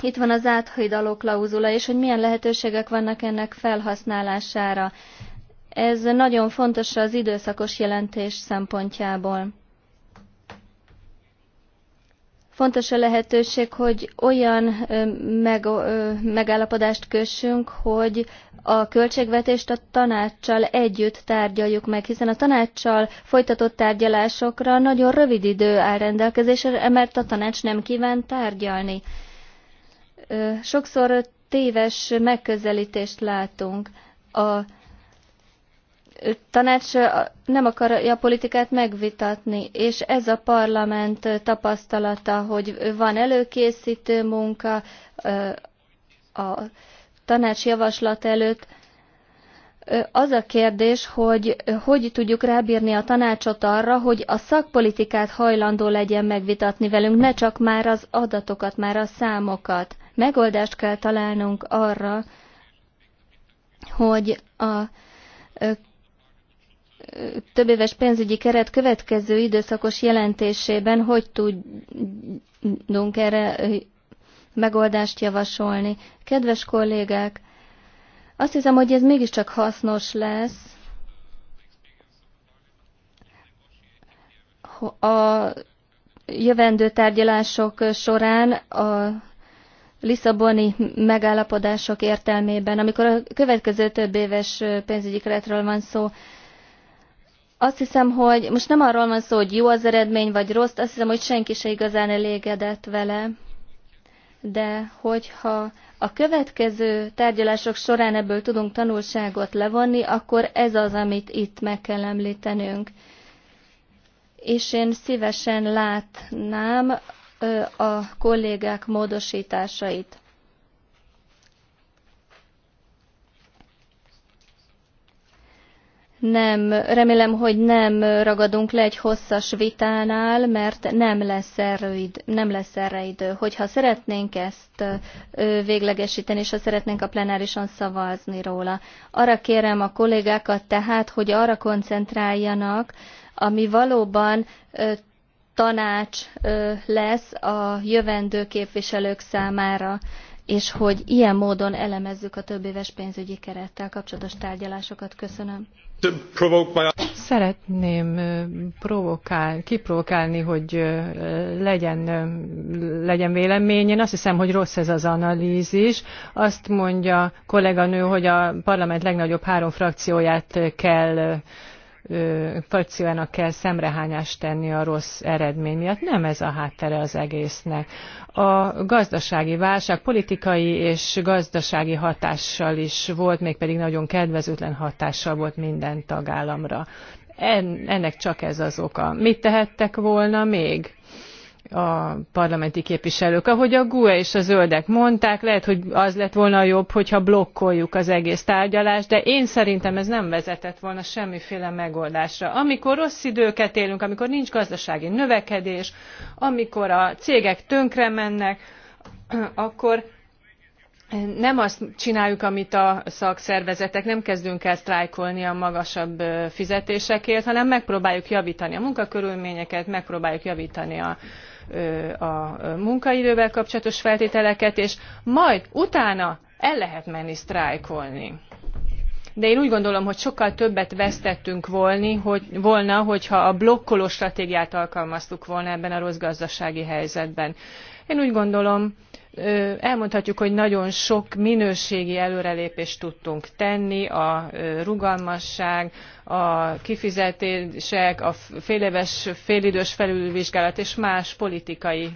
itt van az áthidaló klauzula, és hogy milyen lehetőségek vannak ennek felhasználására. Ez nagyon fontos az időszakos jelentés szempontjából. Fontos a lehetőség, hogy olyan meg, megállapodást kössünk, hogy a költségvetést a tanácssal együtt tárgyaljuk meg, hiszen a tanácssal folytatott tárgyalásokra nagyon rövid idő áll rendelkezésre, mert a tanács nem kíván tárgyalni. Sokszor téves megközelítést látunk. A tanács nem akarja a politikát megvitatni, és ez a parlament tapasztalata, hogy van előkészítő munka a tanács javaslat előtt, az a kérdés, hogy hogy tudjuk rábírni a tanácsot arra, hogy a szakpolitikát hajlandó legyen megvitatni velünk, ne csak már az adatokat, már a számokat. Megoldást kell találnunk arra, hogy a többéves pénzügyi keret következő időszakos jelentésében hogy tudunk erre megoldást javasolni. Kedves kollégák, azt hiszem, hogy ez mégiscsak hasznos lesz a jövendő tárgyalások során a Lisszaboni megállapodások értelmében, amikor a következő több éves pénzügyi keretről van szó, azt hiszem, hogy most nem arról van szó, hogy jó az eredmény, vagy rossz, azt hiszem, hogy senki se igazán elégedett vele. De hogyha a következő tárgyalások során ebből tudunk tanulságot levonni, akkor ez az, amit itt meg kell említenünk. És én szívesen látnám a kollégák módosításait. nem, remélem, hogy nem ragadunk le egy hosszas vitánál, mert nem lesz, erőid, nem lesz erre idő. Hogyha szeretnénk ezt véglegesíteni, és ha szeretnénk a plenárison szavazni róla. Arra kérem a kollégákat tehát, hogy arra koncentráljanak, ami valóban tanács lesz a jövendő képviselők számára és hogy ilyen módon elemezzük a több éves pénzügyi kerettel kapcsolatos tárgyalásokat. Köszönöm. Szeretném provokál, kiprovokálni, hogy legyen, legyen vélemény. Én azt hiszem, hogy rossz ez az analízis. Azt mondja kolléganő, hogy a parlament legnagyobb három frakcióját kell frakciójának kell szemrehányást tenni a rossz eredmény miatt. Nem ez a háttere az egésznek. A gazdasági válság politikai és gazdasági hatással is volt, mégpedig nagyon kedvezőtlen hatással volt minden tagállamra. En, ennek csak ez az oka. Mit tehettek volna még? a parlamenti képviselők. Ahogy a GUE és a zöldek mondták, lehet, hogy az lett volna jobb, hogyha blokkoljuk az egész tárgyalást, de én szerintem ez nem vezetett volna semmiféle megoldásra. Amikor rossz időket élünk, amikor nincs gazdasági növekedés, amikor a cégek tönkre mennek, akkor nem azt csináljuk, amit a szakszervezetek, nem kezdünk el sztrájkolni a magasabb fizetésekért, hanem megpróbáljuk javítani a munkakörülményeket, megpróbáljuk javítani a a munkaidővel kapcsolatos feltételeket, és majd utána el lehet menni sztrájkolni. De én úgy gondolom, hogy sokkal többet vesztettünk volni, hogy, volna, hogyha a blokkoló stratégiát alkalmaztuk volna ebben a rossz gazdasági helyzetben. Én úgy gondolom, elmondhatjuk hogy nagyon sok minőségi előrelépést tudtunk tenni a rugalmasság a kifizetések a féléves félidős felülvizsgálat és más politikai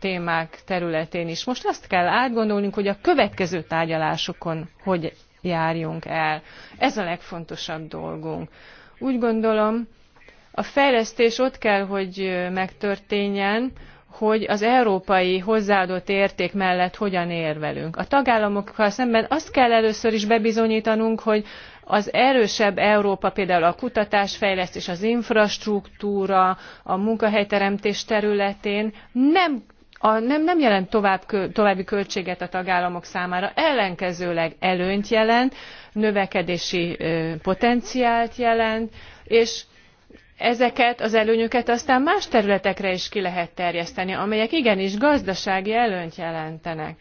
témák területén is. most azt kell átgondolnunk hogy a következő tárgyalásokon hogy járjunk el. ez a legfontosabb dolgunk. úgy gondolom a fejlesztés ott kell hogy megtörténjen hogy az európai hozzáadott érték mellett hogyan érvelünk. A tagállamokkal szemben azt kell először is bebizonyítanunk, hogy az erősebb Európa például a kutatásfejlesztés, az infrastruktúra, a munkahelyteremtés területén nem a, nem, nem jelent tovább, további költséget a tagállamok számára, ellenkezőleg előnyt jelent, növekedési ö, potenciált jelent, és ezeket az előnyöket aztán más területekre is ki lehet terjeszteni, amelyek igenis gazdasági előnyt jelentenek.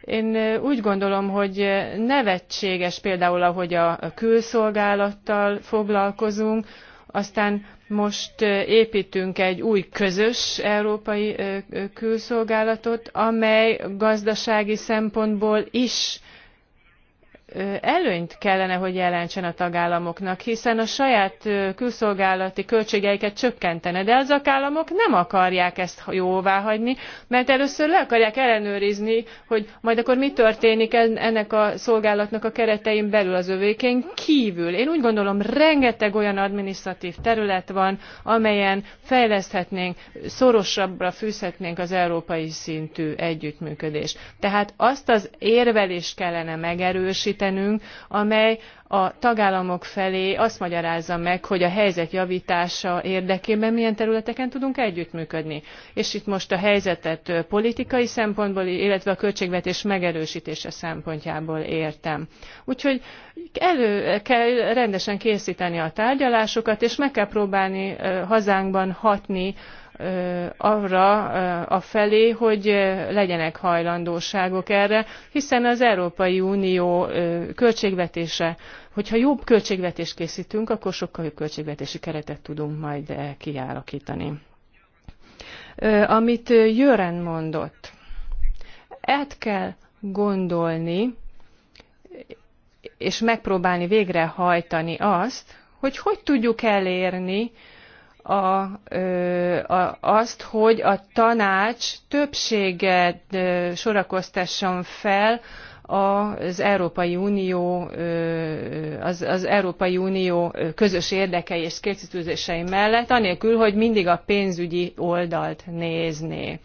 Én úgy gondolom, hogy nevetséges például, ahogy a külszolgálattal foglalkozunk, aztán most építünk egy új közös európai külszolgálatot, amely gazdasági szempontból is előnyt kellene, hogy jelentsen a tagállamoknak, hiszen a saját külszolgálati költségeiket csökkentene, de az államok nem akarják ezt jóváhagyni, mert először le akarják ellenőrizni, hogy majd akkor mi történik ennek a szolgálatnak a keretein belül az övékén kívül. Én úgy gondolom, rengeteg olyan administratív terület van, amelyen fejleszthetnénk, szorosabbra fűzhetnénk az európai szintű együttműködést. Tehát azt az érvelést kellene megerősíteni, segítenünk, amely a tagállamok felé azt magyarázza meg, hogy a helyzet javítása érdekében milyen területeken tudunk együttműködni. És itt most a helyzetet politikai szempontból, illetve a költségvetés megerősítése szempontjából értem. Úgyhogy elő kell rendesen készíteni a tárgyalásokat, és meg kell próbálni hazánkban hatni arra a felé, hogy legyenek hajlandóságok erre, hiszen az Európai Unió költségvetése, hogyha jobb költségvetést készítünk, akkor sokkal jobb költségvetési keretet tudunk majd kialakítani. Amit Jören mondott, át kell gondolni, és megpróbálni végrehajtani azt, hogy hogy tudjuk elérni, a, a, azt, hogy a tanács többséget sorakoztasson fel az Európai Unió, az, az Európai Unió közös érdekei és célkitűzései mellett, anélkül, hogy mindig a pénzügyi oldalt nézné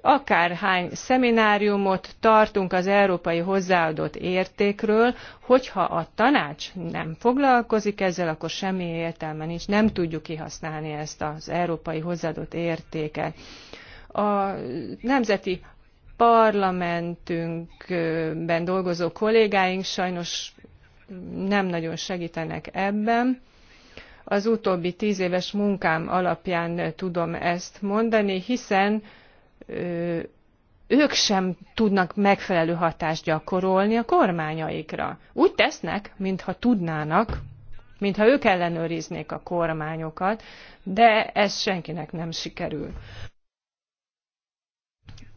akárhány szemináriumot tartunk az európai hozzáadott értékről, hogyha a tanács nem foglalkozik ezzel, akkor semmi értelme nincs, nem tudjuk kihasználni ezt az európai hozzáadott értéket. A nemzeti parlamentünkben dolgozó kollégáink sajnos nem nagyon segítenek ebben. Az utóbbi tíz éves munkám alapján tudom ezt mondani, hiszen ők sem tudnak megfelelő hatást gyakorolni a kormányaikra. Úgy tesznek, mintha tudnának, mintha ők ellenőriznék a kormányokat, de ez senkinek nem sikerül.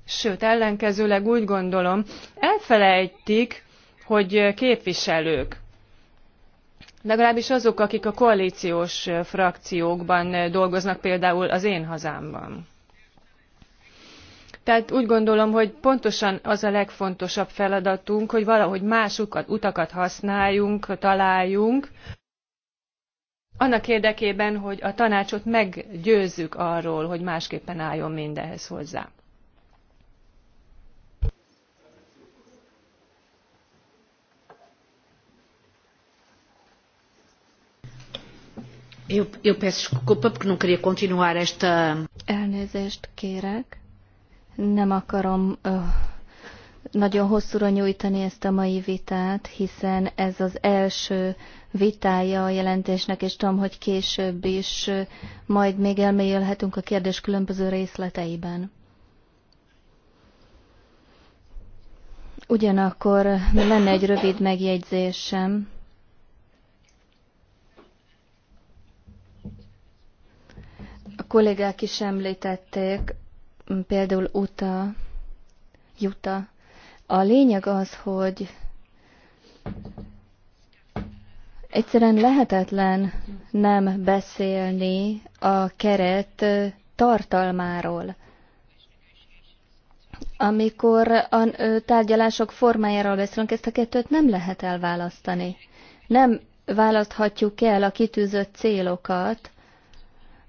Sőt, ellenkezőleg úgy gondolom, elfelejtik, hogy képviselők, legalábbis azok, akik a koalíciós frakciókban dolgoznak, például az én hazámban tehát úgy gondolom, hogy pontosan az a legfontosabb feladatunk, hogy valahogy más utakat használjunk, találjunk, annak érdekében, hogy a tanácsot meggyőzzük arról, hogy másképpen álljon mindehhez hozzá. Eu, eu peço desculpa porque não queria continuar esta. Elnézést kérek. Nem akarom ö, nagyon hosszúra nyújtani ezt a mai vitát, hiszen ez az első vitája a jelentésnek, és tudom, hogy később is majd még elmélyülhetünk a kérdés különböző részleteiben. Ugyanakkor lenne egy rövid megjegyzésem. A kollégák is említették, például Uta, Juta. A lényeg az, hogy egyszerűen lehetetlen nem beszélni a keret tartalmáról. Amikor a tárgyalások formájáról beszélünk, ezt a kettőt nem lehet elválasztani. Nem választhatjuk el a kitűzött célokat,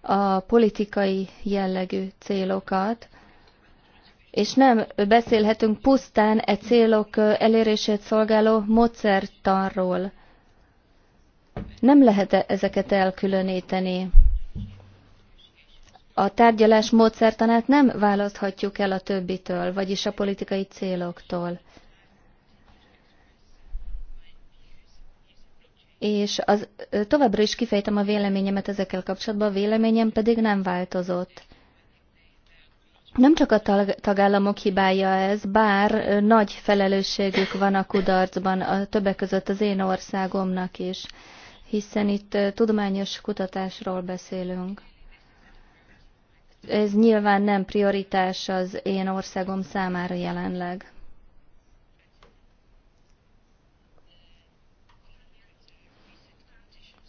a politikai jellegű célokat, és nem beszélhetünk pusztán e célok elérését szolgáló módszertanról. Nem lehet -e ezeket elkülöníteni. A tárgyalás módszertanát nem választhatjuk el a többitől, vagyis a politikai céloktól. És az, továbbra is kifejtem a véleményemet ezekkel kapcsolatban, a véleményem pedig nem változott. Nem csak a tagállamok hibája ez, bár nagy felelősségük van a kudarcban, a többek között az én országomnak is, hiszen itt tudományos kutatásról beszélünk. Ez nyilván nem prioritás az én országom számára jelenleg.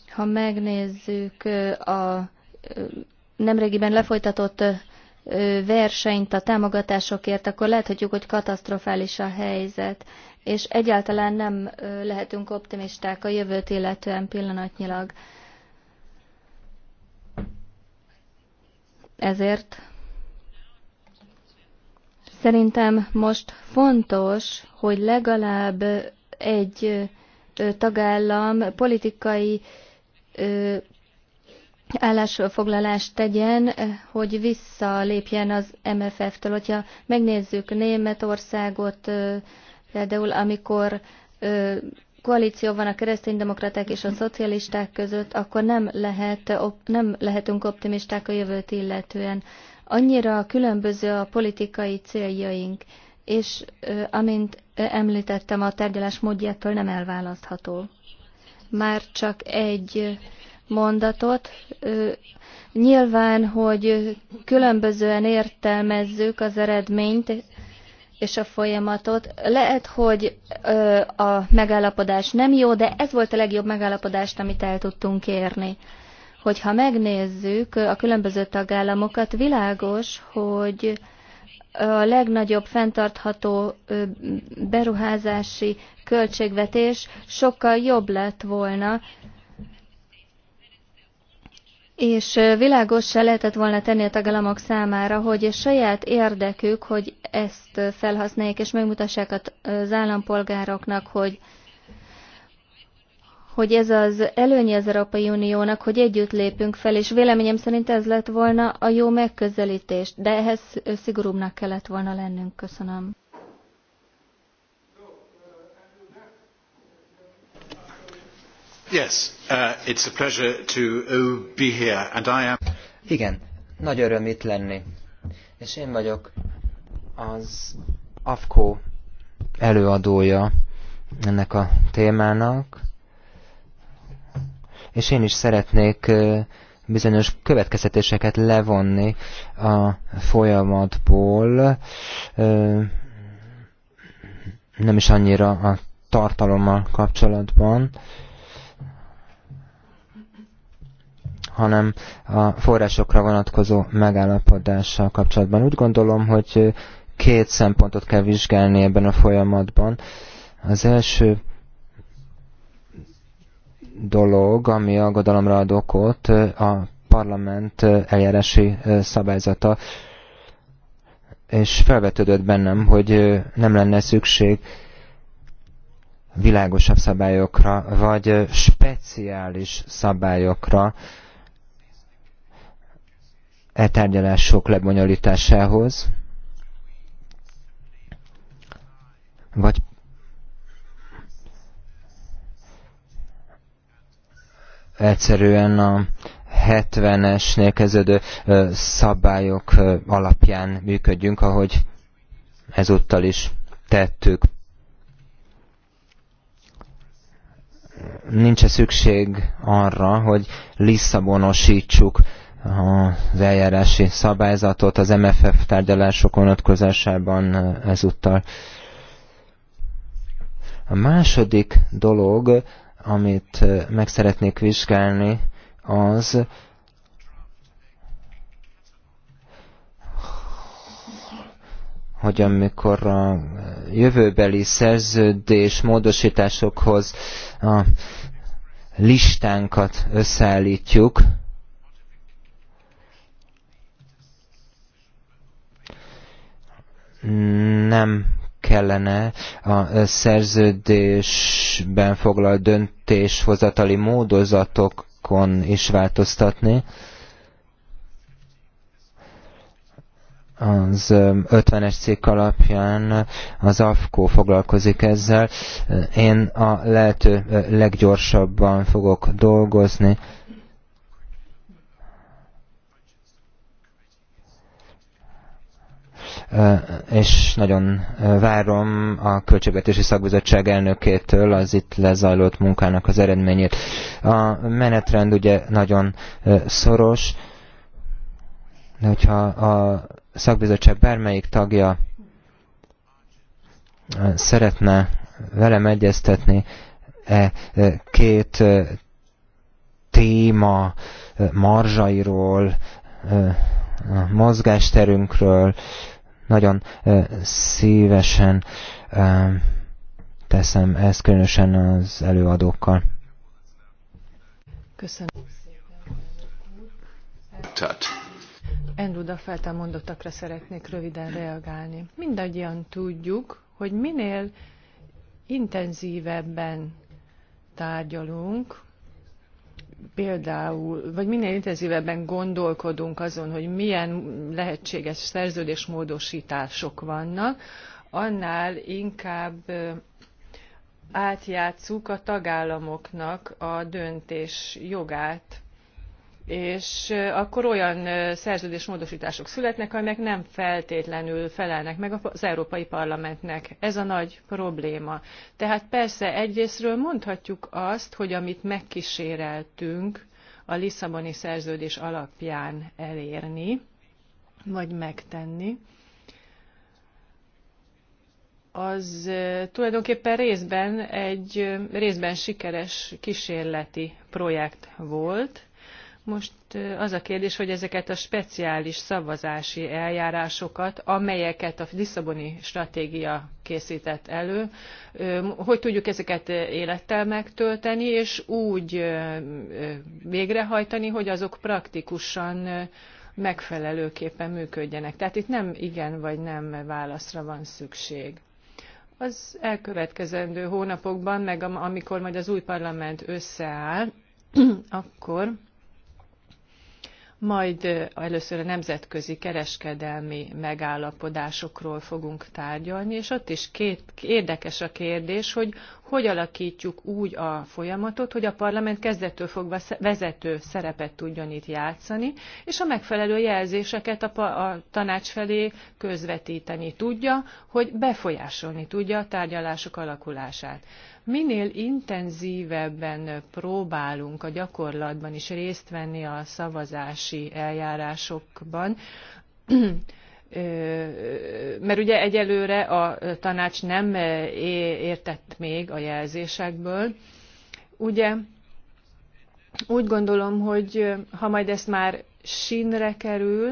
Ha megnézzük a nemrégiben lefolytatott versenyt a támogatásokért, akkor láthatjuk, hogy katasztrofális a helyzet, és egyáltalán nem lehetünk optimisták a jövőt illetően pillanatnyilag. Ezért szerintem most fontos, hogy legalább egy tagállam politikai állásfoglalást tegyen, eh, hogy visszalépjen az MFF-től. Hogyha megnézzük Németországot, eh, például amikor eh, koalíció van a kereszténydemokraták és a szocialisták között, akkor nem, lehet, nem lehetünk optimisták a jövőt illetően. Annyira különböző a politikai céljaink, és amint említettem, a tárgyalás módjától nem elválasztható. Már csak egy mondatot. Nyilván, hogy különbözően értelmezzük az eredményt és a folyamatot. Lehet, hogy a megállapodás nem jó, de ez volt a legjobb megállapodást, amit el tudtunk érni. Hogyha megnézzük a különböző tagállamokat, világos, hogy a legnagyobb fenntartható beruházási költségvetés sokkal jobb lett volna, és világos se lehetett volna tenni a tagállamok számára, hogy a saját érdekük, hogy ezt felhasználják, és megmutassák az állampolgároknak, hogy hogy ez az előnye az Európai Uniónak, hogy együtt lépünk fel, és véleményem szerint ez lett volna a jó megközelítés, de ehhez szigorúbbnak kellett volna lennünk. Köszönöm. Uh, uh, Igen, nagy öröm itt lenni. És én vagyok az AFKO előadója ennek a témának, és én is szeretnék uh, bizonyos következtetéseket levonni a folyamatból, nem is annyira a tartalommal kapcsolatban, hanem a forrásokra vonatkozó megállapodással kapcsolatban. Úgy gondolom, hogy két szempontot kell vizsgálni ebben a folyamatban. Az első dolog, ami aggodalomra ad okot, a parlament eljárási szabályzata, és felvetődött bennem, hogy nem lenne szükség világosabb szabályokra, vagy speciális szabályokra e tárgyalások lebonyolításához, vagy egyszerűen a 70-esnél kezdődő szabályok alapján működjünk, ahogy ezúttal is tettük. Nincs-e szükség arra, hogy lisszabonosítsuk az eljárási szabályzatot az MFF tárgyalások vonatkozásában ezúttal. A második dolog, amit meg szeretnék vizsgálni, az, hogy amikor a jövőbeli szerződés módosításokhoz a listánkat összeállítjuk, nem kellene a szerződésben foglalt döntéshozatali módozatokon is változtatni. Az 50-es cikk alapján az AFKO foglalkozik ezzel. Én a lehető leggyorsabban fogok dolgozni. és nagyon várom a Költségvetési Szakbizottság elnökétől az itt lezajlott munkának az eredményét. A menetrend ugye nagyon szoros, de hogyha a szakbizottság bármelyik tagja szeretne velem egyeztetni e két téma marzsairól, a mozgásterünkről, nagyon szívesen teszem ezt, különösen az előadókkal. Köszönöm szépen. Andrew Daffeltán mondottakra szeretnék röviden reagálni. Mindannyian tudjuk, hogy minél intenzívebben tárgyalunk, például, vagy minél intenzívebben gondolkodunk azon, hogy milyen lehetséges szerződésmódosítások vannak, annál inkább átjátszuk a tagállamoknak a döntés jogát és akkor olyan szerződésmódosítások születnek, amelyek nem feltétlenül felelnek meg az Európai Parlamentnek. Ez a nagy probléma. Tehát persze egyrésztről mondhatjuk azt, hogy amit megkíséreltünk a Lisszaboni szerződés alapján elérni, vagy megtenni, az tulajdonképpen részben egy részben sikeres kísérleti projekt volt, most az a kérdés, hogy ezeket a speciális szavazási eljárásokat, amelyeket a Lisszaboni stratégia készített elő, hogy tudjuk ezeket élettel megtölteni, és úgy végrehajtani, hogy azok praktikusan megfelelőképpen működjenek. Tehát itt nem igen vagy nem válaszra van szükség. Az elkövetkezendő hónapokban, meg amikor majd az új parlament összeáll, akkor majd először a nemzetközi kereskedelmi megállapodásokról fogunk tárgyalni, és ott is két, érdekes a kérdés, hogy hogy alakítjuk úgy a folyamatot, hogy a parlament kezdettől fogva vezető szerepet tudjon itt játszani, és a megfelelő jelzéseket a, a tanács felé közvetíteni tudja, hogy befolyásolni tudja a tárgyalások alakulását. Minél intenzívebben próbálunk a gyakorlatban is részt venni a szavazási eljárásokban, mert ugye egyelőre a tanács nem értett még a jelzésekből. Ugye úgy gondolom, hogy ha majd ezt már sínre kerül,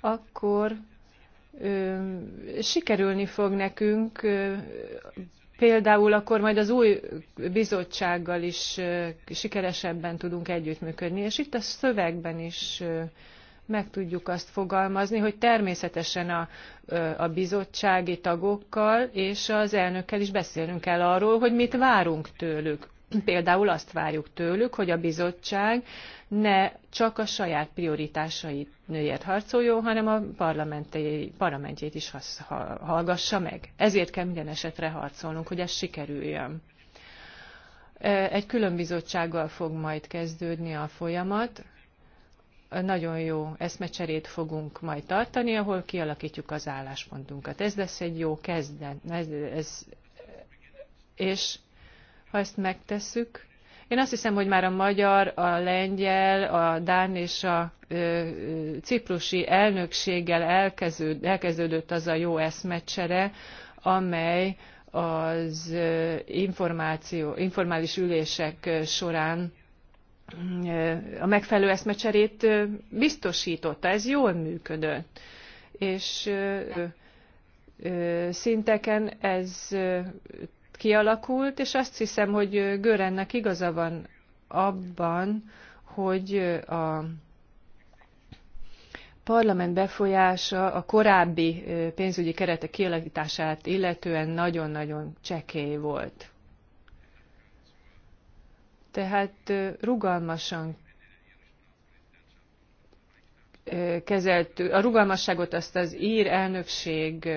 akkor ö, sikerülni fog nekünk ö, például akkor majd az új bizottsággal is sikeresebben tudunk együttműködni. És itt a szövegben is meg tudjuk azt fogalmazni, hogy természetesen a, a bizottsági tagokkal és az elnökkel is beszélnünk kell arról, hogy mit várunk tőlük. Például azt várjuk tőlük, hogy a bizottság ne csak a saját prioritásaiért harcoljon, hanem a parlamentjét is hallgassa meg. Ezért kell minden esetre harcolnunk, hogy ez sikerüljön. Egy külön bizottsággal fog majd kezdődni a folyamat. Nagyon jó eszmecserét fogunk majd tartani, ahol kialakítjuk az álláspontunkat. Ez lesz egy jó kezdet. Ez, ez, és ha ezt megtesszük. Én azt hiszem, hogy már a magyar, a lengyel, a dán és a ö, ciprusi elnökséggel elkezdőd, elkezdődött az a jó eszmecsere, amely az információ, informális ülések során a megfelelő eszmecserét biztosította. Ez jól működött. És szinteken ez kialakult, és azt hiszem, hogy Görennek igaza van abban, hogy a parlament befolyása a korábbi pénzügyi keretek kialakítását illetően nagyon-nagyon csekély volt. Tehát rugalmasan kezelt, a rugalmasságot azt az ír elnökség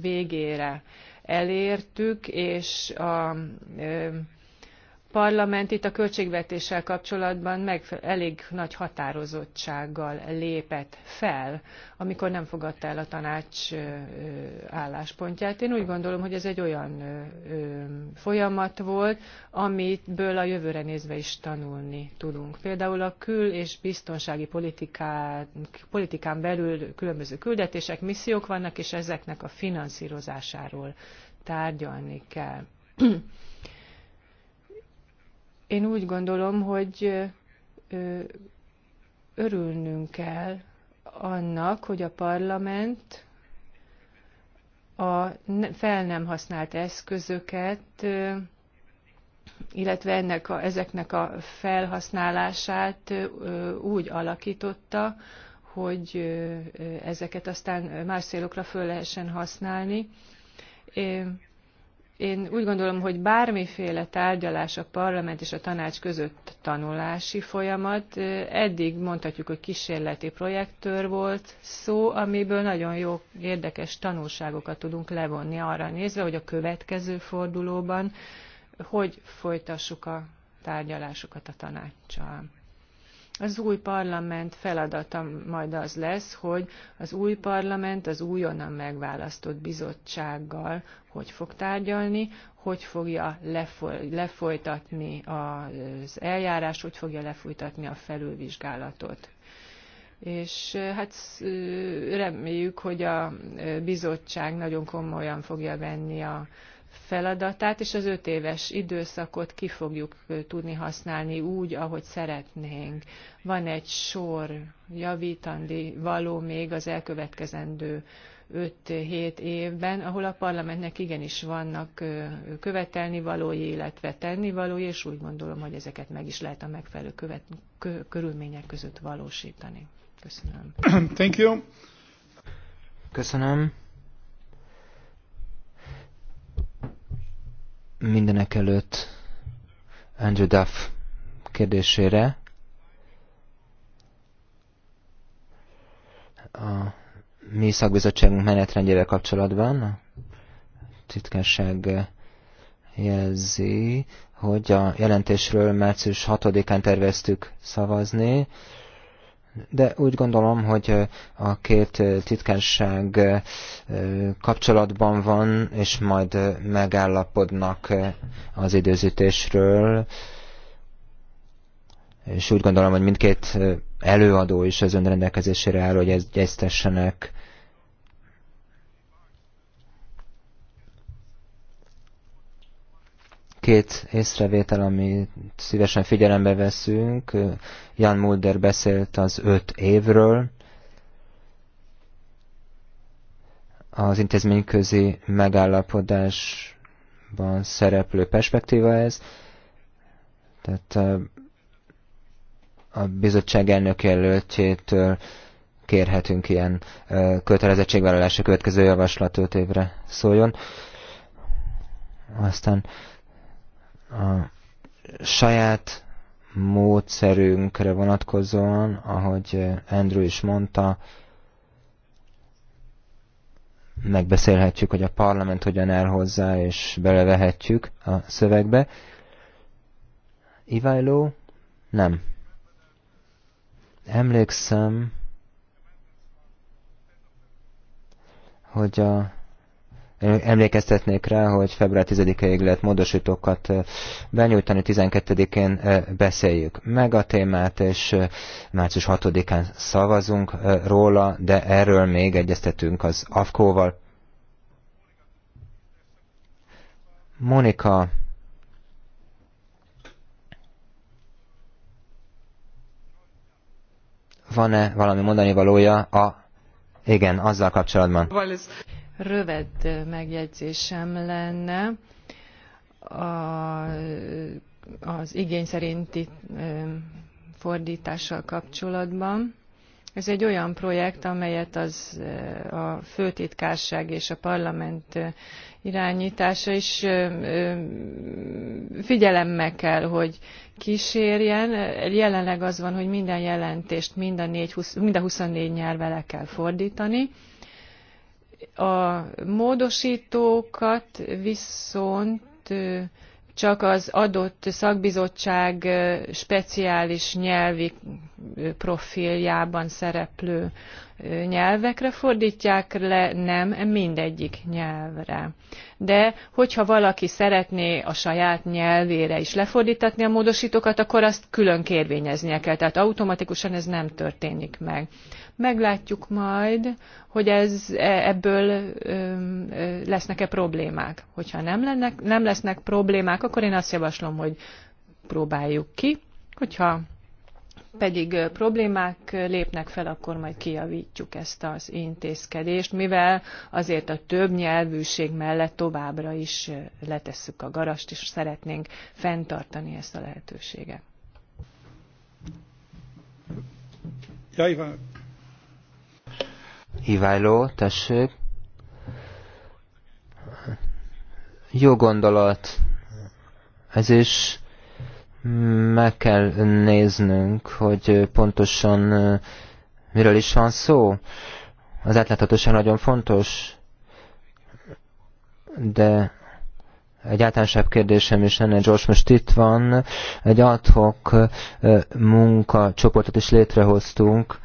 végére elértük, és a parlament itt a költségvetéssel kapcsolatban meg elég nagy határozottsággal lépett fel, amikor nem fogadta el a tanács álláspontját. Én úgy gondolom, hogy ez egy olyan folyamat volt, amiből a jövőre nézve is tanulni tudunk. Például a kül- és biztonsági politikán, politikán belül különböző küldetések, missziók vannak, és ezeknek a finanszírozásáról tárgyalni kell. Én úgy gondolom, hogy örülnünk kell annak, hogy a parlament a fel nem használt eszközöket, illetve ennek a, ezeknek a felhasználását úgy alakította, hogy ezeket aztán más célokra föl lehessen használni. Én én úgy gondolom, hogy bármiféle tárgyalás a parlament és a tanács között tanulási folyamat. Eddig mondhatjuk, hogy kísérleti projektőr volt szó, amiből nagyon jó, érdekes tanulságokat tudunk levonni arra nézve, hogy a következő fordulóban hogy folytassuk a tárgyalásokat a tanácssal. Az új parlament feladata majd az lesz, hogy az új parlament az újonnan megválasztott bizottsággal hogy fog tárgyalni, hogy fogja lefolytatni az eljárás, hogy fogja lefolytatni a felülvizsgálatot. És hát reméljük, hogy a bizottság nagyon komolyan fogja venni a feladatát, és az öt éves időszakot ki fogjuk tudni használni úgy, ahogy szeretnénk. Van egy sor javítandi való még az elkövetkezendő 5-7 évben, ahol a parlamentnek igenis vannak követelni valói, illetve valói, és úgy gondolom, hogy ezeket meg is lehet a megfelelő követ, kö, körülmények között valósítani. Köszönöm. Thank you. Köszönöm. Mindenek előtt Andrew Duff kérdésére a mi szakbizottságunk menetrendjével kapcsolatban a titkesség jelzi, hogy a jelentésről március 6-án terveztük szavazni, de úgy gondolom, hogy a két titkárság kapcsolatban van, és majd megállapodnak az időzítésről, és úgy gondolom, hogy mindkét előadó is az önrendelkezésére áll, hogy egyeztessenek Két észrevétel, amit szívesen figyelembe veszünk. Jan Mulder beszélt az öt évről. Az intézményközi megállapodásban szereplő perspektíva ez. Tehát a bizottság elnök jelöltjétől kérhetünk ilyen kötelezettségvállalási következő javaslat öt évre szóljon. Aztán a saját módszerünkre vonatkozóan, ahogy Andrew is mondta, megbeszélhetjük, hogy a parlament hogyan áll hozzá, és belevehetjük a szövegbe. Iváló? Nem. Emlékszem, hogy a Emlékeztetnék rá, hogy február 10-ig lehet módosítókat benyújtani, 12-én beszéljük meg a témát, és március 6-án szavazunk róla, de erről még egyeztetünk az AFKO-val. Monika van-e valami mondani valója a igen, azzal kapcsolatban rövid megjegyzésem lenne a, az igény szerinti fordítással kapcsolatban. Ez egy olyan projekt, amelyet az, a főtitkárság és a parlament irányítása is figyelemmel kell, hogy kísérjen. Jelenleg az van, hogy minden jelentést mind a, négy, mind a 24 nyelvvel le kell fordítani a módosítókat viszont csak az adott szakbizottság speciális nyelvi profiljában szereplő nyelvekre fordítják le, nem mindegyik nyelvre. De hogyha valaki szeretné a saját nyelvére is lefordítatni a módosítókat, akkor azt külön kérvényeznie kell, tehát automatikusan ez nem történik meg. Meglátjuk majd, hogy ez, e, ebből lesznek-e problémák. Hogyha nem, lennek, nem lesznek problémák, akkor én azt javaslom, hogy próbáljuk ki, hogyha pedig problémák lépnek fel, akkor majd kijavítjuk ezt az intézkedést, mivel azért a több nyelvűség mellett továbbra is letesszük a garast, és szeretnénk fenntartani ezt a lehetőséget. Ja, Iván, Iváló, tessék. Jó gondolat. Ez is meg kell néznünk, hogy pontosan miről is van szó. Az átláthatóság nagyon fontos, de egy általánosabb kérdésem is lenne, George most itt van, egy adhok munkacsoportot is létrehoztunk,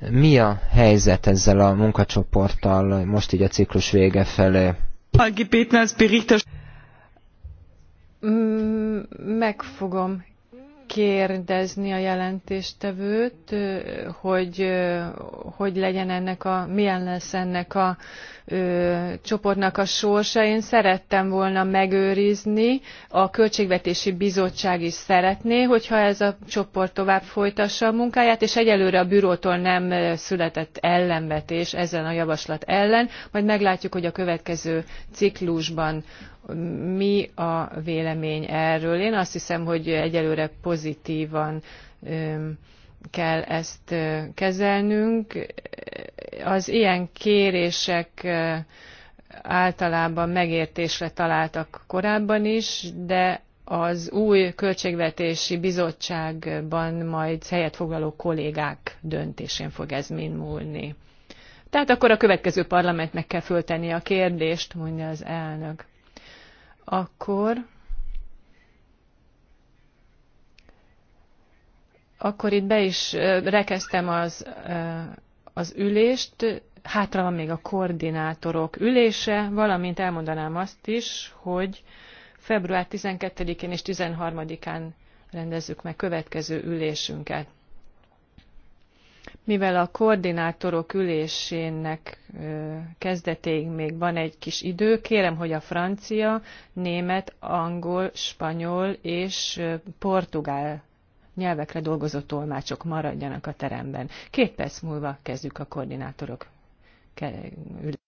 Mi a helyzet ezzel a munkacsoporttal most így a ciklus vége felé? Mm, meg fogom kérdezni a jelentéstevőt, hogy hogy legyen ennek a, milyen lesz ennek a ö, csoportnak a sorsa. Én szerettem volna megőrizni, a Költségvetési Bizottság is szeretné, hogyha ez a csoport tovább folytassa a munkáját, és egyelőre a bürótól nem született ellenvetés ezen a javaslat ellen, majd meglátjuk, hogy a következő ciklusban mi a vélemény erről. Én azt hiszem, hogy egyelőre pozitívan kell ezt kezelnünk. Az ilyen kérések általában megértésre találtak korábban is, de az új költségvetési bizottságban majd helyet foglaló kollégák döntésén fog ez mind múlni. Tehát akkor a következő parlamentnek kell föltenni a kérdést, mondja az elnök akkor akkor itt be is rekeztem az, az ülést, hátra van még a koordinátorok ülése, valamint elmondanám azt is, hogy február 12-én és 13-án rendezzük meg következő ülésünket mivel a koordinátorok ülésének kezdetéig még van egy kis idő, kérem, hogy a francia, német, angol, spanyol és portugál nyelvekre dolgozó tolmácsok maradjanak a teremben. Két perc múlva kezdjük a koordinátorok ülését.